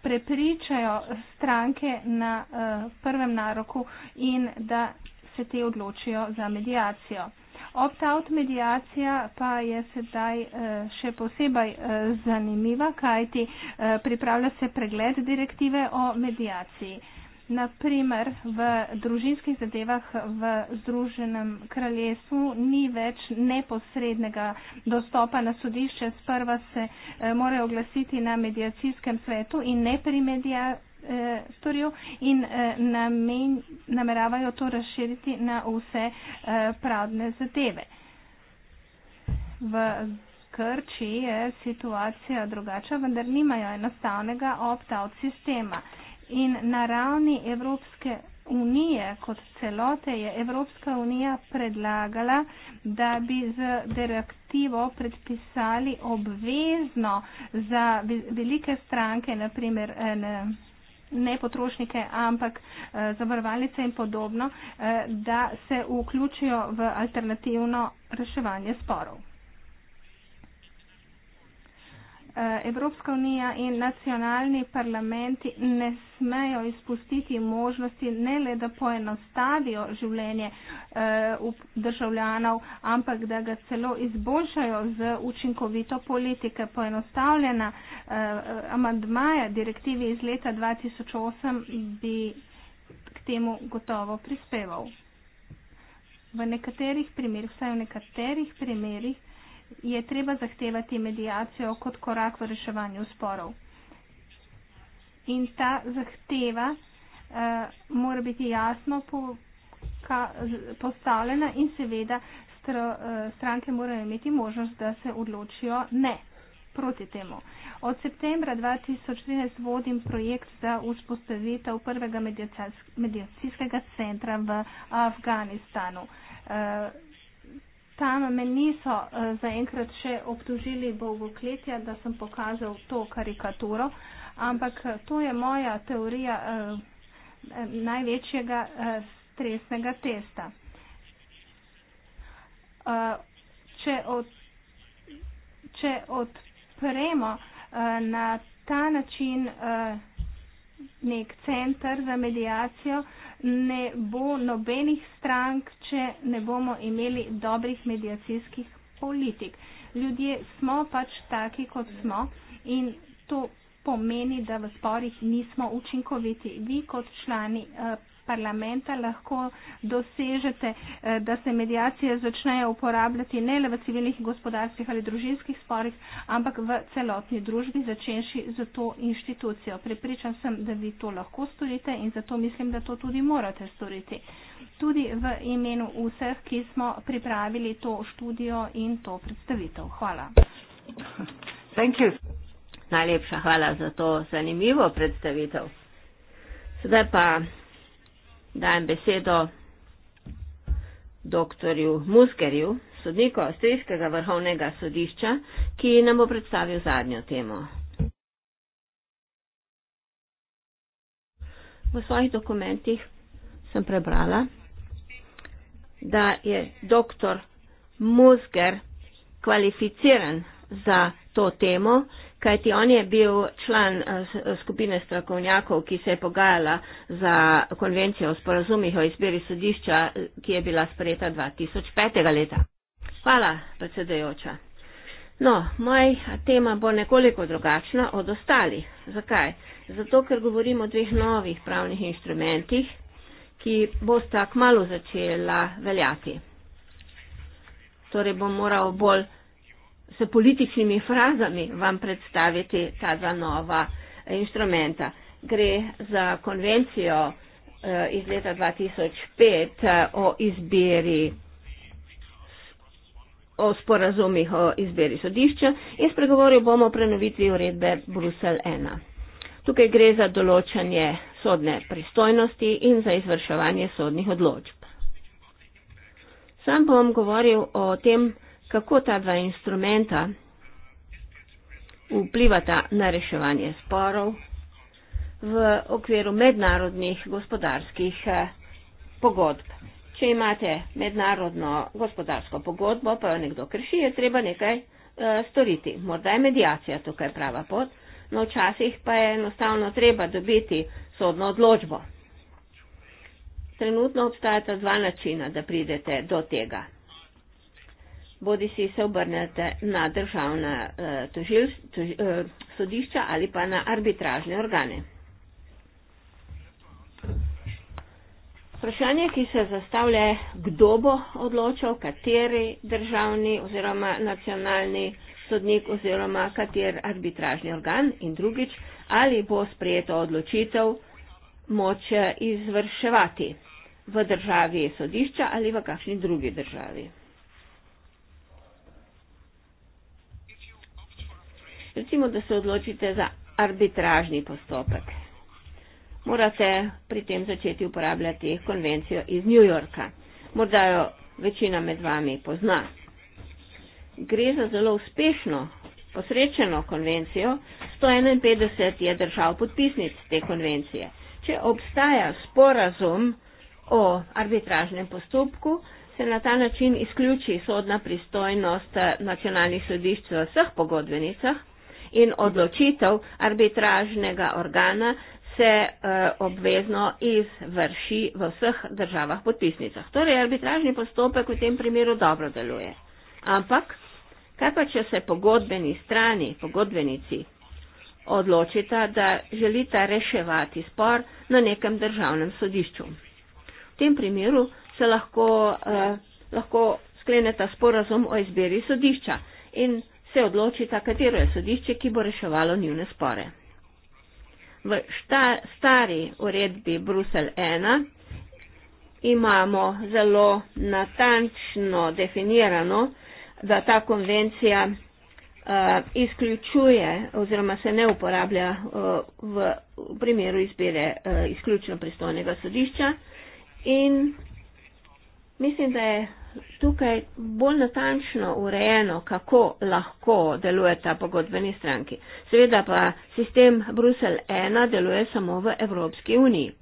prepričajo stranke na uh, prvem naroku in da se te odločijo za medijacijo. Opt-out medijacija pa je sedaj eh, še posebej eh, zanimiva, kajti eh, pripravlja se pregled direktive o medijaciji. Naprimer, v družinskih zadevah v Združenem kraljestvu ni več neposrednega dostopa na sodišče. Sprva se morajo oglasiti na medijacijskem svetu in ne pri medijaciji eh, storil in eh, namen, nameravajo to razširiti na vse eh, pravne zadeve. V Grčiji je situacija drugača, vendar nimajo enostavnega opt-out sistema. In na ravni Evropske unije kot celote je Evropska unija predlagala, da bi z direktivo predpisali obvezno za velike stranke, naprimer. En, ne potrošnike, ampak eh, zavarovalnice in podobno, eh, da se vključijo v alternativno reševanje sporov. Eh, Evropska unija in nacionalni parlamenti ne smejo izpustiti možnosti, ne le da poenostavijo življenje eh, državljanov, ampak da ga celo izboljšajo z učinkovito politike. Poenostavljena eh, amandmaja direktivi iz leta 2008 bi k temu gotovo prispeval. V nekaterih primerih, vsaj v nekaterih primerih, je treba zahtevati medijacijo kot korak v reševanju sporov. In ta zahteva eh, mora biti jasno po, ka, postavljena in seveda stro, eh, stranke morajo imeti možnost, da se odločijo ne proti temu. Od septembra 2013 vodim projekt za vzpostavitev prvega medijacijskega centra v Afganistanu. Eh, Štano me niso uh, zaenkrat še obtožili bogokletja, da sem pokazal to karikaturo, ampak eh, to je moja teorija uh, največjega uh, stresnega testa. Uh, če, od, če odpremo uh, na ta način uh, nek center za medijacijo, uh, ne bo nobenih strank, če ne bomo imeli dobrih medijacijskih politik. Ljudje smo pač taki, kot smo in to pomeni, da v sporih nismo učinkoviti. Vi kot člani eh, parlamenta lahko dosežete, eh, da se medijacije začnejo uporabljati ne le v civilnih, gospodarskih ali družinskih sporih, ampak v celotni družbi, začenši za to inštitucijo. Prepričan sem, da vi to lahko storite in zato mislim, da to tudi morate storiti. Tudi v imenu vseh, ki smo pripravili to študijo in to predstavitev. Hvala. Najlepša hvala za to zanimivo predstavitev. Sedaj pa dajem besedo doktorju Muskerju, sodniku Avstrijskega vrhovnega sodišča, ki nam bo predstavil zadnjo temo. V svojih dokumentih sem prebrala, da je doktor Musker kvalificiran za to temo kajti on je bil član eh, skupine strokovnjakov, ki se je pogajala za konvencijo o sporazumih o izbiri sodišča, eh, ki je bila sprejeta 2005. leta. Hvala, predsedajoča. No, moj tema bo nekoliko drugačna od ostalih. Zakaj? Zato, ker govorimo o dveh novih pravnih inštrumentih, ki bosta kmalo začela veljati. Torej bom moral bolj s političnimi frazami vam predstaviti ta dva nova eh, inštrumenta. Gre za konvencijo eh, iz leta 2005 eh, o izbiri o sporazumih o izbiri sodišča in spregovoril bomo o prenovitvi uredbe Brusel 1. Tukaj gre za določanje sodne pristojnosti in za izvrševanje sodnih odločb. Sam bom govoril o tem, kako ta dva instrumenta vplivata na reševanje sporov v okviru mednarodnih gospodarskih eh, pogodb. Če imate mednarodno gospodarsko pogodbo, pa jo nekdo krši, je treba nekaj eh, storiti. Morda je medijacija tukaj prava pot, no včasih pa je enostavno treba dobiti sodno odločbo. Trenutno obstajata dva načina, da pridete do tega bodi si se obrnete na državna eh, tožil, tož, eh, sodišča ali pa na arbitražne organe. Vprašanje, ki se zastavlja, kdo bo odločal, kateri državni oziroma nacionalni sodnik oziroma kater arbitražni organ in drugič, ali bo sprejeto odločitev moč eh, izvrševati v državi sodišča ali v kakšni drugi državi. Recimo, da se odločite za arbitražni postopek. Morate pri tem začeti uporabljati konvencijo iz New Yorka. Morda jo večina med vami pozna. Gre za zelo uspešno, posrečeno konvencijo. 151 je držav podpisnic te konvencije. Če obstaja sporazum o arbitražnem postopku, se na ta način izključi sodna pristojnost eh, nacionalnih sodišč v vseh pogodbenicah, in odločitev arbitražnega organa se eh, obvezno izvrši v vseh državah podpisnicah. Torej, arbitražni postopek v tem primeru dobro deluje. Ampak, kaj pa, če se pogodbeni strani, pogodbenici, odločita, da želita reševati spor na nekem državnem sodišču. V tem primeru se lahko, eh, lahko skleneta sporazum o izbiri sodišča in se odločita, katero je sodišče, ki bo reševalo njune spore. V šta, stari uredbi Brusel 1 imamo zelo natančno definirano, da ta konvencija uh, izključuje oziroma se ne uporablja uh, v, v primeru izbire uh, izključno pristojnega sodišča. In mislim, da je tukaj bolj natančno urejeno, kako lahko delujeta pogodbeni stranki. Seveda pa sistem Brusel 1 deluje samo v Evropski uniji.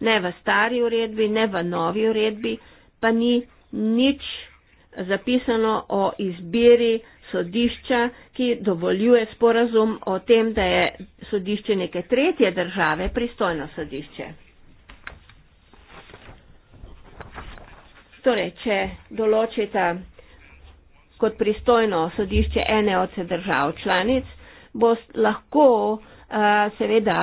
Ne v stari uredbi, ne v novi uredbi, pa ni nič zapisano o izbiri sodišča, ki dovoljuje sporazum o tem, da je sodišče neke tretje države pristojno sodišče. Torej, če določite kot pristojno sodišče ene od se držav članic, bo lahko uh, seveda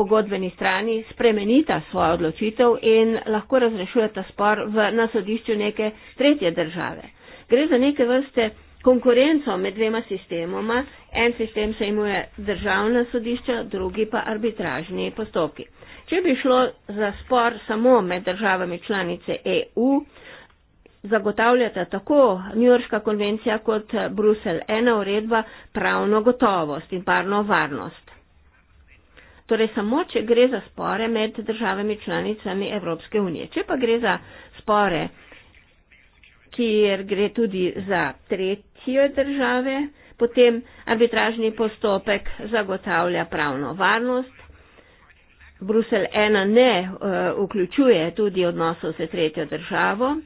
pogodbeni strani spremenita svojo odločitev in lahko razrešujete spor v, na sodišču neke tretje države. Gre za neke vrste konkurenco med dvema sistemoma. En sistem se imuje državna sodišča, drugi pa arbitražni postopki. Če bi šlo za spor samo med državami članice EU, zagotavljata tako New Yorkska konvencija kot Brusel ena uredba pravno gotovost in parno varnost. Torej samo, če gre za spore med državami članicami Evropske unije. Če pa gre za spore, kjer gre tudi za tretje države, potem arbitražni postopek zagotavlja pravno varnost Brusel 1 ne uh, vključuje tudi odnosov s tretjo državo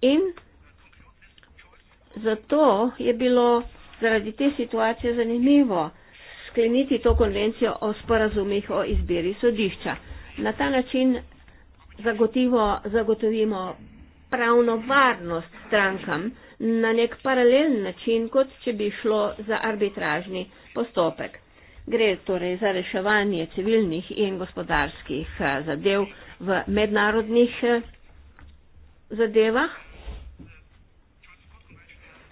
in zato je bilo zaradi te situacije zanimivo skleniti to konvencijo o sporazumih o izbiri sodišča. Na ta način zagotivo, zagotovimo pravno varnost strankam na nek paralelen način, kot če bi šlo za arbitražni postopek. Gre torej za reševanje civilnih in gospodarskih eh, zadev v mednarodnih eh, zadevah.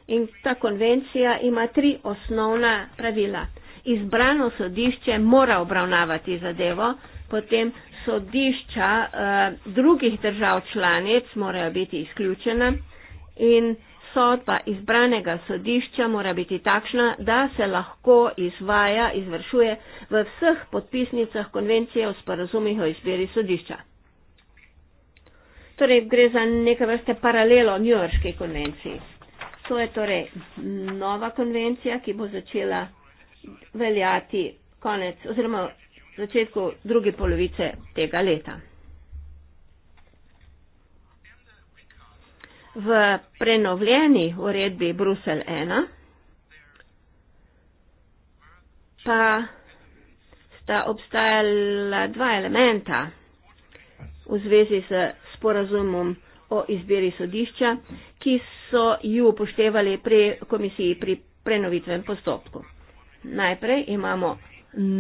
In ta konvencija ima tri osnovna pravila. Izbrano sodišče mora obravnavati zadevo, potem sodišča eh, drugih držav članic morajo biti izključena in sodba izbranega sodišča mora biti takšna, da se lahko izvaja, izvršuje v vseh podpisnicah konvencije o sporazumih o izbiri sodišča. Torej, gre za neke vrste paralelo New Yorkske konvenciji. To je torej nova konvencija, ki bo začela veljati konec oziroma začetku druge polovice tega leta. v prenovljeni uredbi Brusel 1 pa sta obstajala dva elementa v zvezi s sporazumom o izbiri sodišča, ki so ju upoštevali pri komisiji pri prenovitvem postopku. Najprej imamo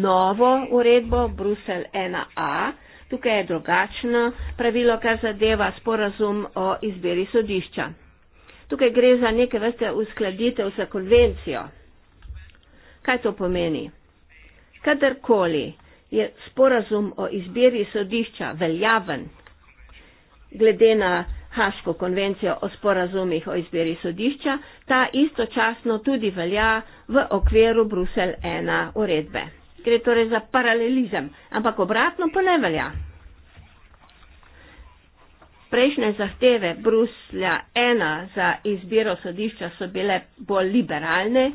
novo uredbo Brusel 1a, Tukaj je drugačno pravilo, kar zadeva sporazum o izbiri sodišča. Tukaj gre za neke vrste uskladitev za konvencijo. Kaj to pomeni? Kadarkoli je sporazum o izbiri sodišča veljaven, glede na Haško konvencijo o sporazumih o izbiri sodišča, ta istočasno tudi velja v okviru Brusel 1 uredbe gre torej za paralelizem, ampak obratno pa ne velja. Prejšnje zahteve Bruslja 1 za izbiro sodišča so bile bolj liberalne,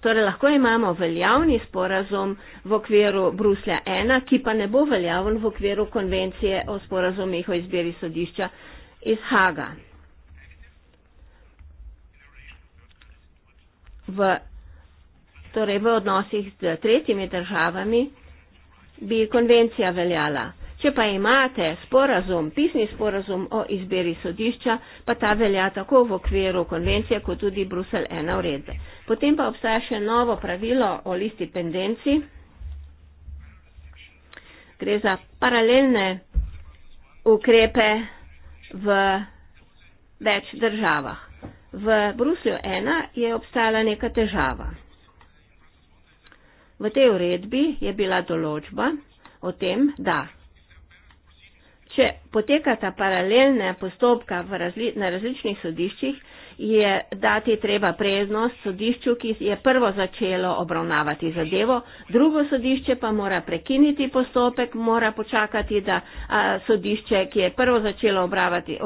torej lahko imamo veljavni sporazum v okviru Bruslja 1, ki pa ne bo veljaven v okviru konvencije o sporazumih o izbiri sodišča iz Haga. V torej v odnosih z tretjimi državami, bi konvencija veljala. Če pa imate sporazum, pisni sporazum o izbiri sodišča, pa ta velja tako v okviru konvencije, kot tudi Brusel 1 uredbe. Potem pa obstaja še novo pravilo o listi pendenci. Gre za paralelne ukrepe v več državah. V Bruslju 1 je obstajala neka težava. V tej uredbi je bila določba o tem, da če potekata paralelne postopka v razli na različnih sodiščih, je dati treba preznost sodišču, ki je prvo začelo obravnavati zadevo, drugo sodišče pa mora prekiniti postopek, mora počakati, da a, sodišče, ki je prvo začelo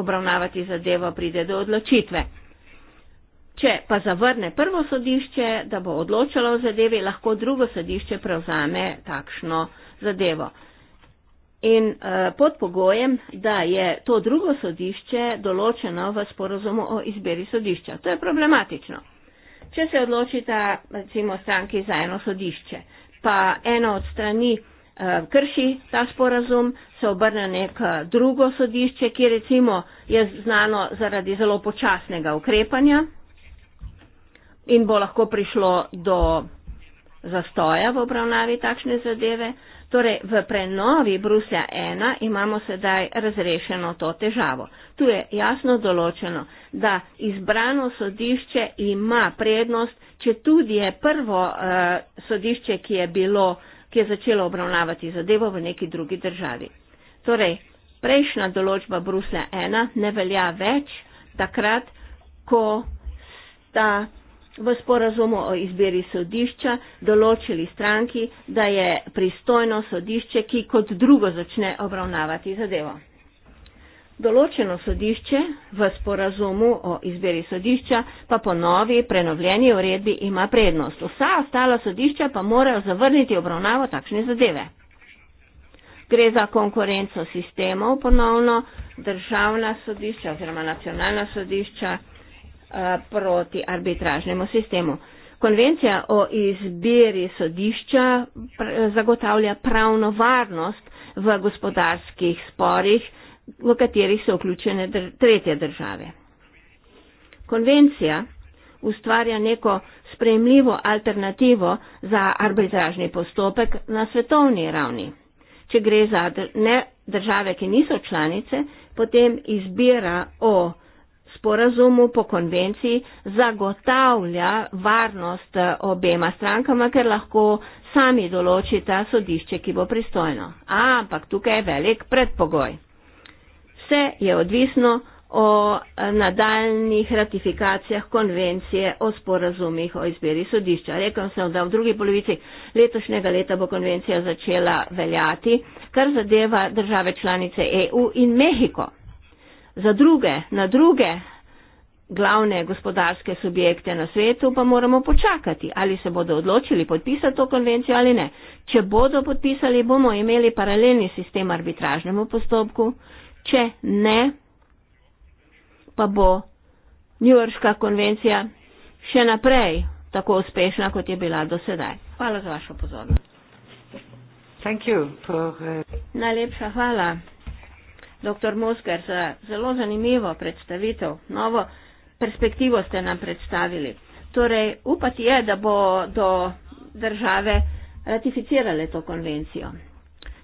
obravnavati zadevo, pride do odločitve. Če pa zavrne prvo sodišče, da bo odločalo o zadevi, lahko drugo sodišče prevzame takšno zadevo. In eh, pod pogojem, da je to drugo sodišče določeno v sporozumu o izbiri sodišča. To je problematično. Če se odločita, recimo, stranki za eno sodišče, pa ena od strani eh, krši ta sporazum, se obrne nek eh, drugo sodišče, ki recimo je znano zaradi zelo počasnega ukrepanja, in bo lahko prišlo do zastoja v obravnavi takšne zadeve. Torej, v prenovi Bruslja 1 imamo sedaj razrešeno to težavo. Tu je jasno določeno, da izbrano sodišče ima prednost, če tudi je prvo uh, sodišče, ki je, bilo, ki je začelo obravnavati zadevo v neki drugi državi. Torej, prejšnja določba Bruslja 1 ne velja več takrat, ko sta v sporazumu o izbiri sodišča določili stranki, da je pristojno sodišče, ki kot drugo začne obravnavati zadevo. Določeno sodišče v sporazumu o izbiri sodišča pa po novi prenovljeni uredbi ima prednost. Vsa ostala sodišča pa morajo zavrniti obravnavo takšne zadeve. Gre za konkurenco sistemov ponovno, državna sodišča oziroma nacionalna sodišča. Eh, proti arbitražnemu sistemu. Konvencija o izbiri sodišča pr zagotavlja pravno varnost v gospodarskih sporih, v katerih so vključene dr tretje države. Konvencija ustvarja neko spremljivo alternativo za arbitražni postopek na svetovni ravni. Če gre za dr ne države, ki niso članice, potem izbira o sporazumu po konvenciji zagotavlja varnost eh, obema strankama, ker lahko sami določi ta sodišče, ki bo pristojno. A, ampak tukaj je velik predpogoj. Vse je odvisno o eh, nadaljnih ratifikacijah konvencije o sporazumih o izbiri sodišča. Rekel sem, da v drugi polovici letošnjega leta bo konvencija začela veljati, kar zadeva države članice EU in Mehiko. Za druge, na druge glavne gospodarske subjekte na svetu, pa moramo počakati, ali se bodo odločili podpisati to konvencijo ali ne. Če bodo podpisali, bomo imeli paralelni sistem arbitražnemu postopku, če ne, pa bo New Yorkska konvencija še naprej tako uspešna, kot je bila do sedaj. Hvala za vašo pozornost. Uh, Najlepša hvala, dr. Musker, za zelo zanimivo predstavitev. Novo perspektivo ste nam predstavili. Torej, upati je, da bo do države ratificirale to konvencijo.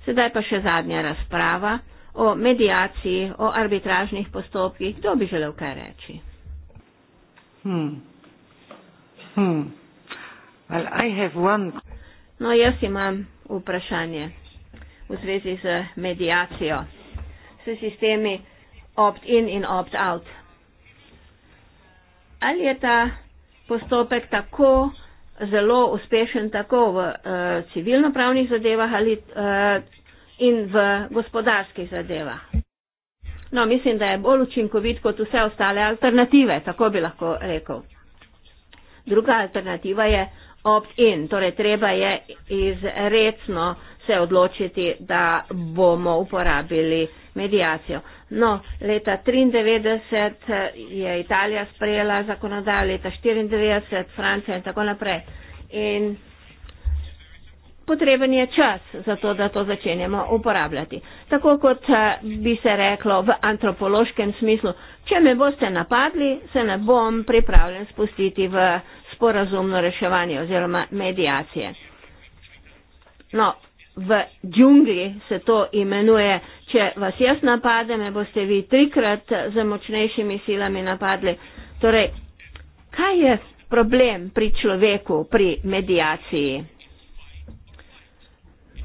Sedaj pa še zadnja razprava o medijaciji, o arbitražnih postopkih. Kdo bi želel kaj reči? Hmm. Hmm. Well, one... No, jaz imam vprašanje v zvezi z medijacijo, s sistemi opt-in in opt-out ali je ta postopek tako zelo uspešen, tako v uh, civilno-pravnih zadevah ali uh, in v gospodarskih zadevah. No, mislim, da je bolj učinkovit kot vse ostale alternative, tako bi lahko rekel. Druga alternativa je opt-in, torej treba je izrecno se odločiti, da bomo uporabili uh, medijacijo. No, leta 1993 eh, je Italija sprejela zakonodajo, leta 1994 Francija in tako naprej. In potreben je čas za to, da to začenjamo uporabljati. Tako kot eh, bi se reklo v antropološkem smislu, če me boste napadli, se ne bom pripravljen spustiti v sporazumno reševanje oziroma medijacije. No, v džungli se to imenuje. Če vas jaz napadem, me boste vi trikrat z močnejšimi silami napadli. Torej, kaj je problem pri človeku, pri medijaciji?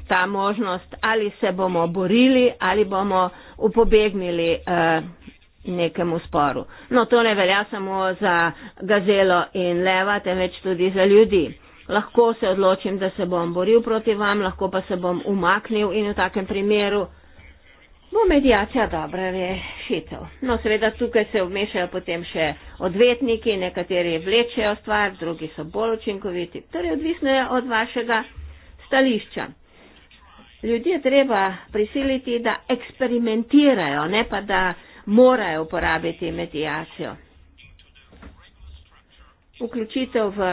Ta možnost, ali se bomo borili, ali bomo upobegnili eh, nekemu sporu. No, to ne velja samo za gazelo in leva, temveč tudi za ljudi lahko se odločim, da se bom boril proti vam, lahko pa se bom umaknil in v takem primeru bo medijacija dobra rešitev. No, seveda tukaj se vmešajo potem še odvetniki, nekateri vlečejo stvar, drugi so bolj učinkoviti. Torej, odvisno je od vašega stališča. Ljudje treba prisiliti, da eksperimentirajo, ne pa da morajo uporabiti medijacijo. Vključitev v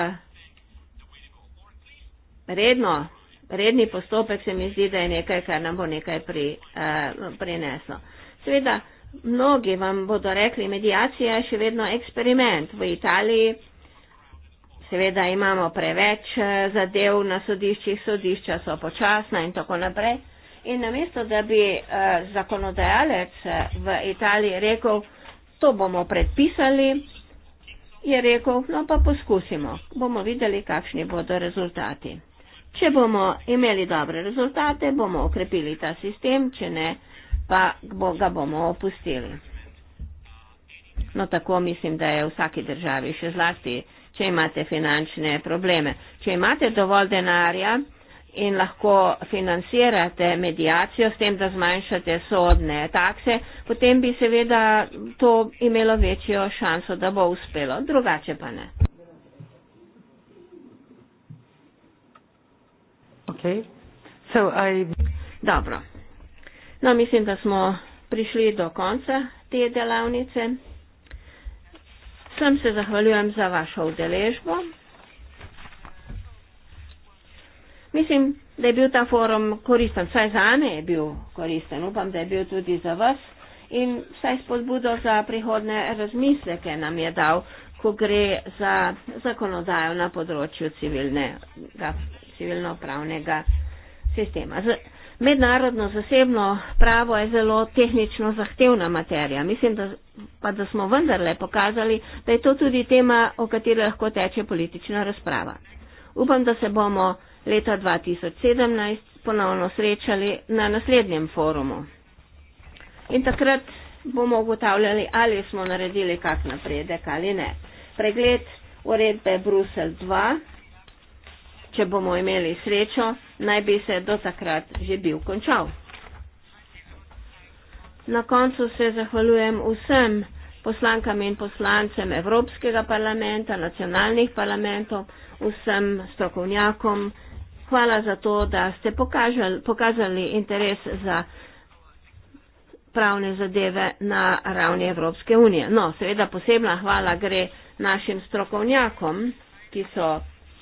redno, redni postopek se mi zdi, da je nekaj, kar nam bo nekaj pri, uh, prineslo. Seveda, mnogi vam bodo rekli, medijacija je še vedno eksperiment v Italiji. Seveda imamo preveč eh, zadev na sodiščih, sodišča so počasna in tako naprej. In namesto, da bi uh, zakonodajalec v Italiji rekel, to bomo predpisali, je rekel, no pa poskusimo, bomo videli, kakšni bodo rezultati. Če bomo imeli dobre rezultate, bomo okrepili ta sistem, če ne, pa ga bomo opustili. No tako mislim, da je v vsaki državi še zlasti, če imate finančne probleme. Če imate dovolj denarja in lahko financirate medijacijo s tem, da zmanjšate sodne takse, potem bi seveda to imelo večjo šanso, da bo uspelo. Drugače pa ne. Okay. So I... Dobro. No, mislim, da smo prišli do konca te delavnice. Sem se zahvaljujem za vašo udeležbo. Mislim, da je bil ta forum koristen, vsaj za me je bil koristen, upam, da je bil tudi za vas in vsaj spodbudo za prihodne razmisleke nam je dal, ko gre za zakonodajo na področju civilnega civilno-pravnega sistema. Z mednarodno zasebno pravo je zelo tehnično zahtevna materija. Mislim da, pa, da smo vendarle pokazali, da je to tudi tema, o kateri lahko teče politična razprava. Upam, da se bomo leta 2017 ponovno srečali na naslednjem forumu. In takrat bomo ugotavljali, ali smo naredili kak napredek ali ne. Pregled uredbe Brusel 2 če bomo imeli srečo, naj bi se do takrat že bil končal. Na koncu se zahvaljujem vsem poslankam in poslancem Evropskega parlamenta, nacionalnih parlamentov, vsem strokovnjakom. Hvala za to, da ste pokažali, pokazali interes za pravne zadeve na ravni Evropske unije. No, seveda posebna hvala gre našim strokovnjakom, ki so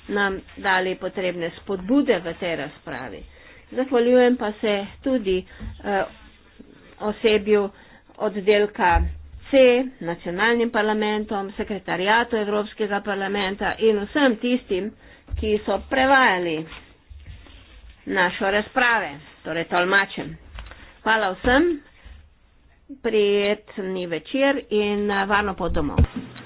nam dali potrebne spodbude v tej razpravi. Zahvaljujem pa se tudi eh, osebju oddelka C, nacionalnim parlamentom, sekretarijatu Evropskega parlamenta in vsem tistim, ki so prevajali našo razprave, torej tolmačem. Hvala vsem, prijetni večer in eh, varno pot domov.